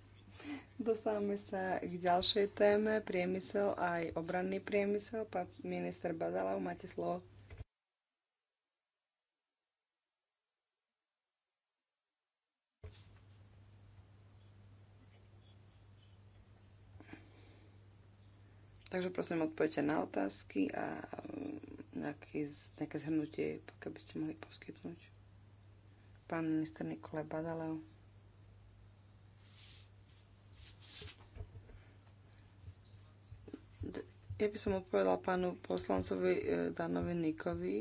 (laughs) Dostávame sa k ďalšej téme, priemysel aj obranný priemysel. Pán minister Badalov, máte slovo. Takže prosím, odpovedte na otázky a nejaké, nejaké zhrnutie, pokiaľ by ste mohli poskytnúť pán minister Nikolaj Badalev. Ja by som odpovedala pánu poslancovi e, Danovi Nikovi.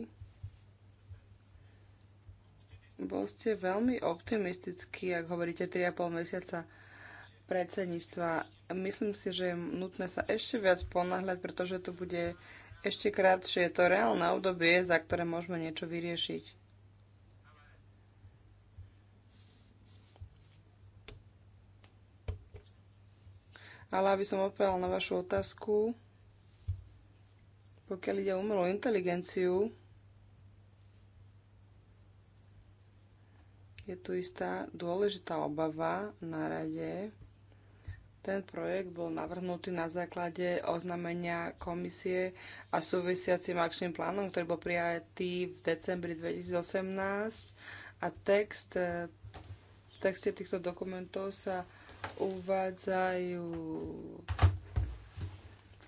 Bol ste veľmi optimistickí, ak hovoríte 3,5 mesiaca predsedníctva. Myslím si, že je nutné sa ešte viac ponáhľať, pretože to bude ešte krátšie. Je to reálne obdobie, za ktoré môžeme niečo vyriešiť. Ale aby som odpovedala na vašu otázku, pokiaľ ide o umelú inteligenciu, je tu istá dôležitá obava na rade. Ten projekt bol navrhnutý na základe oznámenia komisie a súvisiacim akčným plánom, ktorý bol prijatý v decembri 2018 a text eh, v texte týchto dokumentov sa uvádzajú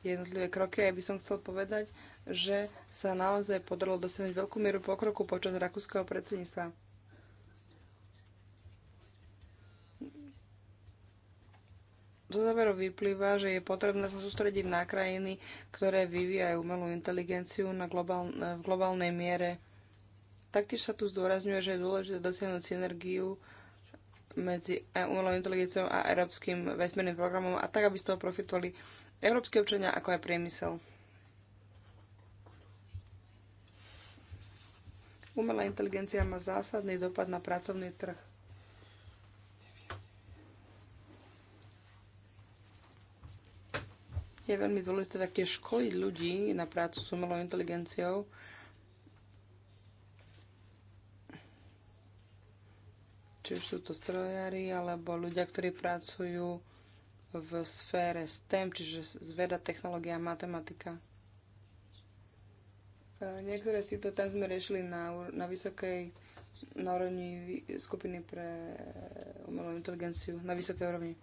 jednotlivé kroky. Ja by som chcel povedať, že sa naozaj podarilo dosiahnuť veľkú mieru pokroku počas rakúskeho predsedníctva. Zo záveru vyplýva, že je potrebné sa sústrediť na krajiny, ktoré vyvíjajú umelú inteligenciu na globál, v globálnej miere. Taktiež sa tu zdôrazňuje, že je dôležité dosiahnuť synergiu medzi umelou inteligenciou a Európskym vesmírnym programom a tak, aby z toho profitovali európske občania ako aj priemysel. Umelá inteligencia má zásadný dopad na pracovný trh. Je veľmi dôležité také školiť ľudí na prácu s umelou inteligenciou, či už sú to strojári alebo ľudia, ktorí pracujú v sfére STEM, čiže zveda, technológia a matematika. E, niektoré z týchto tém sme riešili na, na vysokej na úrovni skupiny pre umelú inteligenciu, na vysokej úrovni.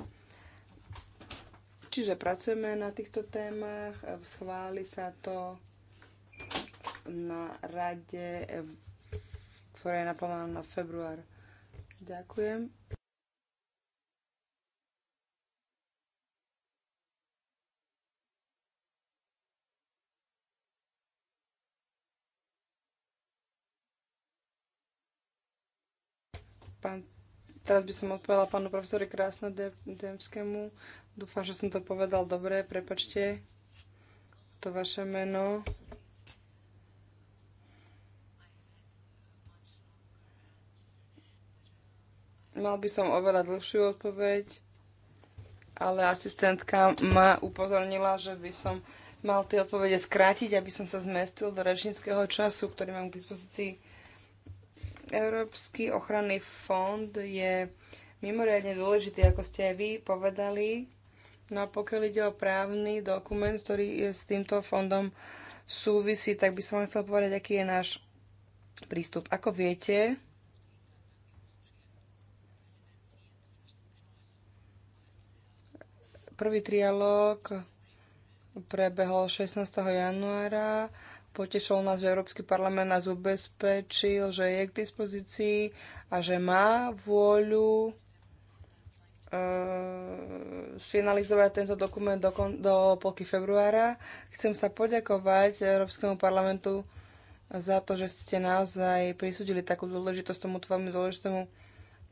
Čiže pracujeme na týchto témach, e, schváli sa to na rade, e, ktorá je naplánovaná na február Ďakujem. Pán, teraz by som odpovedala pánu profesore Krásno Demskému. Dúfam, že som to povedal dobre, prepačte to vaše meno. Mal by som oveľa dlhšiu odpoveď, ale asistentka ma upozornila, že by som mal tie odpovede skrátiť, aby som sa zmestil do rečníckého času, ktorý mám k dispozícii. Európsky ochranný fond je mimoriadne dôležitý, ako ste aj vy povedali. No a pokiaľ ide o právny dokument, ktorý je s týmto fondom súvisí, tak by som vám chcel povedať, aký je náš prístup. Ako viete, Prvý trialóg prebehol 16. januára. Potešil nás, že Európsky parlament nás ubezpečil, že je k dispozícii a že má vôľu e, finalizovať tento dokument do, do polky februára. Chcem sa poďakovať Európskemu parlamentu za to, že ste naozaj prisudili takú dôležitosť tomu veľmi dôležitému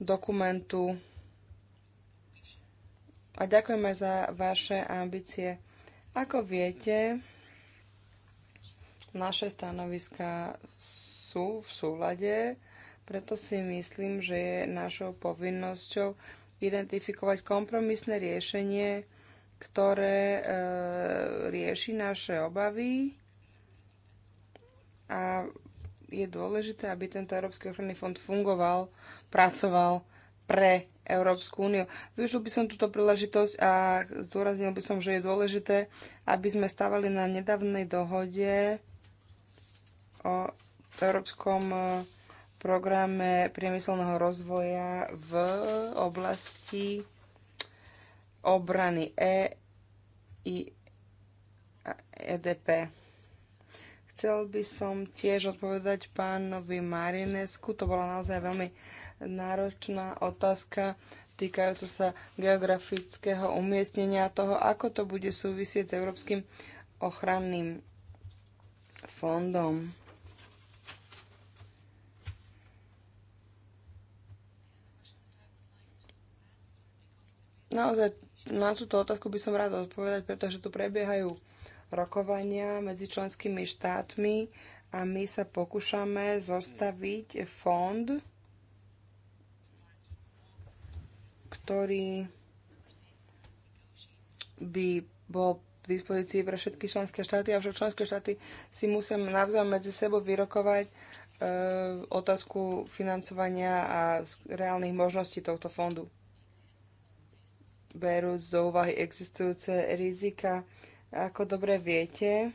dokumentu a ďakujeme za vaše ambície. Ako viete, naše stanoviska sú v súlade, preto si myslím, že je našou povinnosťou identifikovať kompromisné riešenie, ktoré e, rieši naše obavy a je dôležité, aby tento Európsky ochranný fond fungoval, pracoval pre Európsku úniu. Využil by som túto príležitosť a zdôraznil by som, že je dôležité, aby sme stávali na nedávnej dohode o Európskom e, programe priemyselného rozvoja v oblasti obrany EIDP. Chcel by som tiež odpovedať pánovi Marinesku. To bola naozaj veľmi náročná otázka týkajúca sa geografického umiestnenia toho, ako to bude súvisieť s Európskym ochranným fondom. Naozaj na túto otázku by som rád odpovedať, pretože tu prebiehajú rokovania medzi členskými štátmi a my sa pokúšame zostaviť fond, ktorý by bol v dispozícii pre všetky členské štáty, avšak členské štáty si musia navzájom medzi sebou vyrokovať e, otázku financovania a reálnych možností tohto fondu. Berúc do úvahy existujúce rizika, ako dobre viete,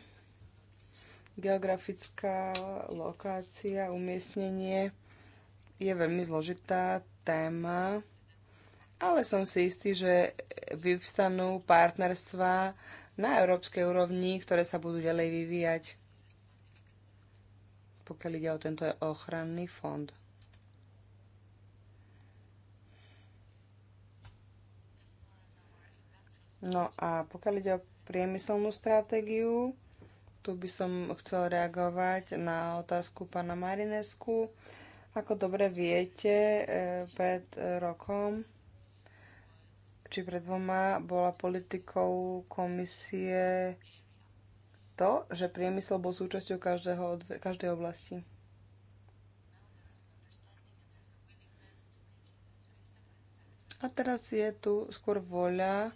geografická lokácia, umiestnenie je veľmi zložitá téma, ale som si istý, že vyvstanú partnerstva na európskej úrovni, ktoré sa budú ďalej vyvíjať, pokiaľ ide o tento ochranný fond. No a pokiaľ ide o priemyselnú stratégiu. Tu by som chcel reagovať na otázku pána Marinesku. Ako dobre viete, e, pred rokom či pred dvoma bola politikou komisie to, že priemysel bol súčasťou každého, každej oblasti. A teraz je tu skôr voľa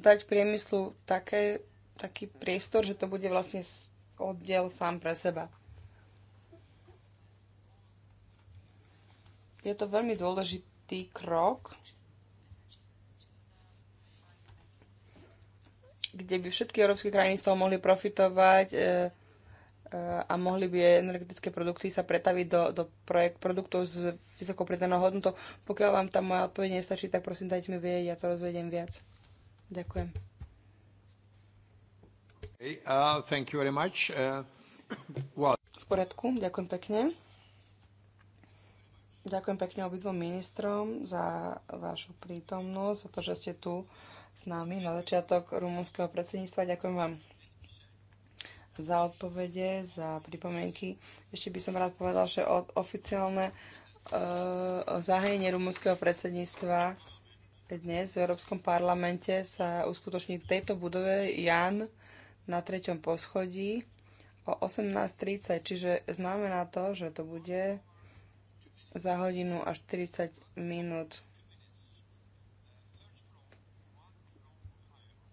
dať priemyslu také, taký priestor, že to bude vlastne oddiel sám pre seba. Je to veľmi dôležitý krok, kde by všetky európske krajiny z toho mohli profitovať e, e, a mohli by energetické produkty sa pretaviť do, do projekt, produktov s vysokou predanou hodnotou. Pokiaľ vám tá moja odpoveď nestačí, tak prosím dajte mi vedieť, ja to rozvediem viac. Ďakujem. Uh, thank you very much. Uh, well. V poriadku, ďakujem pekne. Ďakujem pekne obidvom ministrom za vašu prítomnosť, za to, že ste tu s nami na začiatok rumúnskeho predsedníctva. Ďakujem vám za odpovede, za pripomienky. Ešte by som rád povedal, že od oficiálne e, zahájenie rumúnskeho predsedníctva dnes v Európskom parlamente sa uskutoční v tejto budove Jan na treťom poschodí o 18.30, čiže znamená to, že to bude za hodinu až 30 minút.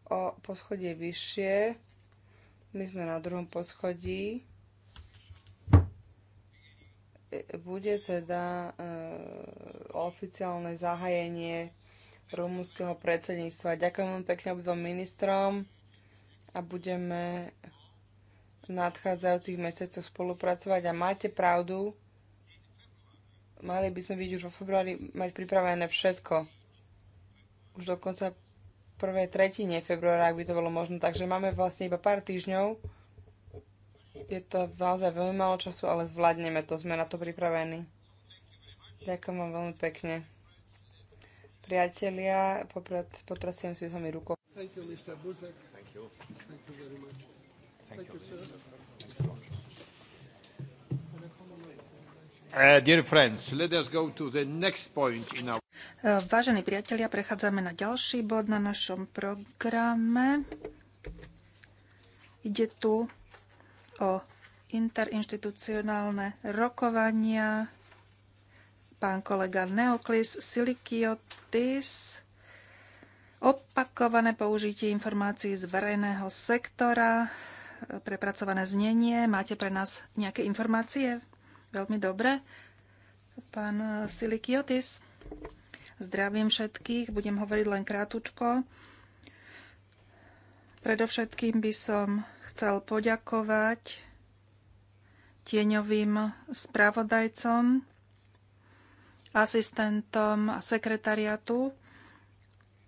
O poschodie vyššie, my sme na druhom poschodí, e, bude teda e, oficiálne zahajenie rumúnskeho predsedníctva. Ďakujem vám pekne obidvom ministrom a budeme v nadchádzajúcich mesiacoch spolupracovať. A máte pravdu, mali by sme byť už vo februári, mať pripravené všetko. Už dokonca prvé tretine februára, ak by to bolo možno. Takže máme vlastne iba pár týždňov. Je to naozaj veľmi málo času, ale zvládneme to. Sme na to pripravení. Ďakujem vám veľmi pekne. Priatelia, potrasujem si s vami ruku. Thank you, Mr. Buzek. Thank you. Thank you very much. Thank, Thank you, sir. Uh, uh, vážení priatelia, prechádzame na ďalší bod na našom programe. Ide tu o interinstitucionálne rokovania pán kolega Neoklis Silikiotis, opakované použitie informácií z verejného sektora, prepracované znenie. Máte pre nás nejaké informácie? Veľmi dobre. Pán Silikiotis, zdravím všetkých. Budem hovoriť len krátučko. Predovšetkým by som chcel poďakovať tieňovým spravodajcom asistentom sekretariatu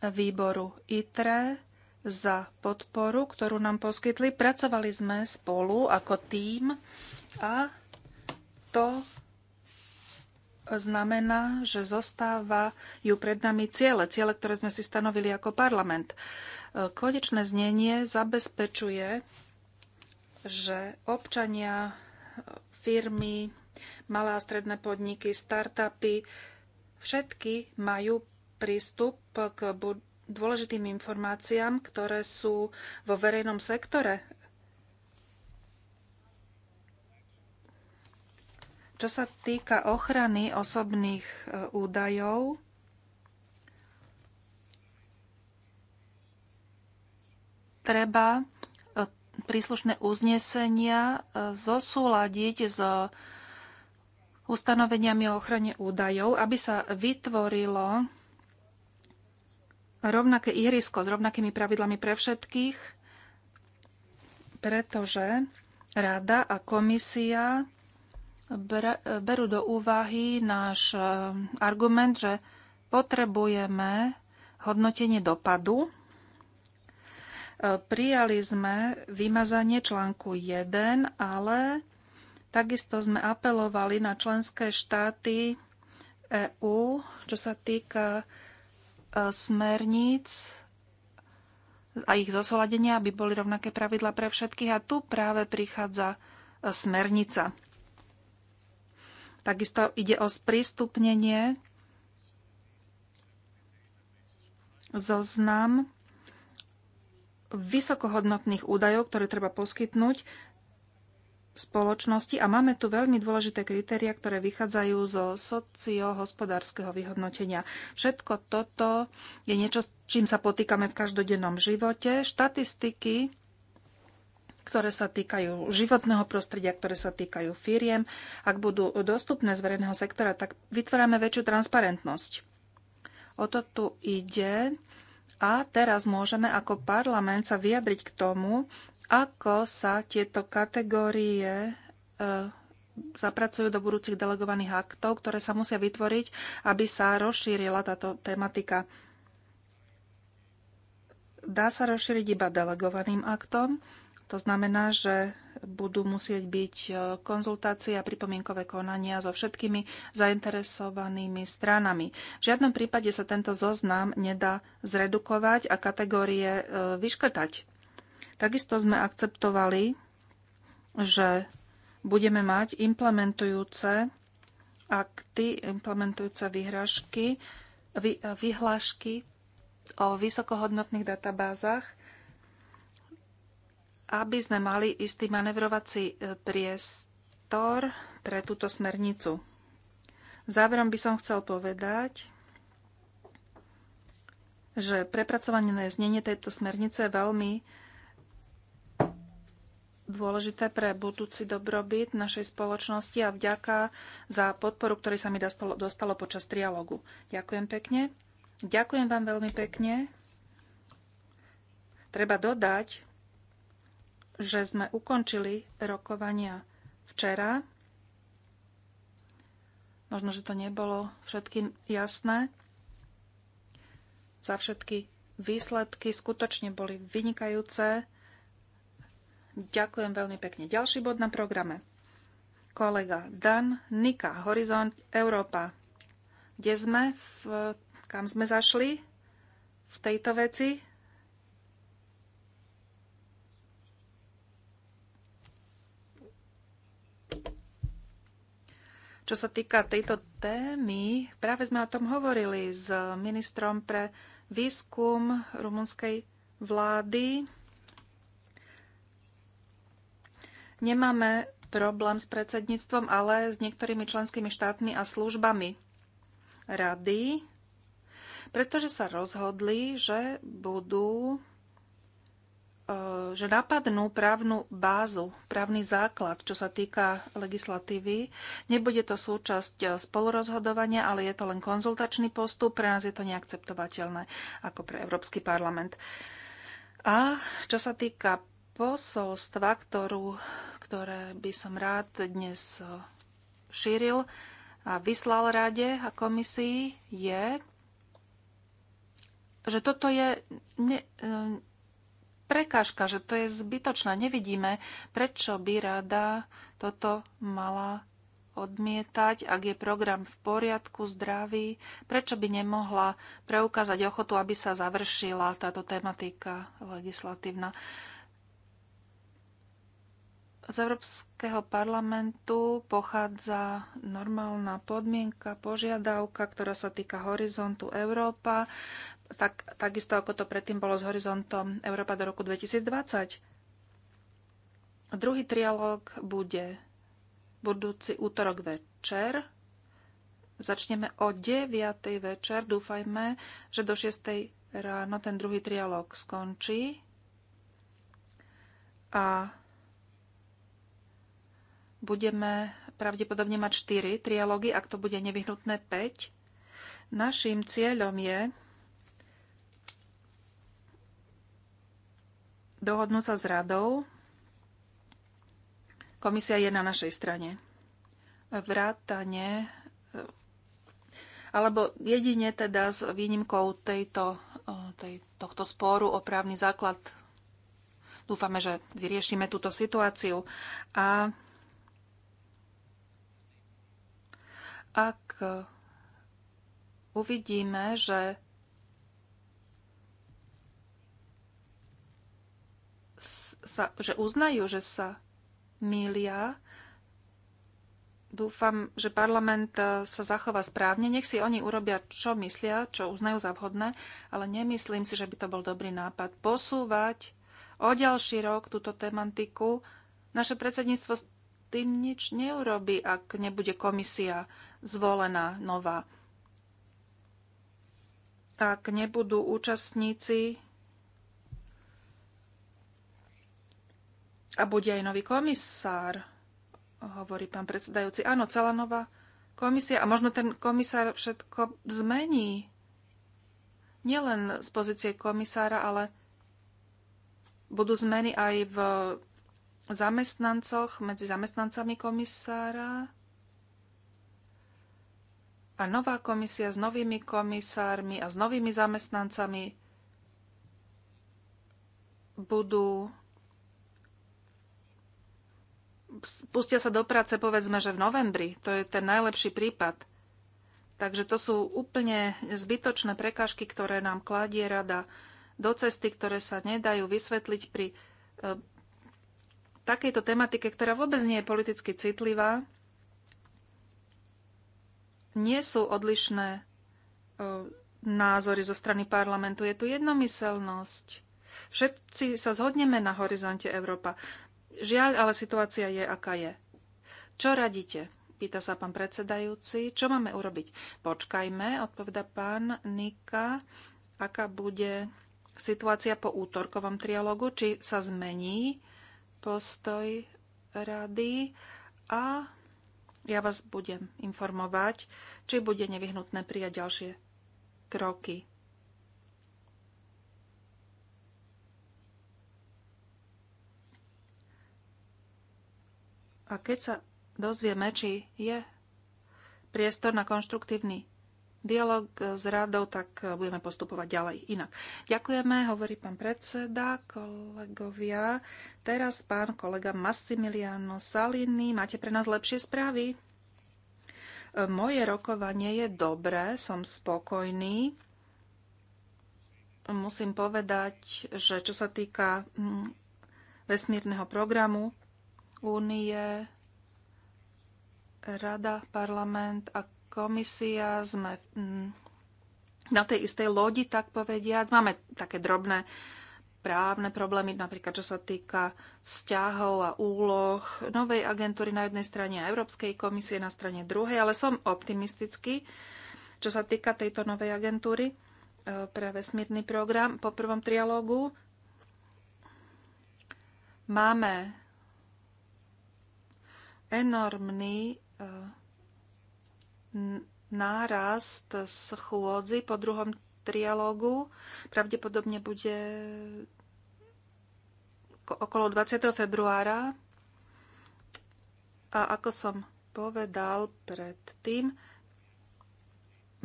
výboru ITRE za podporu, ktorú nám poskytli. Pracovali sme spolu ako tým. a to znamená, že zostávajú pred nami ciele, ciele, ktoré sme si stanovili ako parlament. Konečné znenie zabezpečuje, že občania, firmy, malé a stredné podniky, startupy, všetky majú prístup k dôležitým informáciám, ktoré sú vo verejnom sektore. Čo sa týka ochrany osobných e, údajov, treba e, príslušné uznesenia e, zosúľadiť s ustanoveniami o ochrane údajov, aby sa vytvorilo rovnaké ihrisko s rovnakými pravidlami pre všetkých, pretože rada a komisia berú do úvahy náš e, argument, že potrebujeme hodnotenie dopadu. E, prijali sme vymazanie článku 1, ale Takisto sme apelovali na členské štáty EÚ, čo sa týka e, smerníc a ich zosladenia, aby boli rovnaké pravidla pre všetkých. A tu práve prichádza e, smernica. Takisto ide o sprístupnenie zoznam vysokohodnotných údajov, ktoré treba poskytnúť spoločnosti a máme tu veľmi dôležité kritéria, ktoré vychádzajú zo sociohospodárskeho vyhodnotenia. Všetko toto je niečo, s čím sa potýkame v každodennom živote. Štatistiky, ktoré sa týkajú životného prostredia, ktoré sa týkajú firiem, ak budú dostupné z verejného sektora, tak vytvárame väčšiu transparentnosť. O to tu ide. A teraz môžeme ako parlament sa vyjadriť k tomu, ako sa tieto kategórie e, zapracujú do budúcich delegovaných aktov, ktoré sa musia vytvoriť, aby sa rozšírila táto tematika? Dá sa rozšíriť iba delegovaným aktom. To znamená, že budú musieť byť e, konzultácie a pripomienkové konania so všetkými zainteresovanými stranami. V žiadnom prípade sa tento zoznam nedá zredukovať a kategórie e, vyškrtať. Takisto sme akceptovali, že budeme mať implementujúce akty, implementujúce vyhrážky, vy, vyhlášky o vysokohodnotných databázach, aby sme mali istý manevrovací e, priestor pre túto smernicu. Záverom by som chcel povedať, že prepracovanie znenie tejto smernice je veľmi dôležité pre budúci dobrobyt našej spoločnosti a vďaka za podporu, ktorý sa mi dostalo, dostalo počas trialogu. Ďakujem pekne. Ďakujem vám veľmi pekne. Treba dodať, že sme ukončili rokovania včera. Možno, že to nebolo všetkým jasné. Za všetky výsledky skutočne boli vynikajúce Ďakujem veľmi pekne. Ďalší bod na programe. Kolega Dan Nika, Horizont Európa. Kde sme? V, kam sme zašli v tejto veci? Čo sa týka tejto témy, práve sme o tom hovorili s ministrom pre výskum rumunskej vlády Nemáme problém s predsedníctvom, ale s niektorými členskými štátmi a službami rady, pretože sa rozhodli, že budú e, že napadnú právnu bázu, právny základ, čo sa týka legislatívy. Nebude to súčasť e, spolurozhodovania, ale je to len konzultačný postup. Pre nás je to neakceptovateľné ako pre Európsky parlament. A čo sa týka posolstva, ktorú, ktoré by som rád dnes eh, šíril a vyslal rade a komisii, je, že toto je ne, eh, prekážka, že to je zbytočná. Nevidíme, prečo by rada toto mala odmietať, ak je program v poriadku, zdravý, prečo by nemohla preukázať ochotu, aby sa završila táto tematika legislatívna. Uh, z Európskeho parlamentu pochádza normálna podmienka, požiadavka, ktorá sa týka horizontu Európa, tak, takisto ako to predtým bolo s horizontom Európa do roku 2020. Druhý trialóg bude budúci útorok večer. Začneme o 9. večer. Dúfajme, že do 6. ráno ten druhý trialóg skončí. A budeme pravdepodobne mať 4 trialógy, ak to bude nevyhnutné 5. Naším cieľom je dohodnúť sa s radou. Komisia je na našej strane. Vrátane eh, alebo jedine teda s výnimkou tejto, eh, tej, tohto sporu o právny základ. Dúfame, že vyriešime túto situáciu. A Ak uvidíme, že sa, že uznajú, že sa mília. Dúfam, že parlament sa zachová správne. Nech si oni urobia, čo myslia, čo uznajú za vhodné, ale nemyslím si, že by to bol dobrý nápad posúvať o ďalší rok túto tematiku. Naše predsedníctvo s tým nič neurobi, ak nebude komisia zvolená nová. Ak nebudú účastníci a bude aj nový komisár, hovorí pán predsedajúci, áno, celá nová komisia a možno ten komisár všetko zmení. Nielen z pozície komisára, ale budú zmeny aj v zamestnancoch, medzi zamestnancami komisára a nová komisia s novými komisármi a s novými zamestnancami budú pustia sa do práce povedzme, že v novembri. To je ten najlepší prípad. Takže to sú úplne zbytočné prekážky, ktoré nám kladie rada do cesty, ktoré sa nedajú vysvetliť pri e, takejto tematike, ktorá vôbec nie je politicky citlivá nie sú odlišné e, názory zo strany parlamentu. Je tu jednomyselnosť. Všetci sa zhodneme na horizonte Európa. Žiaľ, ale situácia je, aká je. Čo radíte? Pýta sa pán predsedajúci. Čo máme urobiť? Počkajme, odpoveda pán Nika, aká bude situácia po útorkovom trialogu, či sa zmení postoj rady a ja vás budem informovať, či bude nevyhnutné prijať ďalšie kroky. A keď sa dozvieme, či je priestor na konštruktívny dialog s radou, tak eh, budeme postupovať ďalej inak. Ďakujeme, hovorí pán predseda, kolegovia. Teraz pán kolega Massimiliano Salini. Máte pre nás lepšie správy? Eh, moje rokovanie je dobré, som spokojný. Musím povedať, že čo sa týka mm, vesmírneho programu únie, Rada, parlament a komisia, sme mm, na tej istej lodi, tak povediať, Máme také drobné právne problémy, napríklad čo sa týka vzťahov a úloh novej agentúry na jednej strane a Európskej komisie na strane druhej, ale som optimistický, čo sa týka tejto novej agentúry e, pre vesmírny program. Po prvom trialógu máme enormný e, nárast schôdzi po druhom trialógu. Pravdepodobne bude okolo 20. februára. A ako som povedal predtým,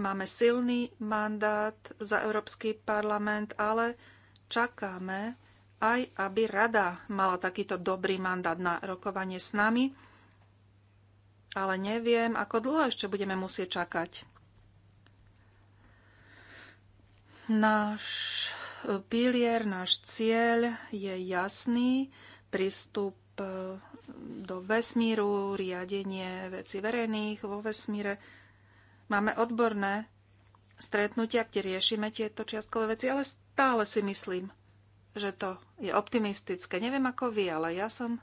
máme silný mandát za Európsky parlament, ale čakáme aj, aby rada mala takýto dobrý mandát na rokovanie s nami ale neviem, ako dlho ešte budeme musieť čakať. Náš e, pilier, náš cieľ je jasný, prístup e, do vesmíru, riadenie veci verejných vo vesmíre. Máme odborné stretnutia, kde riešime tieto čiastkové veci, ale stále si myslím, že to je optimistické. Neviem ako vy, ale ja som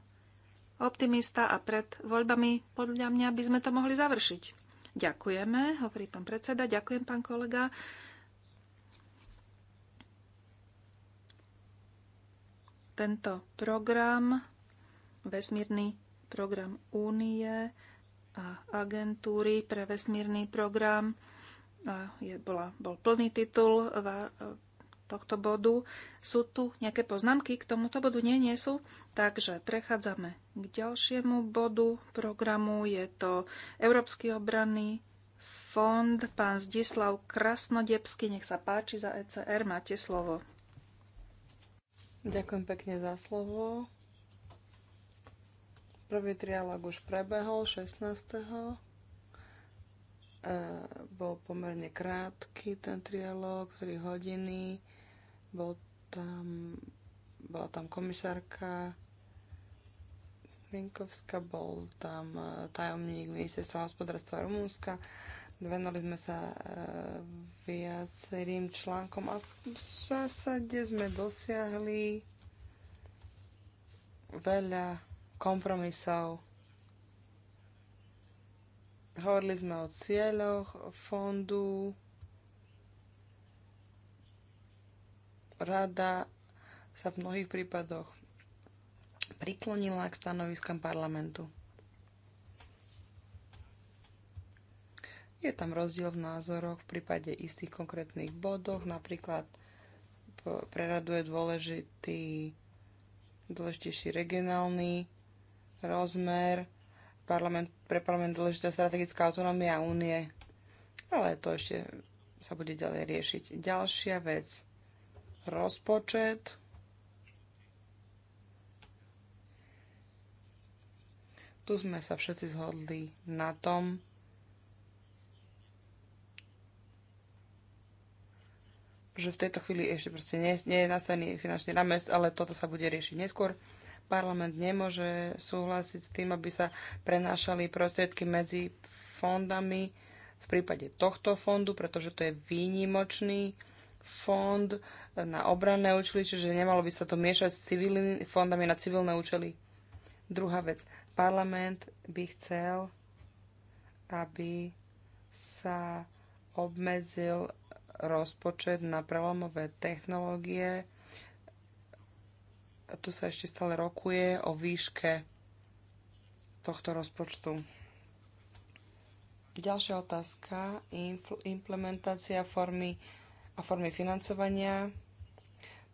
optimista a pred voľbami podľa mňa by sme to mohli završiť. Ďakujeme, hovorí pán predseda, ďakujem pán kolega. Tento program, vesmírny program Únie a agentúry pre vesmírny program, je, bola, bol plný titul tohto bodu. Sú tu nejaké poznámky k tomuto bodu? Nie, nie sú. Takže prechádzame k ďalšiemu bodu programu. Je to Európsky obranný fond. Pán Zdislav Krasnodebsky, nech sa páči za ECR. Máte slovo. Ďakujem pekne za slovo. Prvý trialog už prebehol 16. E, bol pomerne krátky ten trialog, 3 hodiny bol tam, bola tam komisárka Vinkovská, bol tam e, tajomník ministerstva hospodárstva Rumúnska. Venovali sme sa e, viacerým článkom a v zásade sme dosiahli veľa kompromisov. Hovorili sme o cieľoch fondu, Rada sa v mnohých prípadoch priklonila k stanoviskám parlamentu. Je tam rozdiel v názoroch v prípade istých konkrétnych bodoch, napríklad pre radu je dôležitý dôležitejší regionálny rozmer, parlament, pre parlament dôležitá strategická autonómia únie, ale to ešte sa bude ďalej riešiť. Ďalšia vec – rozpočet. Tu sme sa všetci zhodli na tom, že v tejto chvíli ešte proste nie, nie je nastavený finančný ramec, ale toto sa bude riešiť neskôr. Parlament nemôže súhlasiť s tým, aby sa prenášali prostriedky medzi fondami v prípade tohto fondu, pretože to je výnimočný fond na obranné účely, čiže nemalo by sa to miešať s civilnými fondami na civilné účely. Druhá vec. Parlament by chcel, aby sa obmedzil rozpočet na prelomové technológie. Tu sa ešte stále rokuje o výške tohto rozpočtu. Ďalšia otázka. Implementácia formy a formy financovania.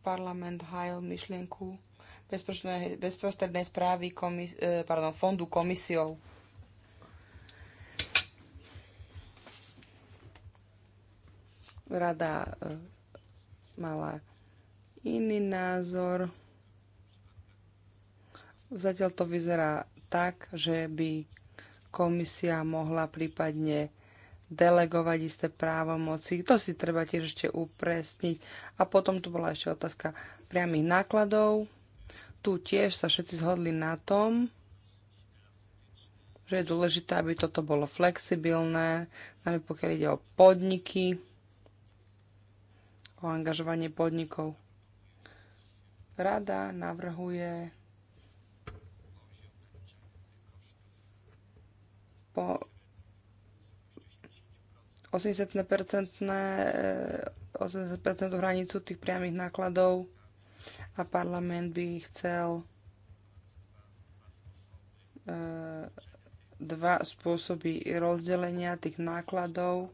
Parlament hájil myšlienku bezprostrednej správy komis- e, pardon, fondu komisiou. Rada e, mala iný názor. Zatiaľ to vyzerá tak, že by komisia mohla prípadne delegovať isté právomoci. To si treba tiež ešte upresniť. A potom tu bola ešte otázka priamých nákladov. Tu tiež sa všetci zhodli na tom, že je dôležité, aby toto bolo flexibilné, najmä pokiaľ ide o podniky, o angažovanie podnikov. Rada navrhuje po 80%, e, hranicu tých priamých nákladov a parlament by chcel e, dva spôsoby rozdelenia tých nákladov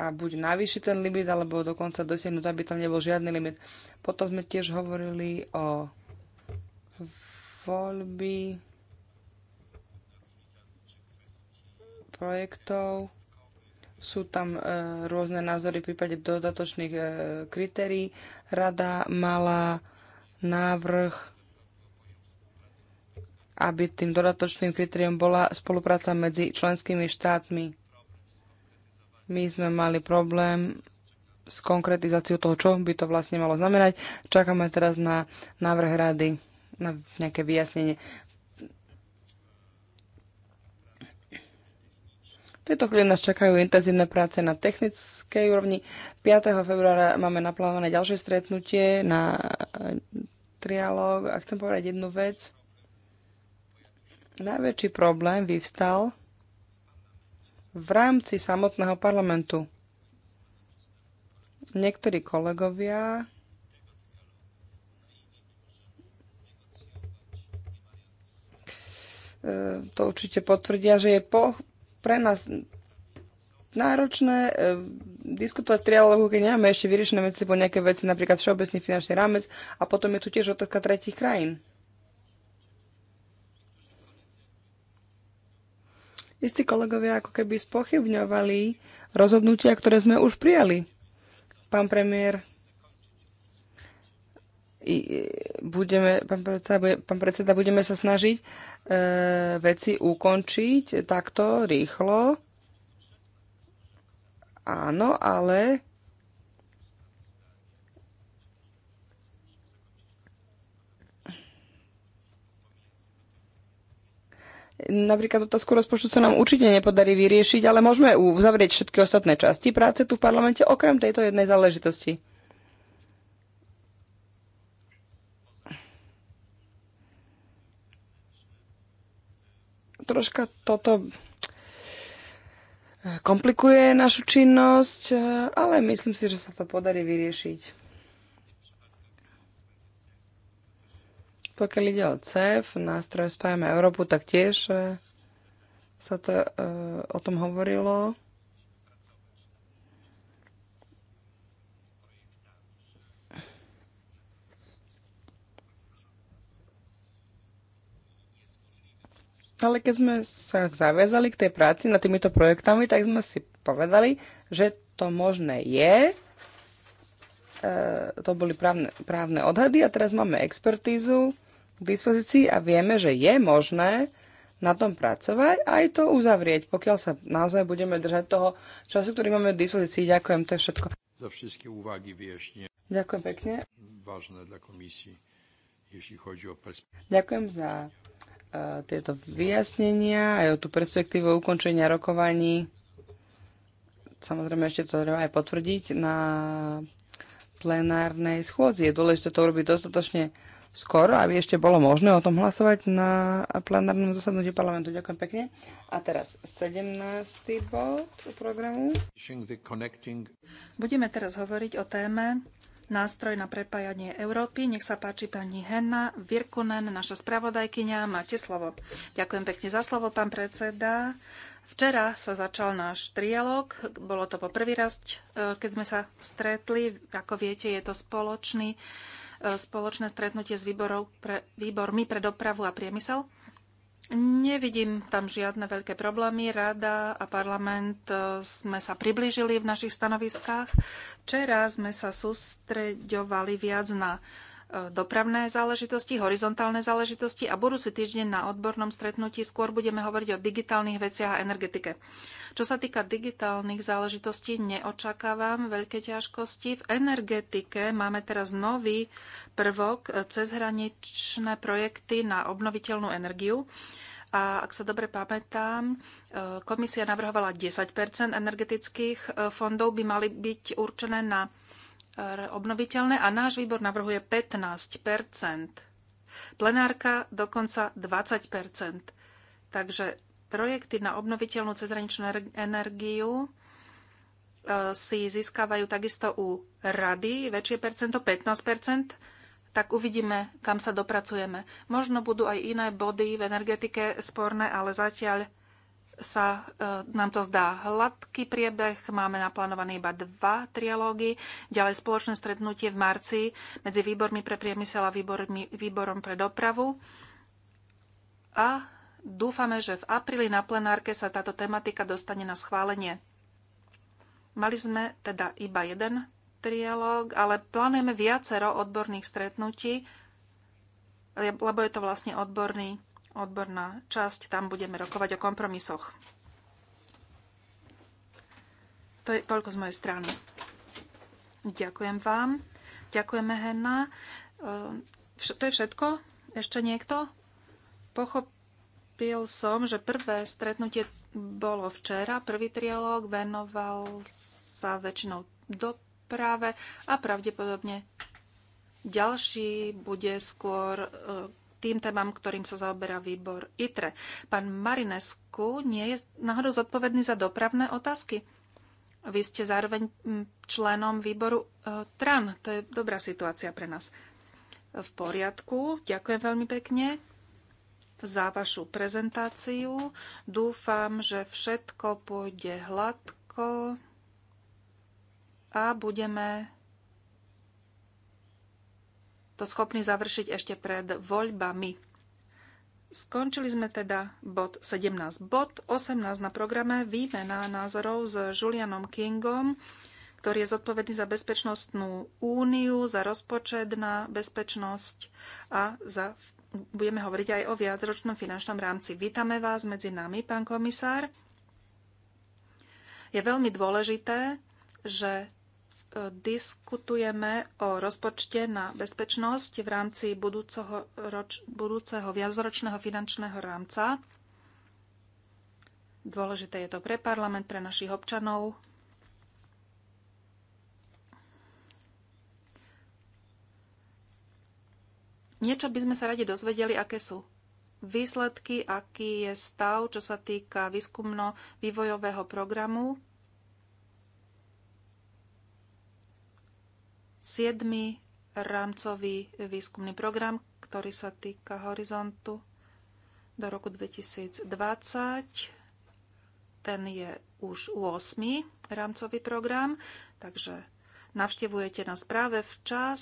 a buď navýšiť ten limit, alebo dokonca dosiahnuť, aby tam nebol žiadny limit. Potom sme tiež hovorili o voľby projektov sú tam e, rôzne názory v prípade dodatočných e, kritérií. Rada mala návrh, aby tým dodatočným kritériom bola spolupráca medzi členskými štátmi. My sme mali problém s konkretizáciou toho, čo by to vlastne malo znamenať. Čakáme teraz na návrh rady, na nejaké vyjasnenie. tejto chvíli nás čakajú intenzívne práce na technickej úrovni. 5. februára máme naplánované ďalšie stretnutie na eh, trialóg a chcem povedať jednu vec. Najväčší problém vyvstal v rámci samotného parlamentu. Niektorí kolegovia eh, to určite potvrdia, že je po, pre nás náročné e, diskutovať trialógu, keď nemáme ešte vyriešené medzi sebou nejaké veci, napríklad všeobecný finančný rámec a potom je tu tiež otázka tretich krajín. Istí kolegovia ako keby spochybňovali rozhodnutia, ktoré sme už prijali. Pán premiér E, budeme, pán, predseda, pán predseda, budeme sa snažiť e, veci ukončiť takto rýchlo. Áno, ale Napríklad otázku rozpočtu sa nám určite nepodarí vyriešiť, ale môžeme uzavrieť všetky ostatné časti práce tu v parlamente, okrem tejto jednej záležitosti. troška toto eh, komplikuje našu činnosť, eh, ale myslím si, že sa to podarí vyriešiť. Pokiaľ ide o CEF, nástroje Spájame Európu, tak tiež eh, sa to, e, o tom hovorilo. Ale keď sme sa zaviazali k tej práci nad týmito projektami, tak sme si povedali, že to možné je. E, to boli právne, právne odhady a teraz máme expertízu k dispozícii a vieme, že je možné na tom pracovať a aj to uzavrieť, pokiaľ sa naozaj budeme držať toho času, ktorý máme k dispozícii. Ďakujem, to je všetko. Za všetky úvahy vyjašne. Ďakujem pekne. Vážne dla komisii, o perspektívu. Ďakujem za tieto vyjasnenia aj o tú perspektívu ukončenia rokovaní. Samozrejme, ešte to treba aj potvrdiť na plenárnej schôdzi. Je dôležité to urobiť dostatočne skoro, aby ešte bolo možné o tom hlasovať na plenárnom zasadnutí parlamentu. Ďakujem pekne. A teraz 17. bod programu. Budeme teraz hovoriť o téme nástroj na prepájanie Európy. Nech sa páči pani Henna Virkunen, naša spravodajkyňa. Máte slovo. Ďakujem pekne za slovo, pán predseda. Včera sa začal náš trialog. Bolo to po prvý raz, e, keď sme sa stretli. Ako viete, je to spoločný, e, spoločné stretnutie s výborov pre, výbormi pre dopravu a priemysel. Nevidím tam žiadne veľké problémy. Rada a parlament e, sme sa priblížili v našich stanoviskách. Včera sme sa sústreďovali viac na e, dopravné záležitosti, horizontálne záležitosti a budúci týždeň na odbornom stretnutí skôr budeme hovoriť o digitálnych veciach a energetike. Čo sa týka digitálnych záležitostí, neočakávam veľké ťažkosti. V energetike máme teraz nový prvok e, cezhraničné projekty na obnoviteľnú energiu. A ak sa dobre pamätám, e, komisia navrhovala 10 energetických e, fondov by mali byť určené na obnoviteľné a náš výbor navrhuje 15 Plenárka dokonca 20 Takže projekty na obnoviteľnú cezhraničnú er-, energiu e, si získavajú takisto u rady väčšie percento, 15 tak uvidíme, kam sa dopracujeme. Možno budú aj iné body v energetike sporné, ale zatiaľ sa e, nám to zdá hladký priebeh. Máme naplánované iba dva trialógy, ďalej spoločné stretnutie v marci medzi výbormi pre priemysel a výbormi, výborom pre dopravu. A dúfame, že v apríli na plenárke sa táto tematika dostane na schválenie. Mali sme teda iba jeden trialóg, ale plánujeme viacero odborných stretnutí, lebo je to vlastne odborný, odborná časť, tam budeme rokovať o kompromisoch. To je toľko z mojej strany. Ďakujem vám. Ďakujeme, Henna. To je všetko? Ešte niekto? Pochop, pochopil som, že prvé stretnutie bolo včera, prvý trialóg venoval sa väčšinou doprave a pravdepodobne ďalší bude skôr e, tým témam, ktorým sa zaoberá výbor ITRE. Pán Marinesku nie je náhodou zodpovedný za dopravné otázky. Vy ste zároveň členom výboru e, TRAN. To je dobrá situácia pre nás. V poriadku. Ďakujem veľmi pekne za vašu prezentáciu. Dúfam, že všetko pôjde hladko a budeme to schopní završiť ešte pred voľbami. Skončili sme teda bod 17. Bod 18 na programe výmena názorov s Julianom Kingom, ktorý je zodpovedný za bezpečnostnú úniu, za rozpočet na bezpečnosť a za budeme hovoriť aj o viacročnom finančnom rámci. Vítame vás medzi nami, pán komisár. Je veľmi dôležité, že e, diskutujeme o rozpočte na bezpečnosť v rámci budúceho, roč, budúceho viacročného finančného rámca. Dôležité je to pre parlament, pre našich občanov, Niečo by sme sa radi dozvedeli, aké sú výsledky, aký je stav, čo sa týka výskumno-vývojového programu. 7. rámcový výskumný program, ktorý sa týka horizontu do roku 2020. Ten je už 8. rámcový program, takže navštevujete nás práve včas,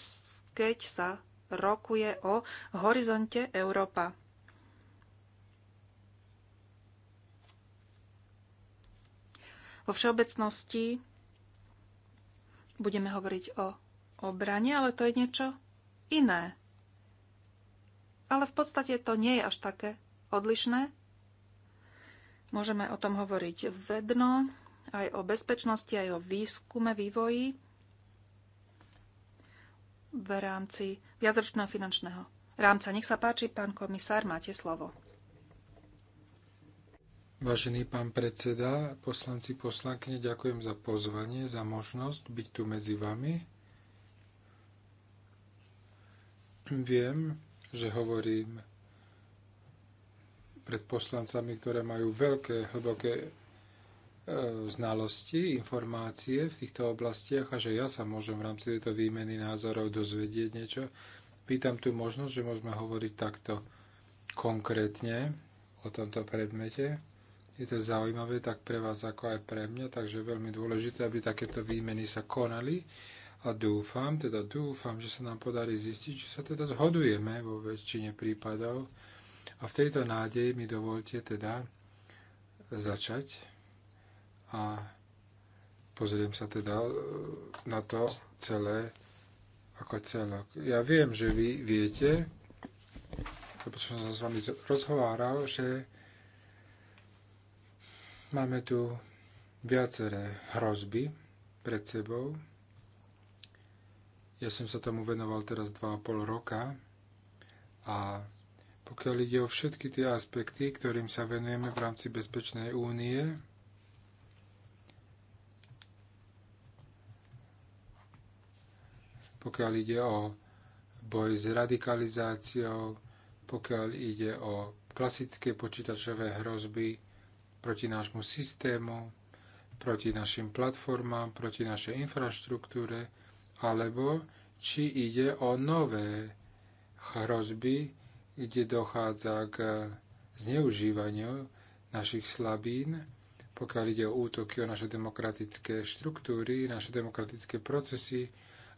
keď sa rokuje o horizonte Európa. Vo všeobecnosti budeme hovoriť o obrane, ale to je niečo iné. Ale v podstate to nie je až také odlišné. Môžeme o tom hovoriť vedno, aj o bezpečnosti, aj o výskume, vývoji v rámci viacročného finančného rámca. Nech sa páči, pán komisár, máte slovo. Vážený pán predseda, poslanci, poslankyne, ďakujem za pozvanie, za možnosť byť tu medzi vami. Viem, že hovorím pred poslancami, ktoré majú veľké, hlboké E, znalosti, informácie v týchto oblastiach a že ja sa môžem v rámci tejto výmeny názorov dozvedieť niečo. Pýtam tu možnosť, že môžeme hovoriť takto konkrétne o tomto predmete. Je to zaujímavé tak pre vás ako aj pre mňa, takže je veľmi dôležité, aby takéto výmeny sa konali a dúfam, teda dúfam, že sa nám podarí zistiť, či sa teda zhodujeme vo väčšine prípadov a v tejto nádeji mi dovolte teda začať a pozriem sa teda e, na to celé ako celok. Ja viem, že vy viete, lebo som sa s vami rozhováral, že máme tu viaceré hrozby pred sebou. Ja som sa tomu venoval teraz 2,5 roka a pokiaľ ide o všetky tie aspekty, ktorým sa venujeme v rámci Bezpečnej únie, pokiaľ ide o boj s radikalizáciou, pokiaľ ide o klasické počítačové hrozby proti nášmu systému, proti našim platformám, proti našej infraštruktúre, alebo či ide o nové hrozby, kde dochádza k zneužívaniu našich slabín, pokiaľ ide o útoky o naše demokratické štruktúry, naše demokratické procesy,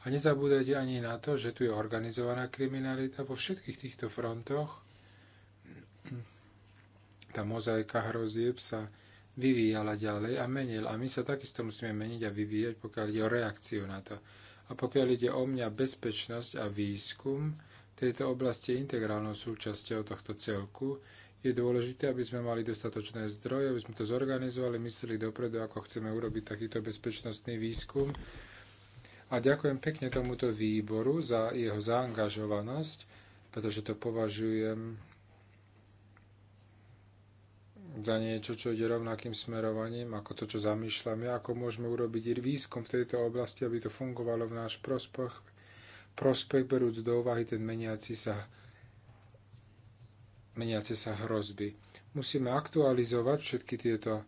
a nezabúdajte ani na to, že tu je organizovaná kriminalita vo všetkých týchto frontoch. Tá mozaika hrozieb sa vyvíjala ďalej a menil. A my sa takisto musíme meniť a vyvíjať, pokiaľ ide o reakciu na to. A pokiaľ ide o mňa bezpečnosť a výskum, tejto oblasti je integrálnou súčasťou tohto celku. Je dôležité, aby sme mali dostatočné zdroje, aby sme to zorganizovali, mysleli dopredu, ako chceme urobiť takýto bezpečnostný výskum a ďakujem pekne tomuto výboru za jeho zaangažovanosť, pretože to považujem za niečo, čo ide rovnakým smerovaním ako to, čo zamýšľame, ako môžeme urobiť výskum v tejto oblasti, aby to fungovalo v náš prospech, prospech berúc do úvahy ten meniaci sa, meniace sa hrozby. Musíme aktualizovať všetky tieto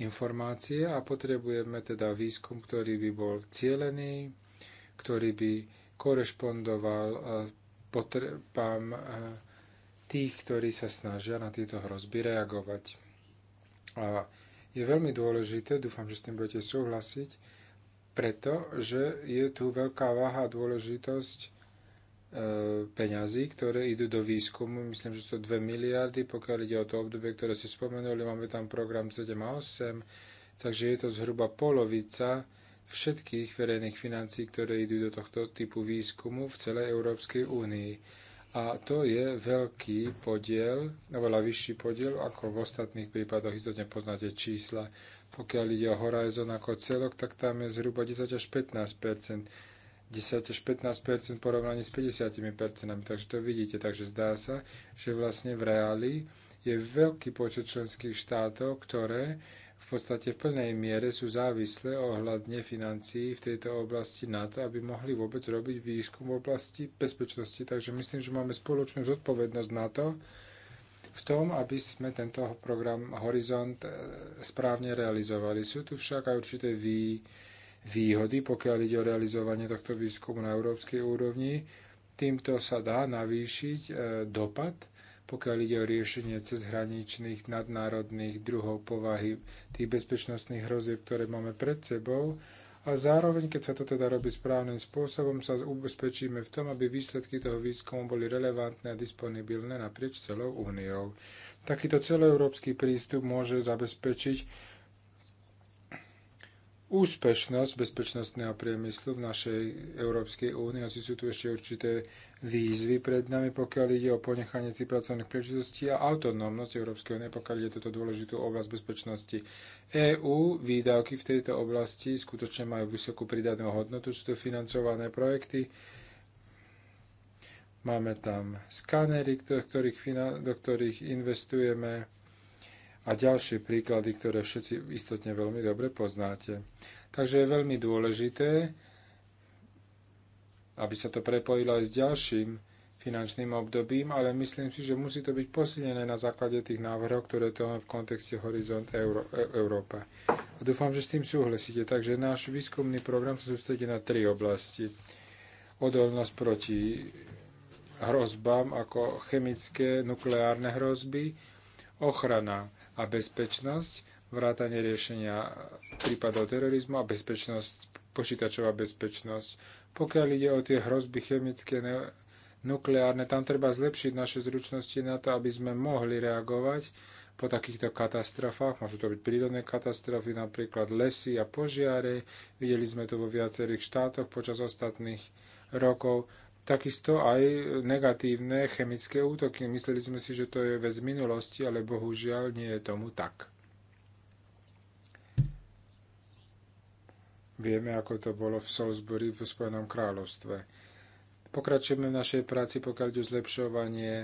informácie a potrebujeme teda výskum, ktorý by bol cielený, ktorý by korešpondoval eh, potrebám eh, tých, ktorí sa snažia na tieto hrozby reagovať. A je veľmi dôležité, dúfam, že s tým budete súhlasiť, pretože je tu veľká váha a dôležitosť E, peňazí, ktoré idú do výskumu. Myslím, že sú to 2 miliardy, pokiaľ ide o to obdobie, ktoré si spomenuli. Máme tam program 7 a 8, takže je to zhruba polovica všetkých verejných financií, ktoré idú do tohto typu výskumu v celej Európskej únii. A to je veľký podiel, oveľa vyšší podiel, ako v ostatných prípadoch. Istotne poznáte čísla. Pokiaľ ide o Horizon ako celok, tak tam je zhruba 10 až 15 10 až 15 v porovnaní s 50 takže to vidíte. Takže zdá sa, že vlastne v reáli je veľký počet členských štátov, ktoré v podstate v plnej miere sú závislé ohľadne financií v tejto oblasti na to, aby mohli vôbec robiť výskum v oblasti bezpečnosti. Takže myslím, že máme spoločnú zodpovednosť na to, v tom, aby sme tento program Horizont eh, správne realizovali. Sú tu však aj určité výzvy, výhody, pokiaľ ide o realizovanie tohto výskumu na európskej úrovni. Týmto sa dá navýšiť e, dopad, pokiaľ ide o riešenie cezhraničných nadnárodných druhov povahy tých bezpečnostných hrozieb, ktoré máme pred sebou. A zároveň, keď sa to teda robí správnym spôsobom, sa ubezpečíme v tom, aby výsledky toho výskumu boli relevantné a disponibilné naprieč celou úniou. Takýto celoeurópsky prístup môže zabezpečiť úspešnosť bezpečnostného priemyslu v našej Európskej únii, asi sú tu ešte určité výzvy pred nami, pokiaľ ide o ponechanie si pracovných príležitostí a autonómnosť Európskej únie, pokiaľ ide túto dôležitú oblasť bezpečnosti. EÚ výdavky v tejto oblasti skutočne majú vysokú pridanú hodnotu, sú to financované projekty, Máme tam skanery, do ktorých, do ktorých investujeme a ďalšie príklady, ktoré všetci istotne veľmi dobre poznáte. Takže je veľmi dôležité, aby sa to prepojilo aj s ďalším finančným obdobím, ale myslím si, že musí to byť posilnené na základe tých návrhov, ktoré to máme v kontexte Horizont Euró- e- Európa. A dúfam, že s tým súhlasíte. Takže náš výskumný program sa sústredí na tri oblasti. Odolnosť proti hrozbám ako chemické, nukleárne hrozby, ochrana a bezpečnosť, vrátanie riešenia prípadov terorizmu a bezpečnosť, počítačová bezpečnosť. Pokiaľ ide o tie hrozby chemické, nukleárne, tam treba zlepšiť naše zručnosti na to, aby sme mohli reagovať po takýchto katastrofách, môžu to byť prírodné katastrofy, napríklad lesy a požiare, videli sme to vo viacerých štátoch počas ostatných rokov, Takisto aj negatívne chemické útoky. Mysleli sme si, že to je vec minulosti, ale bohužiaľ nie je tomu tak. Vieme, ako to bolo v Salisbury v Spojenom kráľovstve. Pokračujeme v našej práci, pokiaľ ide zlepšovanie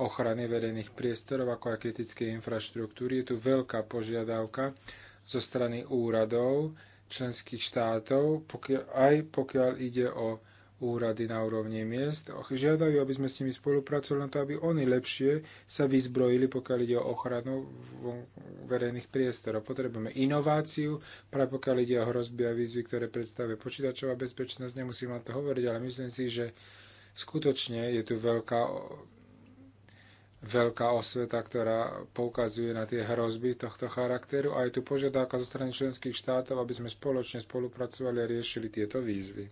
ochrany verejných priestorov, ako aj kritické infraštruktúry. Je tu veľká požiadavka zo strany úradov členských štátov, pokiaľ, aj pokiaľ ide o úrady na úrovni miest žiadajú, aby sme s nimi spolupracovali na to, aby oni lepšie sa vyzbrojili, pokiaľ ide o ochranu verejných priestorov. Potrebujeme inováciu, práve pokiaľ ide o hrozby a výzvy, ktoré predstavuje počítačová bezpečnosť. Nemusím vám to hovoriť, ale myslím si, že skutočne je tu veľká veľká osveta, ktorá poukazuje na tie hrozby tohto charakteru a je tu požiadavka zo strany členských štátov, aby sme spoločne spolupracovali a riešili tieto výzvy.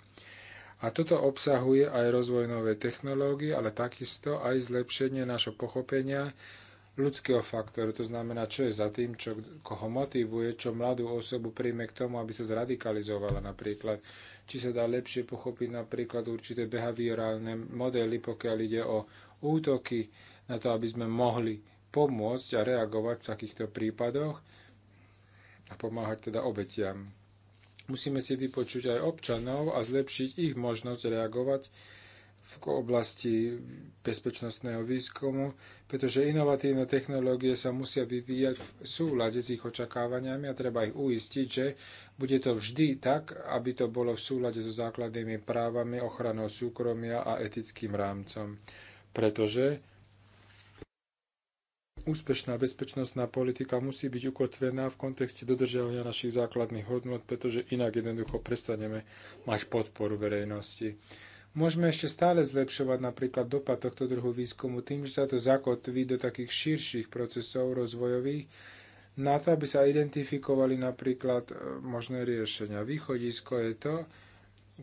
A toto obsahuje aj rozvoj novej technológie, ale takisto aj zlepšenie našho pochopenia ľudského faktoru, to znamená, čo je za tým, čo koho motivuje, čo mladú osobu príjme k tomu, aby sa zradikalizovala napríklad. Či sa dá lepšie pochopiť napríklad určité behaviorálne modely, pokiaľ ide o útoky, na to, aby sme mohli pomôcť a reagovať v takýchto prípadoch a pomáhať teda obetiam. Musíme si vypočuť aj občanov a zlepšiť ich možnosť reagovať v oblasti bezpečnostného výskumu, pretože inovatívne technológie sa musia vyvíjať v súlade s ich očakávaniami a treba ich uistiť, že bude to vždy tak, aby to bolo v súlade so základnými právami, ochranou súkromia a etickým rámcom. Pretože Úspešná bezpečnostná politika musí byť ukotvená v kontexte dodržiavania našich základných hodnot, pretože inak jednoducho prestaneme mať podporu verejnosti. Môžeme ešte stále zlepšovať napríklad dopad tohto druhu výskumu tým, že sa to zakotví do takých širších procesov rozvojových, na to, aby sa identifikovali napríklad e, možné riešenia. Východisko je to,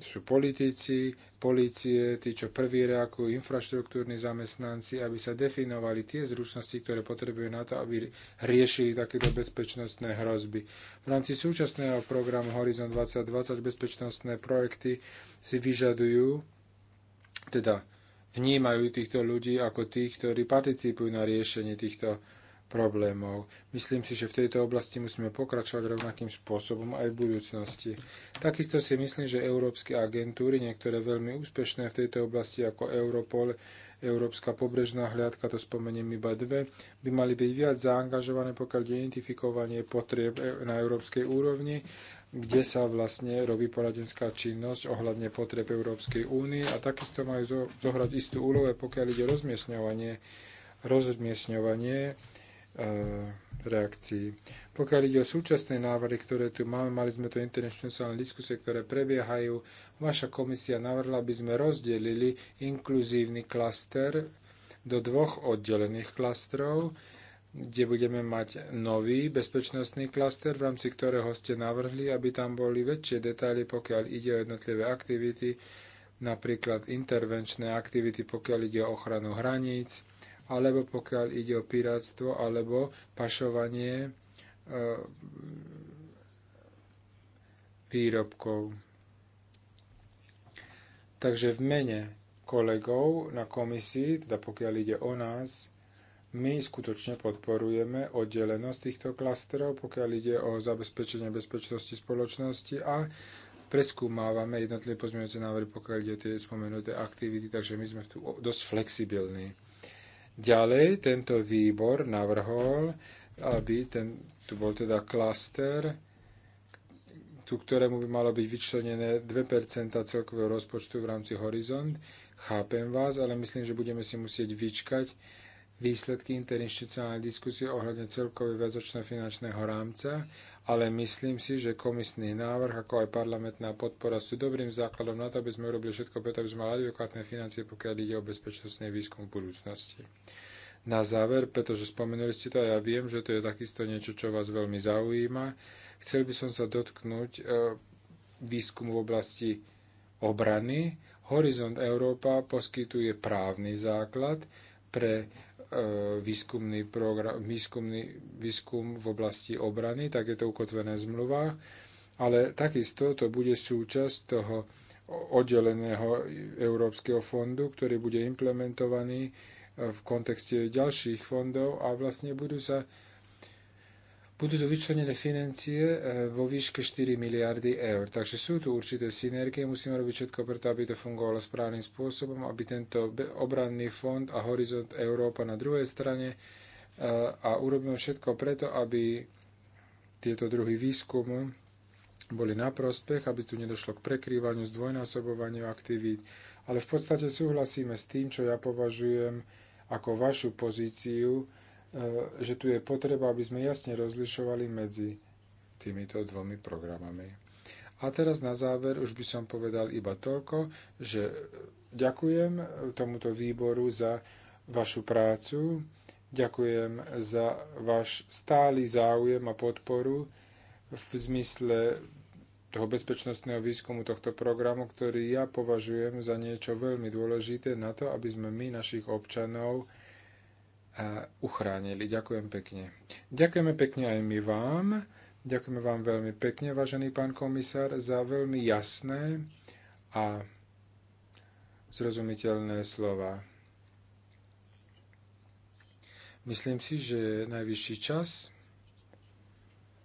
sú politici, policie, tí, čo prvý reakujú, infraštruktúrni zamestnanci, aby sa definovali tie zručnosti, ktoré potrebujú na to, aby riešili takéto bezpečnostné hrozby. V rámci súčasného programu Horizon 2020 bezpečnostné projekty si vyžadujú, teda vnímajú týchto ľudí ako tých, ktorí participujú na riešení týchto problémov. Myslím si, že v tejto oblasti musíme pokračovať rovnakým spôsobom aj v budúcnosti. Takisto si myslím, že európske agentúry, niektoré veľmi úspešné v tejto oblasti ako Europol, Európska pobrežná hliadka, to spomeniem iba dve, by mali byť viac zaangažované, pokiaľ identifikovanie potrieb e, na európskej úrovni, kde sa vlastne robí poradenská činnosť ohľadne potreb Európskej únie a takisto majú zohrať istú úlohu, pokiaľ ide rozmiestňovanie rozmiestňovanie reakcií. Pokiaľ ide o súčasné návrhy, ktoré tu máme, mali sme to internacionálne diskusie, ktoré prebiehajú. Vaša komisia navrhla, aby sme rozdelili inkluzívny klaster do dvoch oddelených klastrov, kde budeme mať nový bezpečnostný klaster, v rámci ktorého ste navrhli, aby tam boli väčšie detaily, pokiaľ ide o jednotlivé aktivity, napríklad intervenčné aktivity, pokiaľ ide o ochranu hraníc, alebo pokiaľ ide o piráctvo, alebo pašovanie e, výrobkov. Takže v mene kolegov na komisii, teda pokiaľ ide o nás, my skutočne podporujeme oddelenosť týchto klastrov, pokiaľ ide o zabezpečenie bezpečnosti spoločnosti a preskúmávame jednotlivé pozmeňujúce návrhy, pokiaľ ide o tie spomenuté aktivity, takže my sme tu dosť flexibilní. Ďalej tento výbor navrhol, aby ten, tu bol teda klaster, tu ktorému by malo byť vyčlenené 2% celkového rozpočtu v rámci Horizont. Chápem vás, ale myslím, že budeme si musieť vyčkať výsledky interinstitucionálnej diskusie ohľadne celkovej väzočného finančného rámca ale myslím si, že komisný návrh, ako aj parlamentná podpora sú dobrým základom na to, aby sme urobili všetko preto, aby sme mali adekvátne financie, pokiaľ ide o bezpečnostný výskum v budúcnosti. Na záver, pretože spomenuli ste to a ja viem, že to je takisto niečo, čo vás veľmi zaujíma, chcel by som sa dotknúť e, výskumu v oblasti obrany. Horizont Európa poskytuje právny základ pre E, výskumný, program, výskumný výskum v oblasti obrany, tak je to ukotvené v zmluvách, ale takisto to bude súčasť toho oddeleného Európskeho fondu, ktorý bude implementovaný e, v kontexte ďalších fondov a vlastne budú sa budú tu vyčlenené financie e, vo výške 4 miliardy eur. Takže sú tu určité synergie, musíme robiť všetko preto, aby to fungovalo správnym spôsobom, aby tento obranný fond a horizont Európa na druhej strane e, a urobíme všetko preto, aby tieto druhy výskumu boli na prospech, aby tu nedošlo k prekrývaniu, zdvojnásobovaniu aktivít. Ale v podstate súhlasíme s tým, čo ja považujem ako vašu pozíciu, E, že tu je potreba, aby sme jasne rozlišovali medzi týmito dvomi programami. A teraz na záver už by som povedal iba toľko, že ďakujem tomuto výboru za vašu prácu, ďakujem za váš stály záujem a podporu v zmysle toho bezpečnostného výskumu tohto programu, ktorý ja považujem za niečo veľmi dôležité na to, aby sme my našich občanov uchránili. Ďakujem pekne. Ďakujeme pekne aj my vám. Ďakujeme vám veľmi pekne, vážený pán komisár, za veľmi jasné a zrozumiteľné slova. Myslím si, že je najvyšší čas,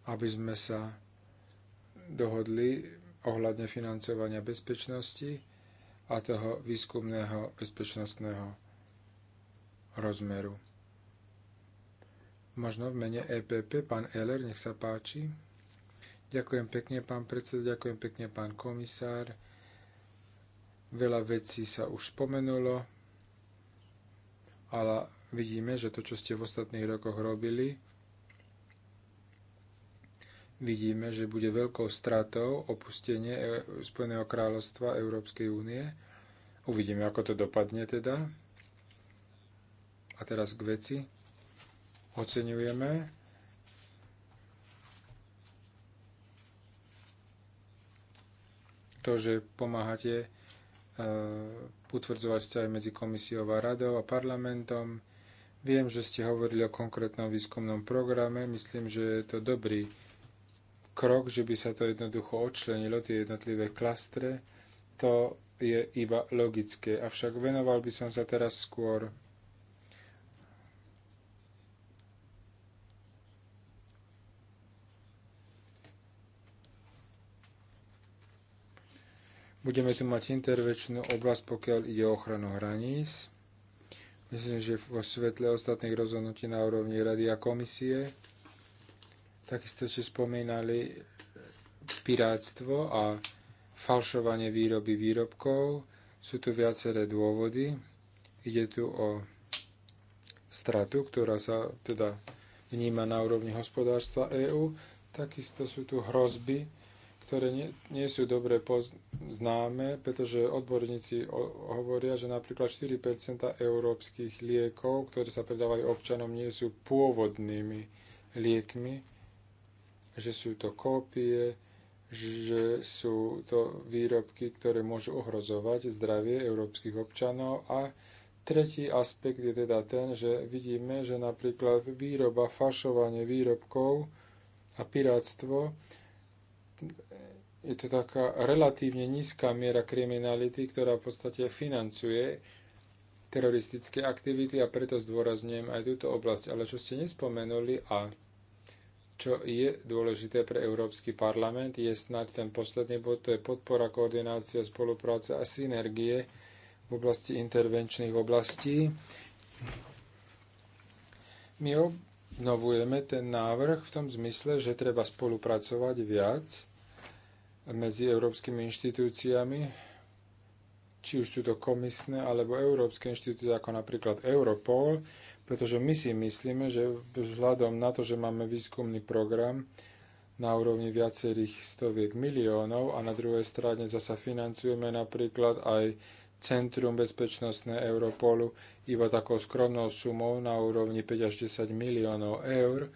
aby sme sa dohodli ohľadne financovania bezpečnosti a toho výskumného bezpečnostného rozmeru. Možno v mene EPP, pán Eller, nech sa páči. Ďakujem pekne, pán predseda, ďakujem pekne, pán komisár. Veľa vecí sa už spomenulo, ale vidíme, že to, čo ste v ostatných rokoch robili, vidíme, že bude veľkou stratou opustenie e- Spojeného kráľovstva Európskej únie. Uvidíme, ako to dopadne teda. A teraz k veci oceňujeme. To, že pomáhate utvrdzovať e, vzťahy medzi komisiou a radou a parlamentom. Viem, že ste hovorili o konkrétnom výskumnom programe. Myslím, že je to dobrý krok, že by sa to jednoducho odčlenilo, tie jednotlivé klastre. To je iba logické. Avšak venoval by som sa teraz skôr Budeme tu mať intervečnú oblasť, pokiaľ ide o ochranu hraníc. Myslím, že vo svetle ostatných rozhodnutí na úrovni Rady a komisie. Takisto ste spomínali Piráctvo a falšovanie výroby výrobkov. Sú tu viaceré dôvody. Ide tu o stratu, ktorá sa teda vníma na úrovni hospodárstva EÚ. Takisto sú tu hrozby, ktoré nie, nie sú dobre známe, pretože odborníci o, hovoria, že napríklad 4 európskych liekov, ktoré sa predávajú občanom, nie sú pôvodnými liekmi, že sú to kópie, že sú to výrobky, ktoré môžu ohrozovať zdravie európskych občanov a tretí aspekt je teda ten, že vidíme, že napríklad výroba, fašovanie výrobkov a piráctvo je to taká relatívne nízka miera kriminality, ktorá v podstate financuje teroristické aktivity a preto zdôrazňujem aj túto oblasť. Ale čo ste nespomenuli a čo je dôležité pre Európsky parlament, je snáď ten posledný bod, to je podpora, koordinácia, spolupráca a synergie v oblasti intervenčných oblastí. My obnovujeme ten návrh v tom zmysle, že treba spolupracovať viac, medzi európskymi inštitúciami, či už sú to komisné alebo európske inštitúcie, ako napríklad Europol, pretože my si myslíme, že vzhľadom na to, že máme výskumný program na úrovni viacerých stoviek miliónov a na druhej strane zasa financujeme napríklad aj Centrum bezpečnostné Europolu iba takou skromnou sumou na úrovni 5 až 10 miliónov eur,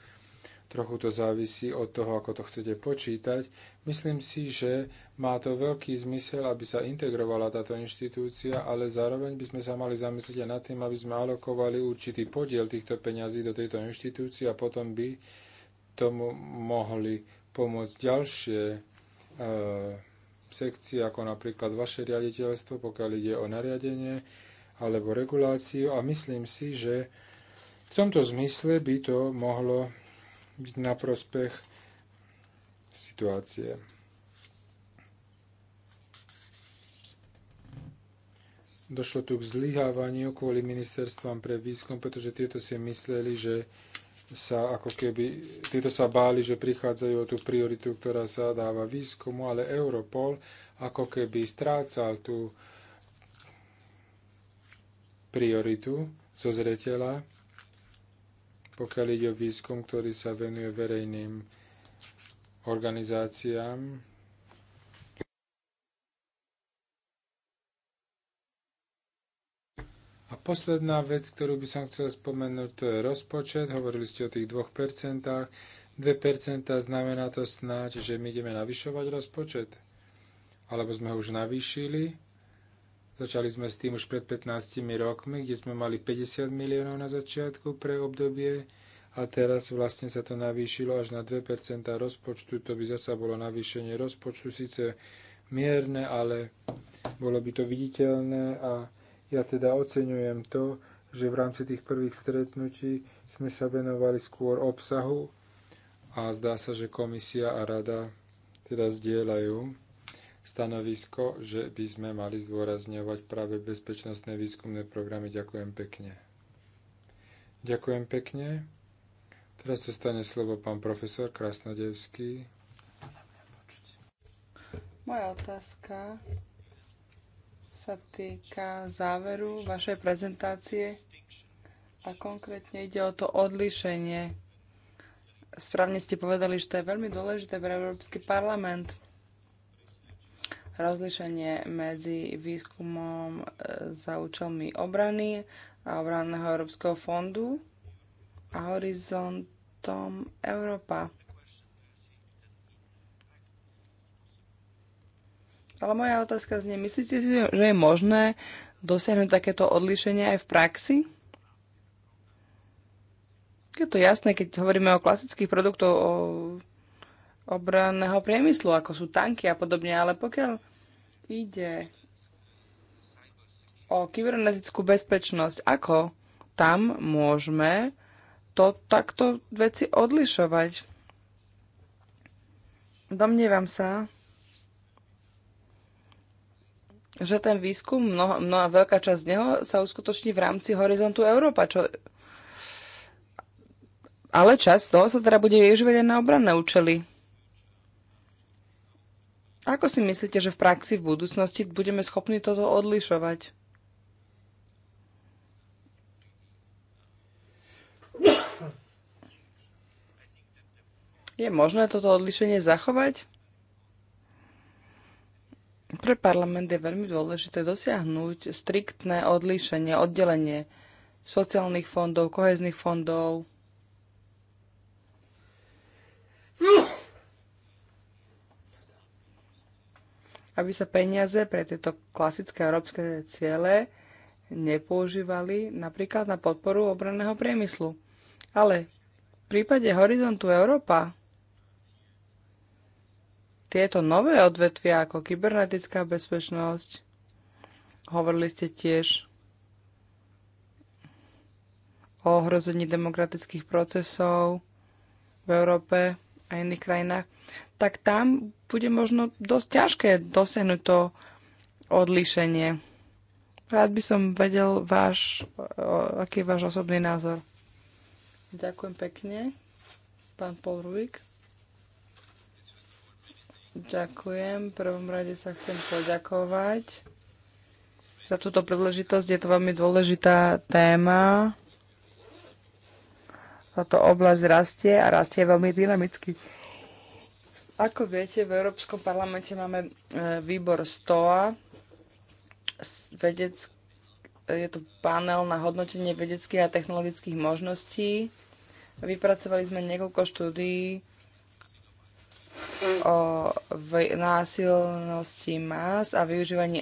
trochu to závisí od toho, ako to chcete počítať. Myslím si, že má to veľký zmysel, aby sa integrovala táto inštitúcia, ale zároveň by sme sa mali zamyslieť aj nad tým, aby sme alokovali určitý podiel týchto peňazí do tejto inštitúcie a potom by tomu mohli pomôcť ďalšie e, sekcie, ako napríklad vaše riaditeľstvo, pokiaľ ide o nariadenie alebo reguláciu. A myslím si, že v tomto zmysle by to mohlo byť na prospech situácie. Došlo tu k zlyhávaniu kvôli ministerstvám pre výskum, pretože tieto si mysleli, že sa ako keby, tieto sa báli, že prichádzajú o tú prioritu, ktorá sa dáva výskumu, ale Europol ako keby strácal tú prioritu zo zreteľa pokiaľ ide o výskum, ktorý sa venuje verejným organizáciám. A posledná vec, ktorú by som chcel spomenúť, to je rozpočet. Hovorili ste o tých 2%. 2% znamená to snáď, že my ideme navyšovať rozpočet? Alebo sme ho už navýšili? Začali sme s tým už pred 15 rokmi, kde sme mali 50 miliónov na začiatku pre obdobie a teraz vlastne sa to navýšilo až na 2% rozpočtu. To by zasa bolo navýšenie rozpočtu, síce mierne, ale bolo by to viditeľné a ja teda oceňujem to, že v rámci tých prvých stretnutí sme sa venovali skôr obsahu a zdá sa, že komisia a rada teda zdieľajú stanovisko, že by sme mali zdôrazňovať práve bezpečnostné výskumné programy. Ďakujem pekne. Ďakujem pekne. Teraz zostane slovo pán profesor Krasnodevský. Moja otázka sa týka záveru vašej prezentácie a konkrétne ide o to odlišenie. Správne ste povedali, že to je veľmi dôležité pre Európsky parlament rozlišenie medzi výskumom e, za účelmi obrany a obranného Európskeho fondu a horizontom Európa. Ale moja otázka znie, myslíte si, že je možné dosiahnuť takéto odlíšenie aj v praxi? Je to jasné, keď hovoríme o klasických produktoch, o obranného priemyslu, ako sú tanky a podobne, ale pokiaľ ide o kybernetickú bezpečnosť, ako tam môžeme to takto veci odlišovať. Domnievam sa, že ten výskum, mnoha, mnoha veľká časť z neho sa uskutoční v rámci horizontu Európa, čo ale časť toho sa teda bude využívať aj na obranné účely. Ako si myslíte, že v praxi v budúcnosti budeme schopní toto odlišovať? Je možné toto odlišenie zachovať? Pre parlament je veľmi dôležité dosiahnuť striktné odlíšenie, oddelenie sociálnych fondov, kohezných fondov, aby sa peniaze pre tieto klasické európske ciele nepoužívali napríklad na podporu obranného priemyslu. Ale v prípade horizontu Európa tieto nové odvetvia ako kybernetická bezpečnosť, hovorili ste tiež o ohrození demokratických procesov v Európe a iných krajinách tak tam bude možno dosť ťažké dosiahnuť to odlíšenie. Rád by som vedel váš, aký je váš osobný názor. Ďakujem pekne, pán Rubik. Ďakujem. V prvom rade sa chcem poďakovať za túto príležitosť. Je to veľmi dôležitá téma. Táto oblasť rastie a rastie veľmi dynamicky. Ako viete, v Európskom parlamente máme e, výbor STOA, je to panel na hodnotenie vedeckých a technologických možností. Vypracovali sme niekoľko štúdií o násilnosti más a využívaní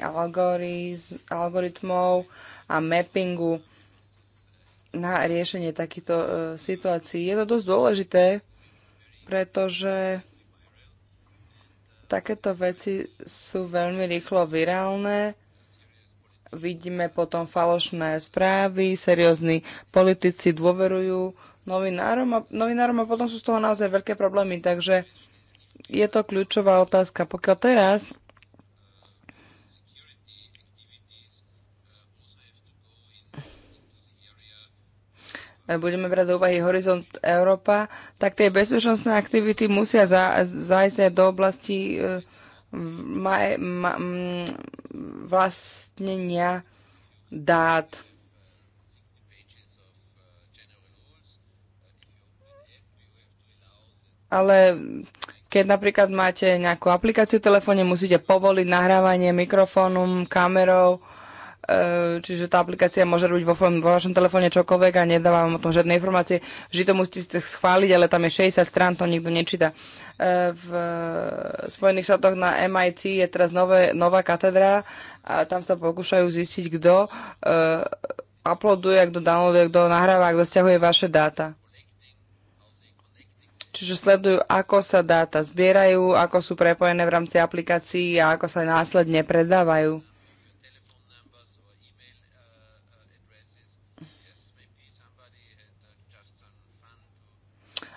algoritmov a mappingu na riešenie takýchto e, situácií. Je to dosť dôležité, pretože Takéto veci sú veľmi rýchlo virálne. Vidíme potom falošné správy, seriózni politici dôverujú novinárom a, novinárom a potom sú z toho naozaj veľké problémy. Takže je to kľúčová otázka. Pokiaľ teraz E, budeme brať do úvahy Horizont Európa, tak tie bezpečnostné aktivity musia zájsť do oblasti e, ma, ma, vlastnenia dát. Ale keď napríklad máte nejakú aplikáciu v telefóne, musíte povoliť nahrávanie mikrofónom, kamerou, E, čiže tá aplikácia môže robiť vo, vo vašom telefóne čokoľvek a nedáva vám o tom žiadne informácie. Vždy to musíte schváliť, ale tam je 60 strán, to nikto nečíta. E, v Spojených štátoch na MIT je teraz nové, nová katedra a tam sa pokúšajú zistiť, kto e, uploaduje, kto downloaduje, kto nahráva, kto stiahuje vaše dáta. Čiže sledujú, ako sa dáta zbierajú, ako sú prepojené v rámci aplikácií a ako sa následne predávajú.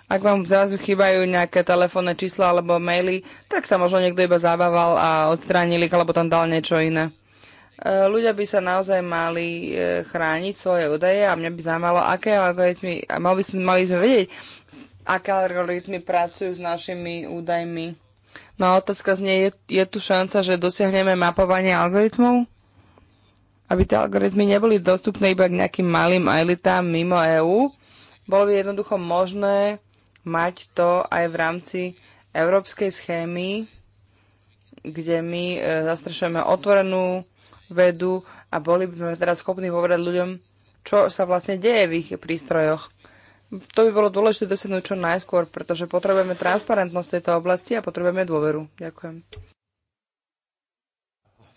Ak vám zrazu chýbajú nejaké telefónne čísla alebo maily, tak sa možno niekto iba zabával a odstránili, alebo tam dal niečo iné. E, ľudia by sa naozaj mali e, chrániť svoje údaje a mňa by zaujímalo, aké algoritmy, mal by sme, mali sme vedieť, aké algoritmy pracujú s našimi údajmi. No a otázka znie, je, je tu šanca, že dosiahneme mapovanie algoritmov? Aby tie algoritmy neboli dostupné iba k nejakým malým elitám mimo EÚ, bolo by jednoducho možné mať to aj v rámci európskej schémy, kde my e, zastrešujeme otvorenú vedu a boli by sme teraz schopní povedať ľuďom, čo sa vlastne deje v ich prístrojoch. To by bolo dôležité dosiahnuť čo najskôr, pretože potrebujeme transparentnosť tejto oblasti a potrebujeme dôveru. Ďakujem.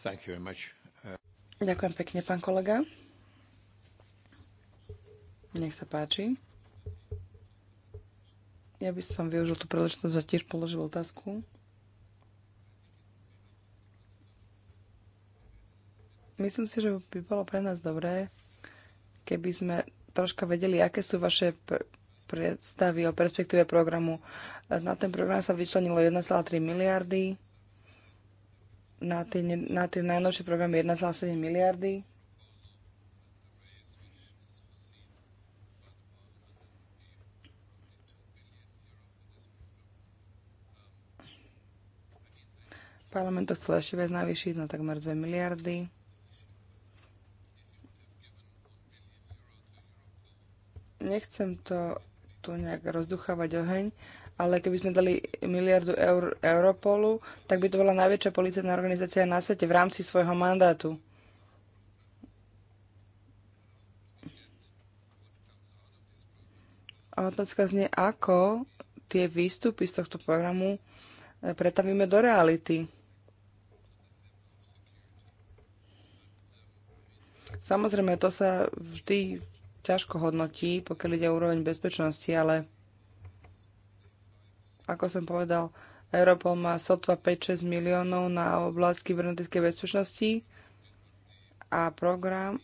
Thank you very much. Ďakujem pekne, pán kolega. Nech sa páči. Ja by som využil tú príležitosť a tiež položil otázku. Myslím si, že by bolo pre nás dobré, keby sme troška vedeli, aké sú vaše predstavy o perspektíve programu. Na ten program sa vyčlenilo 1,3 miliardy, na tie, na tie najnovšie programy 1,7 miliardy. Parlament to chcel ešte viac navýšiť na takmer 2 miliardy. Nechcem to tu nejak rozduchávať oheň, ale keby sme dali miliardu eur Europolu, tak by to bola najväčšia policajná organizácia na svete v rámci svojho mandátu. A otázka znie, ako tie výstupy z tohto programu eh, pretavíme do reality. Samozrejme, to sa vždy ťažko hodnotí, pokiaľ ide o úroveň bezpečnosti, ale ako som povedal, Europol má sotva 5-6 miliónov na oblasť kybernetickej bezpečnosti a program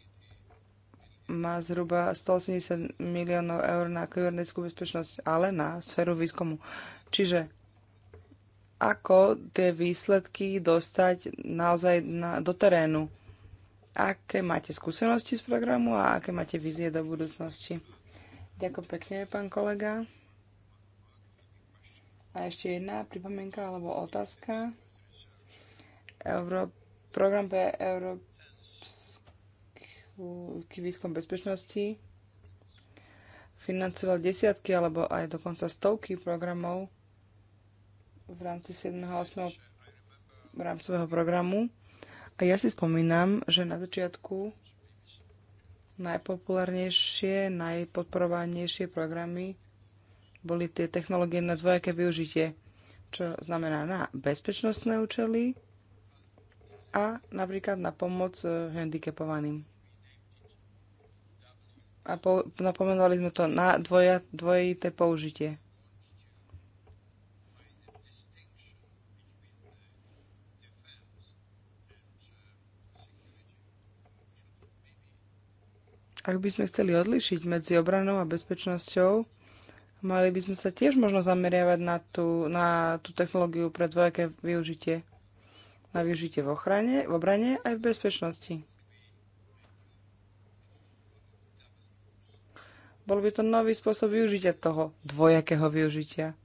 má zhruba 180 miliónov eur na kybernetickú bezpečnosť, ale na sféru výskumu. Čiže ako tie výsledky dostať naozaj na, do terénu? aké máte skúsenosti z programu a aké máte vízie do budúcnosti. Ďakujem pekne, pán kolega. A ešte jedna pripomienka alebo otázka. Euro, program pre Európsky výskum bezpečnosti financoval desiatky alebo aj dokonca stovky programov v rámci 7. a 8. rámcového programu. A ja si spomínam, že na začiatku najpopulárnejšie, najpodporovanejšie programy boli tie technológie na dvojaké využitie, čo znamená na bezpečnostné účely a napríklad na pomoc e, handicapovaným. A po, napomenovali sme to na dvoja, dvojité použitie. Ak by sme chceli odlišiť medzi obranou a bezpečnosťou, mali by sme sa tiež možno zameriavať na tú, na tú technológiu pre dvojaké využitie. Na využitie v ochrane, v obrane aj v bezpečnosti. Bol by to nový spôsob využitia toho dvojakého využitia.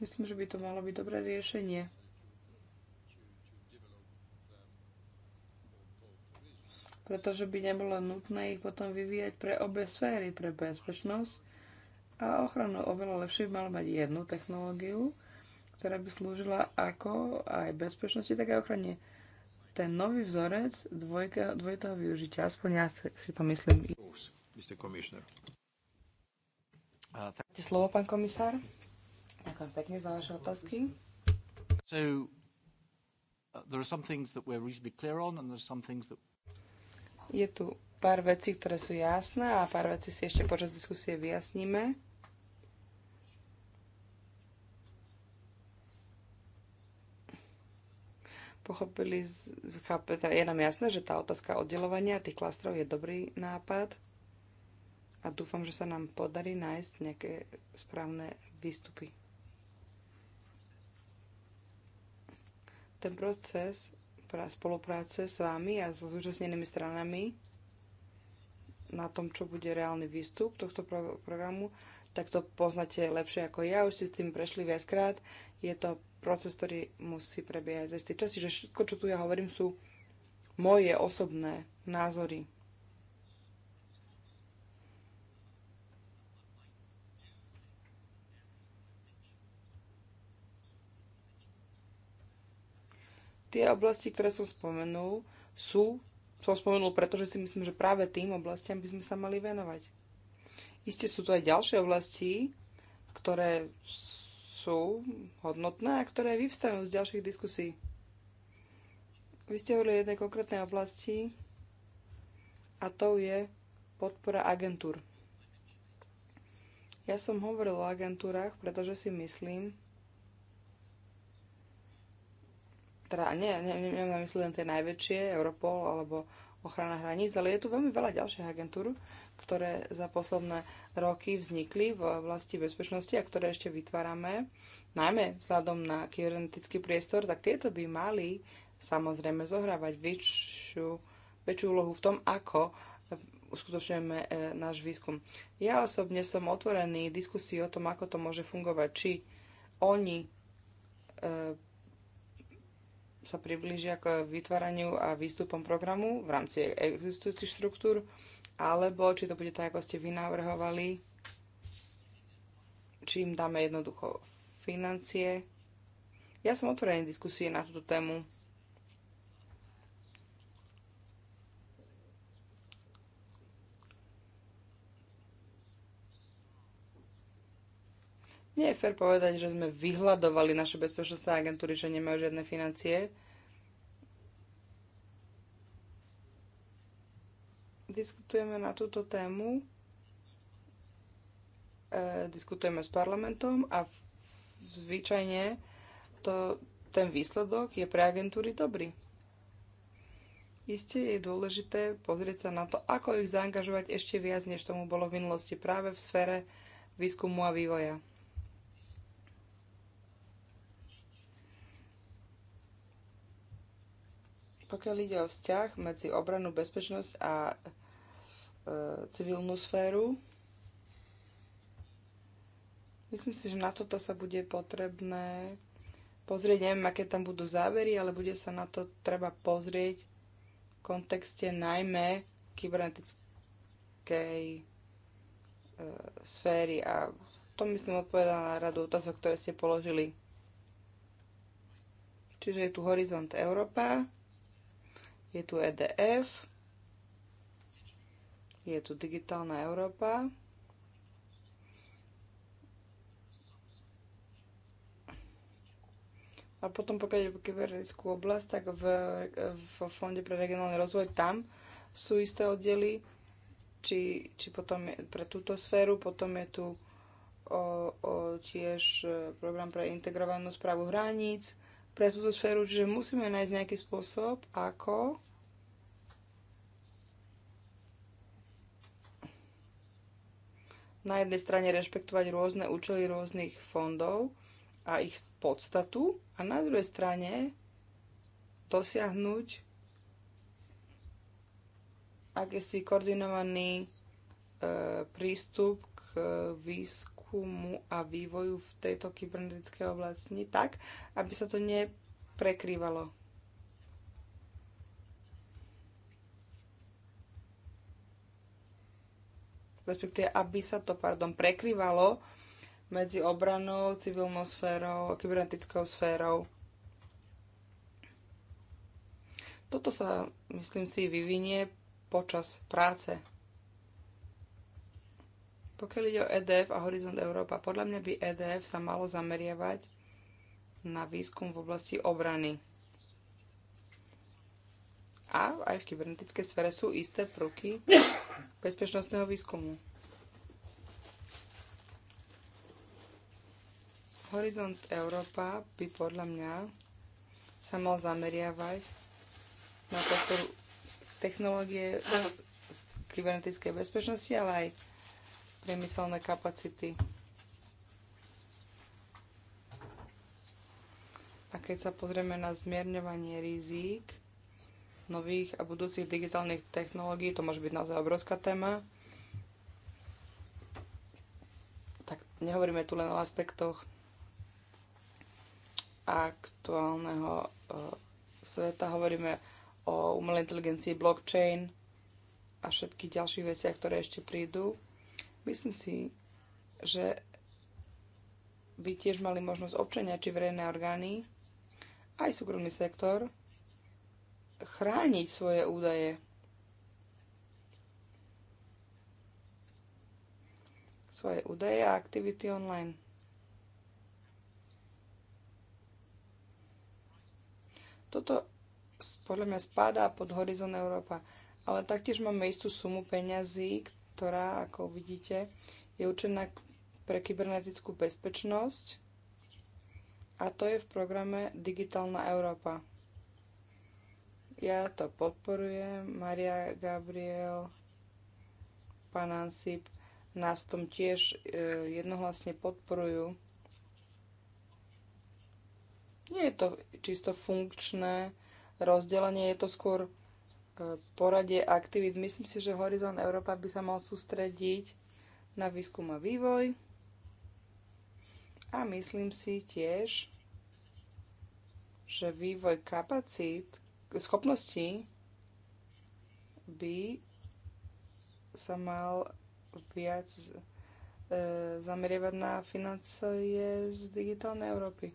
Myslím, že by to malo byť dobré riešenie. pretože by nebolo nutné ich potom vyvíjať pre obe sféry, pre bezpečnosť a ochranu. Oveľa lepšie by malo mať jednu technológiu, ktorá by slúžila ako aj bezpečnosti, tak aj ochrane. Ten nový vzorec dvojka, dvojitého využitia, aspoň ja si to myslím. Máte slovo, pán komisár? Ďakujem pekne za vaše otázky. So, uh, there are some things that we're reasonably clear on and there are some things that... Je tu pár vecí, ktoré sú jasné a pár vecí si ešte počas diskusie vyjasníme. pochopili, chápe, teda je nám jasné, že tá otázka oddelovania tých klastrov je dobrý nápad a dúfam, že sa nám podarí nájsť nejaké správne výstupy. ten proces spolupráce s vami a so zúčastnenými stranami na tom, čo bude reálny výstup tohto pro- programu, tak to poznáte lepšie ako ja. Už ste s tým prešli viackrát. Je to proces, ktorý musí prebiehať z tej časti, že všetko, čo tu ja hovorím, sú moje osobné názory. Tie oblasti, ktoré som spomenul, sú, som spomenul, pretože si myslím, že práve tým oblastiam by sme sa mali venovať. Isté sú tu aj ďalšie oblasti, ktoré sú hodnotné a ktoré vyvstanú z ďalších diskusí. Vy ste hovorili o jednej konkrétnej oblasti a to je podpora agentúr. Ja som hovoril o agentúrach, pretože si myslím, teda nie, neviem na mysli len tie najväčšie, Europol alebo ochrana hraníc, ale je tu veľmi veľa ďalších agentúr, ktoré za posledné roky vznikli v vlasti bezpečnosti a ktoré ešte vytvárame, najmä vzhľadom na kybernetický priestor, tak tieto by mali samozrejme zohrávať väčšiu, väčšiu úlohu v tom, ako uskutočňujeme e, náš výskum. Ja osobne som otvorený diskusii o tom, ako to môže fungovať, či oni e, sa priblížia k vytváraniu a výstupom programu v rámci existujúcich štruktúr, alebo či to bude tak, ako ste vynavrhovali, či im dáme jednoducho financie. Ja som otvorený diskusie na túto tému. Nie je fér povedať, že sme vyhľadovali naše bezpečnostné agentúry, že nemajú žiadne financie. Diskutujeme na túto tému. E, diskutujeme s parlamentom a v, zvyčajne to, ten výsledok je pre agentúry dobrý. Isté je dôležité pozrieť sa na to, ako ich zaangažovať ešte viac, než tomu bolo v minulosti práve v sfére výskumu a vývoja. Pokiaľ ide o vzťah medzi obranu, bezpečnosť a e, civilnú sféru, myslím si, že na toto sa bude potrebné pozrieť, neviem, aké tam budú závery, ale bude sa na to treba pozrieť v kontexte najmä kybernetickej e, sféry a to myslím odpovedá na radu otázok, ktoré ste položili. Čiže je tu Horizont Európa, je tu EDF, je tu Digitálna Európa, A potom pokiaľ je kybernetickú oblasť, tak v, v Fonde pre regionálny rozvoj tam sú isté oddely, či, či potom je, pre túto sféru, potom je tu o, o tiež e, program pre integrovanú správu hraníc, pre túto sféru, čiže musíme nájsť nejaký spôsob, ako na jednej strane rešpektovať rôzne účely rôznych fondov a ich podstatu a na druhej strane dosiahnuť akýsi koordinovaný e, prístup k výsku výskumu a vývoju v tejto kybernetickej oblasti tak, aby sa to neprekrývalo. Respektíve, aby sa to, pardon, prekrývalo medzi obranou, civilnou sférou a kybernetickou sférou. Toto sa, myslím si, vyvinie počas práce pokiaľ ide o EDF a Horizont Európa, podľa mňa by EDF sa malo zameriavať na výskum v oblasti obrany. A aj v kybernetickej sfere sú isté prvky bezpečnostného výskumu. Horizont Európa by podľa mňa sa mal zameriavať na podporu technológie kybernetickej bezpečnosti, ale aj priemyselné kapacity. A keď sa pozrieme na zmierňovanie rizík nových a budúcich digitálnych technológií, to môže byť naozaj obrovská téma, tak nehovoríme tu len o aspektoch aktuálneho e, sveta, hovoríme o umelej inteligencii blockchain a všetkých ďalších veciach, ktoré ešte prídu. Myslím si, že by tiež mali možnosť občania či verejné orgány, aj súkromný sektor, chrániť svoje údaje. Svoje údaje a aktivity online. Toto podľa mňa spadá pod horizont Európa, ale taktiež máme istú sumu peňazí, ktorá, ako vidíte, je určená pre kybernetickú bezpečnosť a to je v programe Digitálna Európa. Ja to podporujem, Maria Gabriel, pán Ansip, nás tom tiež e, jednohlasne podporujú. Nie je to čisto funkčné rozdelenie, je to skôr poradie aktivít. Myslím si, že Horizon Európa by sa mal sústrediť na výskum a vývoj. A myslím si tiež, že vývoj kapacít, schopností by sa mal viac e, zameriavať na financie z digitálnej Európy.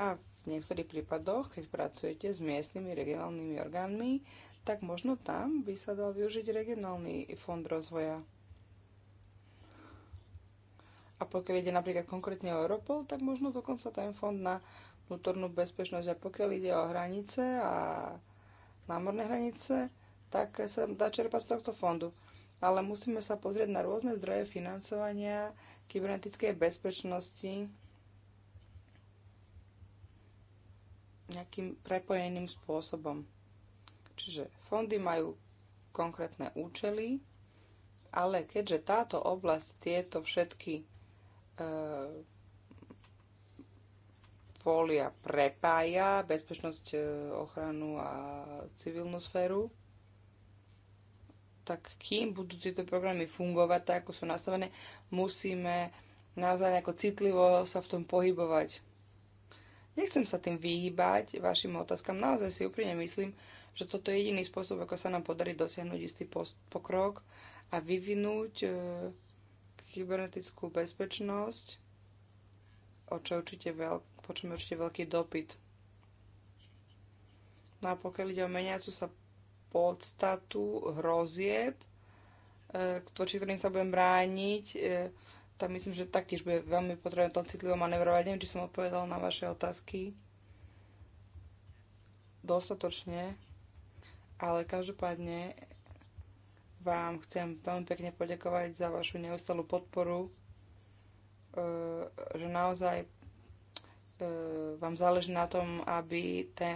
A v niektorých prípadoch, keď pracujete s miestnymi regionálnymi orgánmi, tak možno tam by sa dal využiť regionálny fond rozvoja. A pokiaľ ide napríklad konkrétne o Europol, tak možno dokonca ten fond na vnútornú bezpečnosť. A pokiaľ ide o hranice a námorné hranice, tak sa dá čerpať z tohto fondu. Ale musíme sa pozrieť na rôzne zdroje financovania kybernetickej bezpečnosti, nejakým prepojeným spôsobom. Čiže fondy majú konkrétne účely, ale keďže táto oblasť tieto všetky e, polia prepája, bezpečnosť, e, ochranu a civilnú sféru, tak kým budú tieto programy fungovať tak, ako sú nastavené, musíme naozaj ako citlivo sa v tom pohybovať. Nechcem sa tým vyhýbať vašim otázkam. Naozaj si úprimne myslím, že toto je jediný spôsob, ako sa nám podarí dosiahnuť istý pokrok a vyvinúť e, kybernetickú bezpečnosť, o čo určite veľk, po čom je určite veľký dopyt. No a pokiaľ ide o meniacu sa podstatu hrozieb, e, voči ktorým sa budem brániť, e, tam myslím, že taktiež bude veľmi potrebné to citlivo manevrovať. Neviem, či som odpovedala na vaše otázky dostatočne, ale každopádne vám chcem veľmi pekne poďakovať za vašu neustalú podporu, e, že naozaj e, vám záleží na tom, aby te,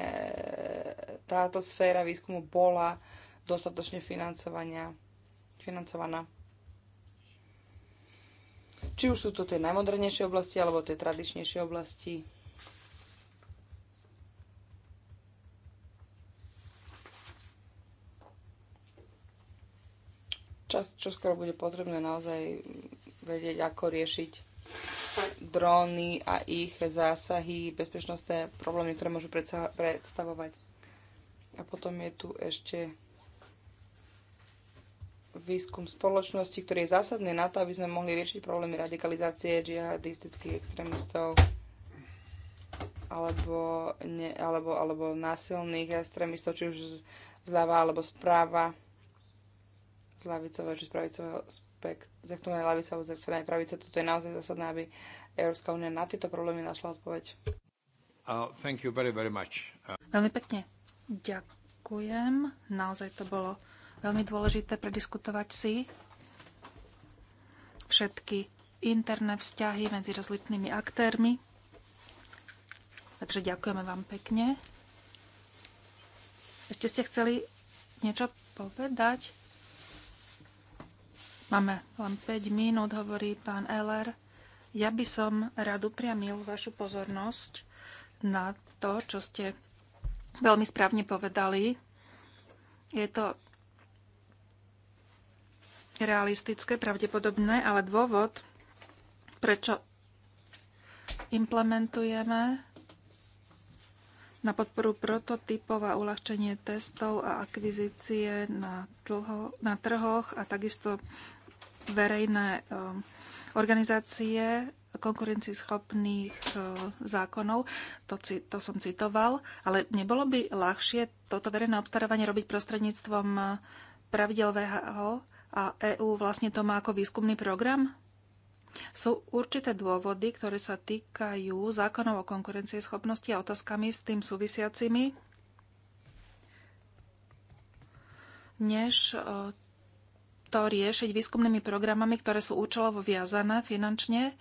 táto sféra výskumu bola dostatočne financovania, financovaná. Či už sú to tie najmodernejšie oblasti, alebo tie tradičnejšie oblasti. Čas, čo skoro bude potrebné naozaj vedieť, ako riešiť dróny a ich zásahy, bezpečnostné problémy, ktoré môžu predstavovať. A potom je tu ešte výskum spoločnosti, ktorý je zásadný na to, aby sme mohli riešiť problémy radikalizácie džihadistických extrémistov alebo, ne, alebo, alebo násilných extrémistov, či už zľava alebo správa. z lavicového či z pravicového spektra, z extrémnej lavice alebo z extrémnej pravice. Toto je naozaj zásadné, aby Európska únia na tieto problémy našla odpoveď. Uh, thank you very, very much. Uh... Veľmi pekne. Ďakujem. Naozaj to bolo veľmi dôležité prediskutovať si všetky interné vzťahy medzi rozličnými aktérmi. Takže ďakujeme vám pekne. Ešte ste chceli niečo povedať? Máme len 5 minút, hovorí pán Eller. Ja by som rád upriamil vašu pozornosť na to, čo ste veľmi správne povedali. Je to realistické, pravdepodobné, ale dôvod, prečo implementujeme na podporu prototypov a uľahčenie testov a akvizície na, dlho, na trhoch a takisto verejné um, organizácie konkurencieschopných uh, zákonov, to, to som citoval, ale nebolo by ľahšie toto verejné obstarávanie robiť prostredníctvom uh, pravidel VHO, a EÚ vlastne to má ako výskumný program? Sú určité dôvody, ktoré sa týkajú zákonov o konkurencieschopnosti a otázkami s tým súvisiacimi, než e, to riešiť výskumnými programami, ktoré sú účelovo viazané finančne.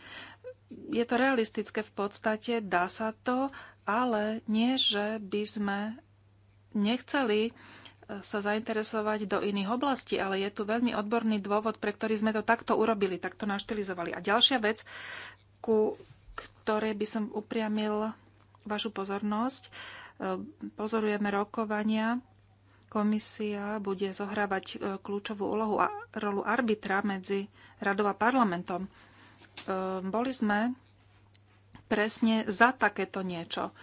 Je to realistické v podstate, dá sa to, ale nie, že by sme nechceli sa zainteresovať do iných oblastí, ale je tu veľmi odborný dôvod, pre ktorý sme to takto urobili, takto naštilizovali. A ďalšia vec, ku ktorej by som upriamil vašu pozornosť, e, pozorujeme rokovania. Komisia bude zohrávať e, kľúčovú úlohu a rolu arbitra medzi radou a parlamentom. E, boli sme presne za takéto niečo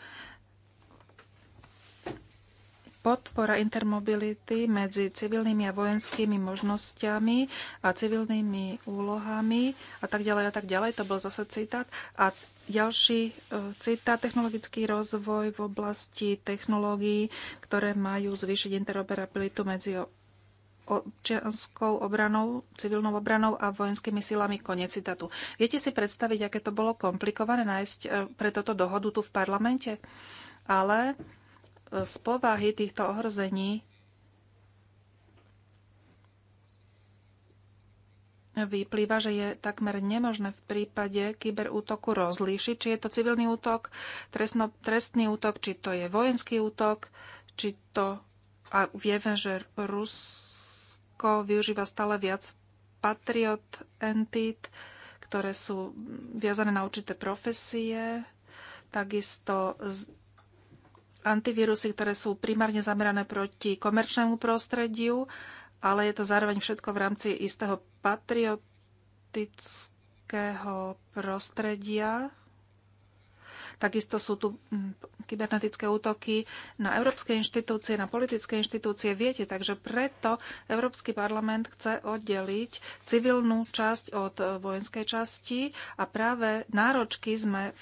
podpora intermobility medzi civilnými a vojenskými možnosťami a civilnými úlohami a tak ďalej a tak ďalej. To bol zase citát. A ďalší e, citát, technologický rozvoj v oblasti technológií, ktoré majú zvýšiť interoperabilitu medzi občianskou obranou, civilnou obranou a vojenskými silami. Konec citátu. Viete si predstaviť, aké to bolo komplikované nájsť e, pre toto dohodu tu v parlamente? Ale z povahy týchto ohrození vyplýva, že je takmer nemožné v prípade kyberútoku rozlíšiť, či je to civilný útok, trestno, trestný útok, či to je vojenský útok, či to... A vieme, že Rusko využíva stále viac patriot entít, ktoré sú viazané na určité profesie, takisto antivírusy, ktoré sú primárne zamerané proti komerčnému prostrediu, ale je to zároveň všetko v rámci istého patriotického prostredia, Takisto sú tu mm, kybernetické útoky na európske inštitúcie, na politické inštitúcie. Viete, takže preto Európsky parlament chce oddeliť civilnú časť od e, vojenskej časti a práve náročky sme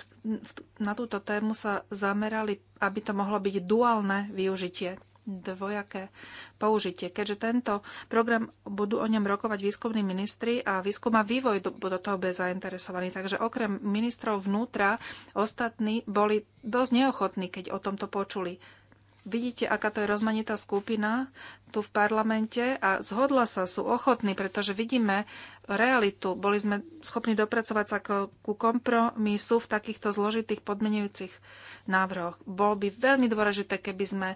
na túto tému sa zamerali, aby to mohlo byť duálne využitie dvojaké použitie. Keďže tento program budú o ňom rokovať výskumní ministri a výskum a vývoj budú do toho bez zainteresovaní. Takže okrem ministrov vnútra ostatní boli dosť neochotní, keď o tomto počuli. Vidíte, aká to je rozmanitá skupina tu v parlamente a zhodla sa, sú ochotní, pretože vidíme realitu. Boli sme schopní dopracovať sa ku kompromisu v takýchto zložitých podmenujúcich návrhoch. Bolo by veľmi dôležité, keby sme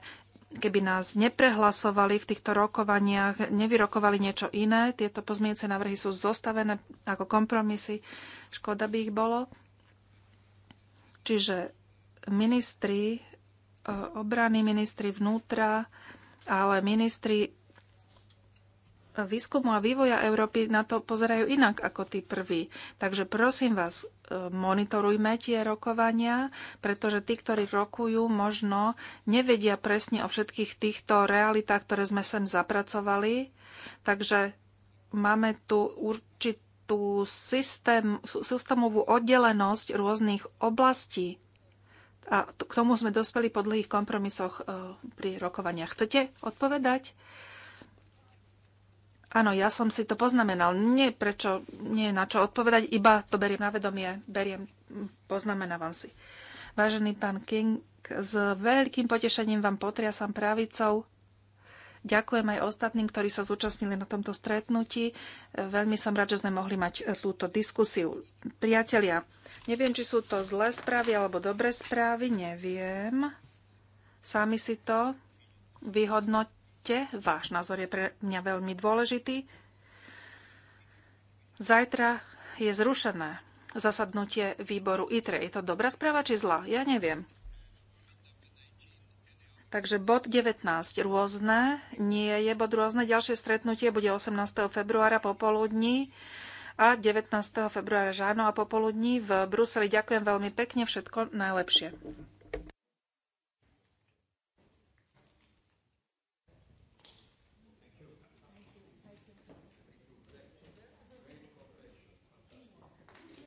keby nás neprehlasovali v týchto rokovaniach, nevyrokovali niečo iné. Tieto pozmienujúce návrhy sú zostavené ako kompromisy. Škoda by ich bolo. Čiže ministri e, obrany, ministri vnútra, ale ministri výskumu a vývoja Európy na to pozerajú inak ako tí prví. Takže prosím vás, monitorujme tie rokovania, pretože tí, ktorí rokujú, možno nevedia presne o všetkých týchto realitách, ktoré sme sem zapracovali. Takže máme tu určitú systém, systémovú oddelenosť rôznych oblastí. A k tomu sme dospeli po dlhých kompromisoch e, pri rokovaniach. Chcete odpovedať? Áno, ja som si to poznamenal. Nie, prečo, nie na čo odpovedať, iba to beriem na vedomie, beriem, poznamenávam si. Vážený pán King, s veľkým potešením vám potriasam pravicou. Ďakujem aj ostatným, ktorí sa zúčastnili na tomto stretnutí. Veľmi som rád, že sme mohli mať túto diskusiu. Priatelia, neviem, či sú to zlé správy alebo dobré správy, neviem. Sami si to vyhodnoť máte. Váš názor je pre mňa veľmi dôležitý. Zajtra je zrušené zasadnutie výboru ITRE. Je to dobrá správa či zlá? Ja neviem. Takže bod 19 rôzne, nie je bod rôzne. Ďalšie stretnutie bude 18. februára popoludní a 19. februára ráno a popoludní v Bruseli. Ďakujem veľmi pekne, všetko najlepšie.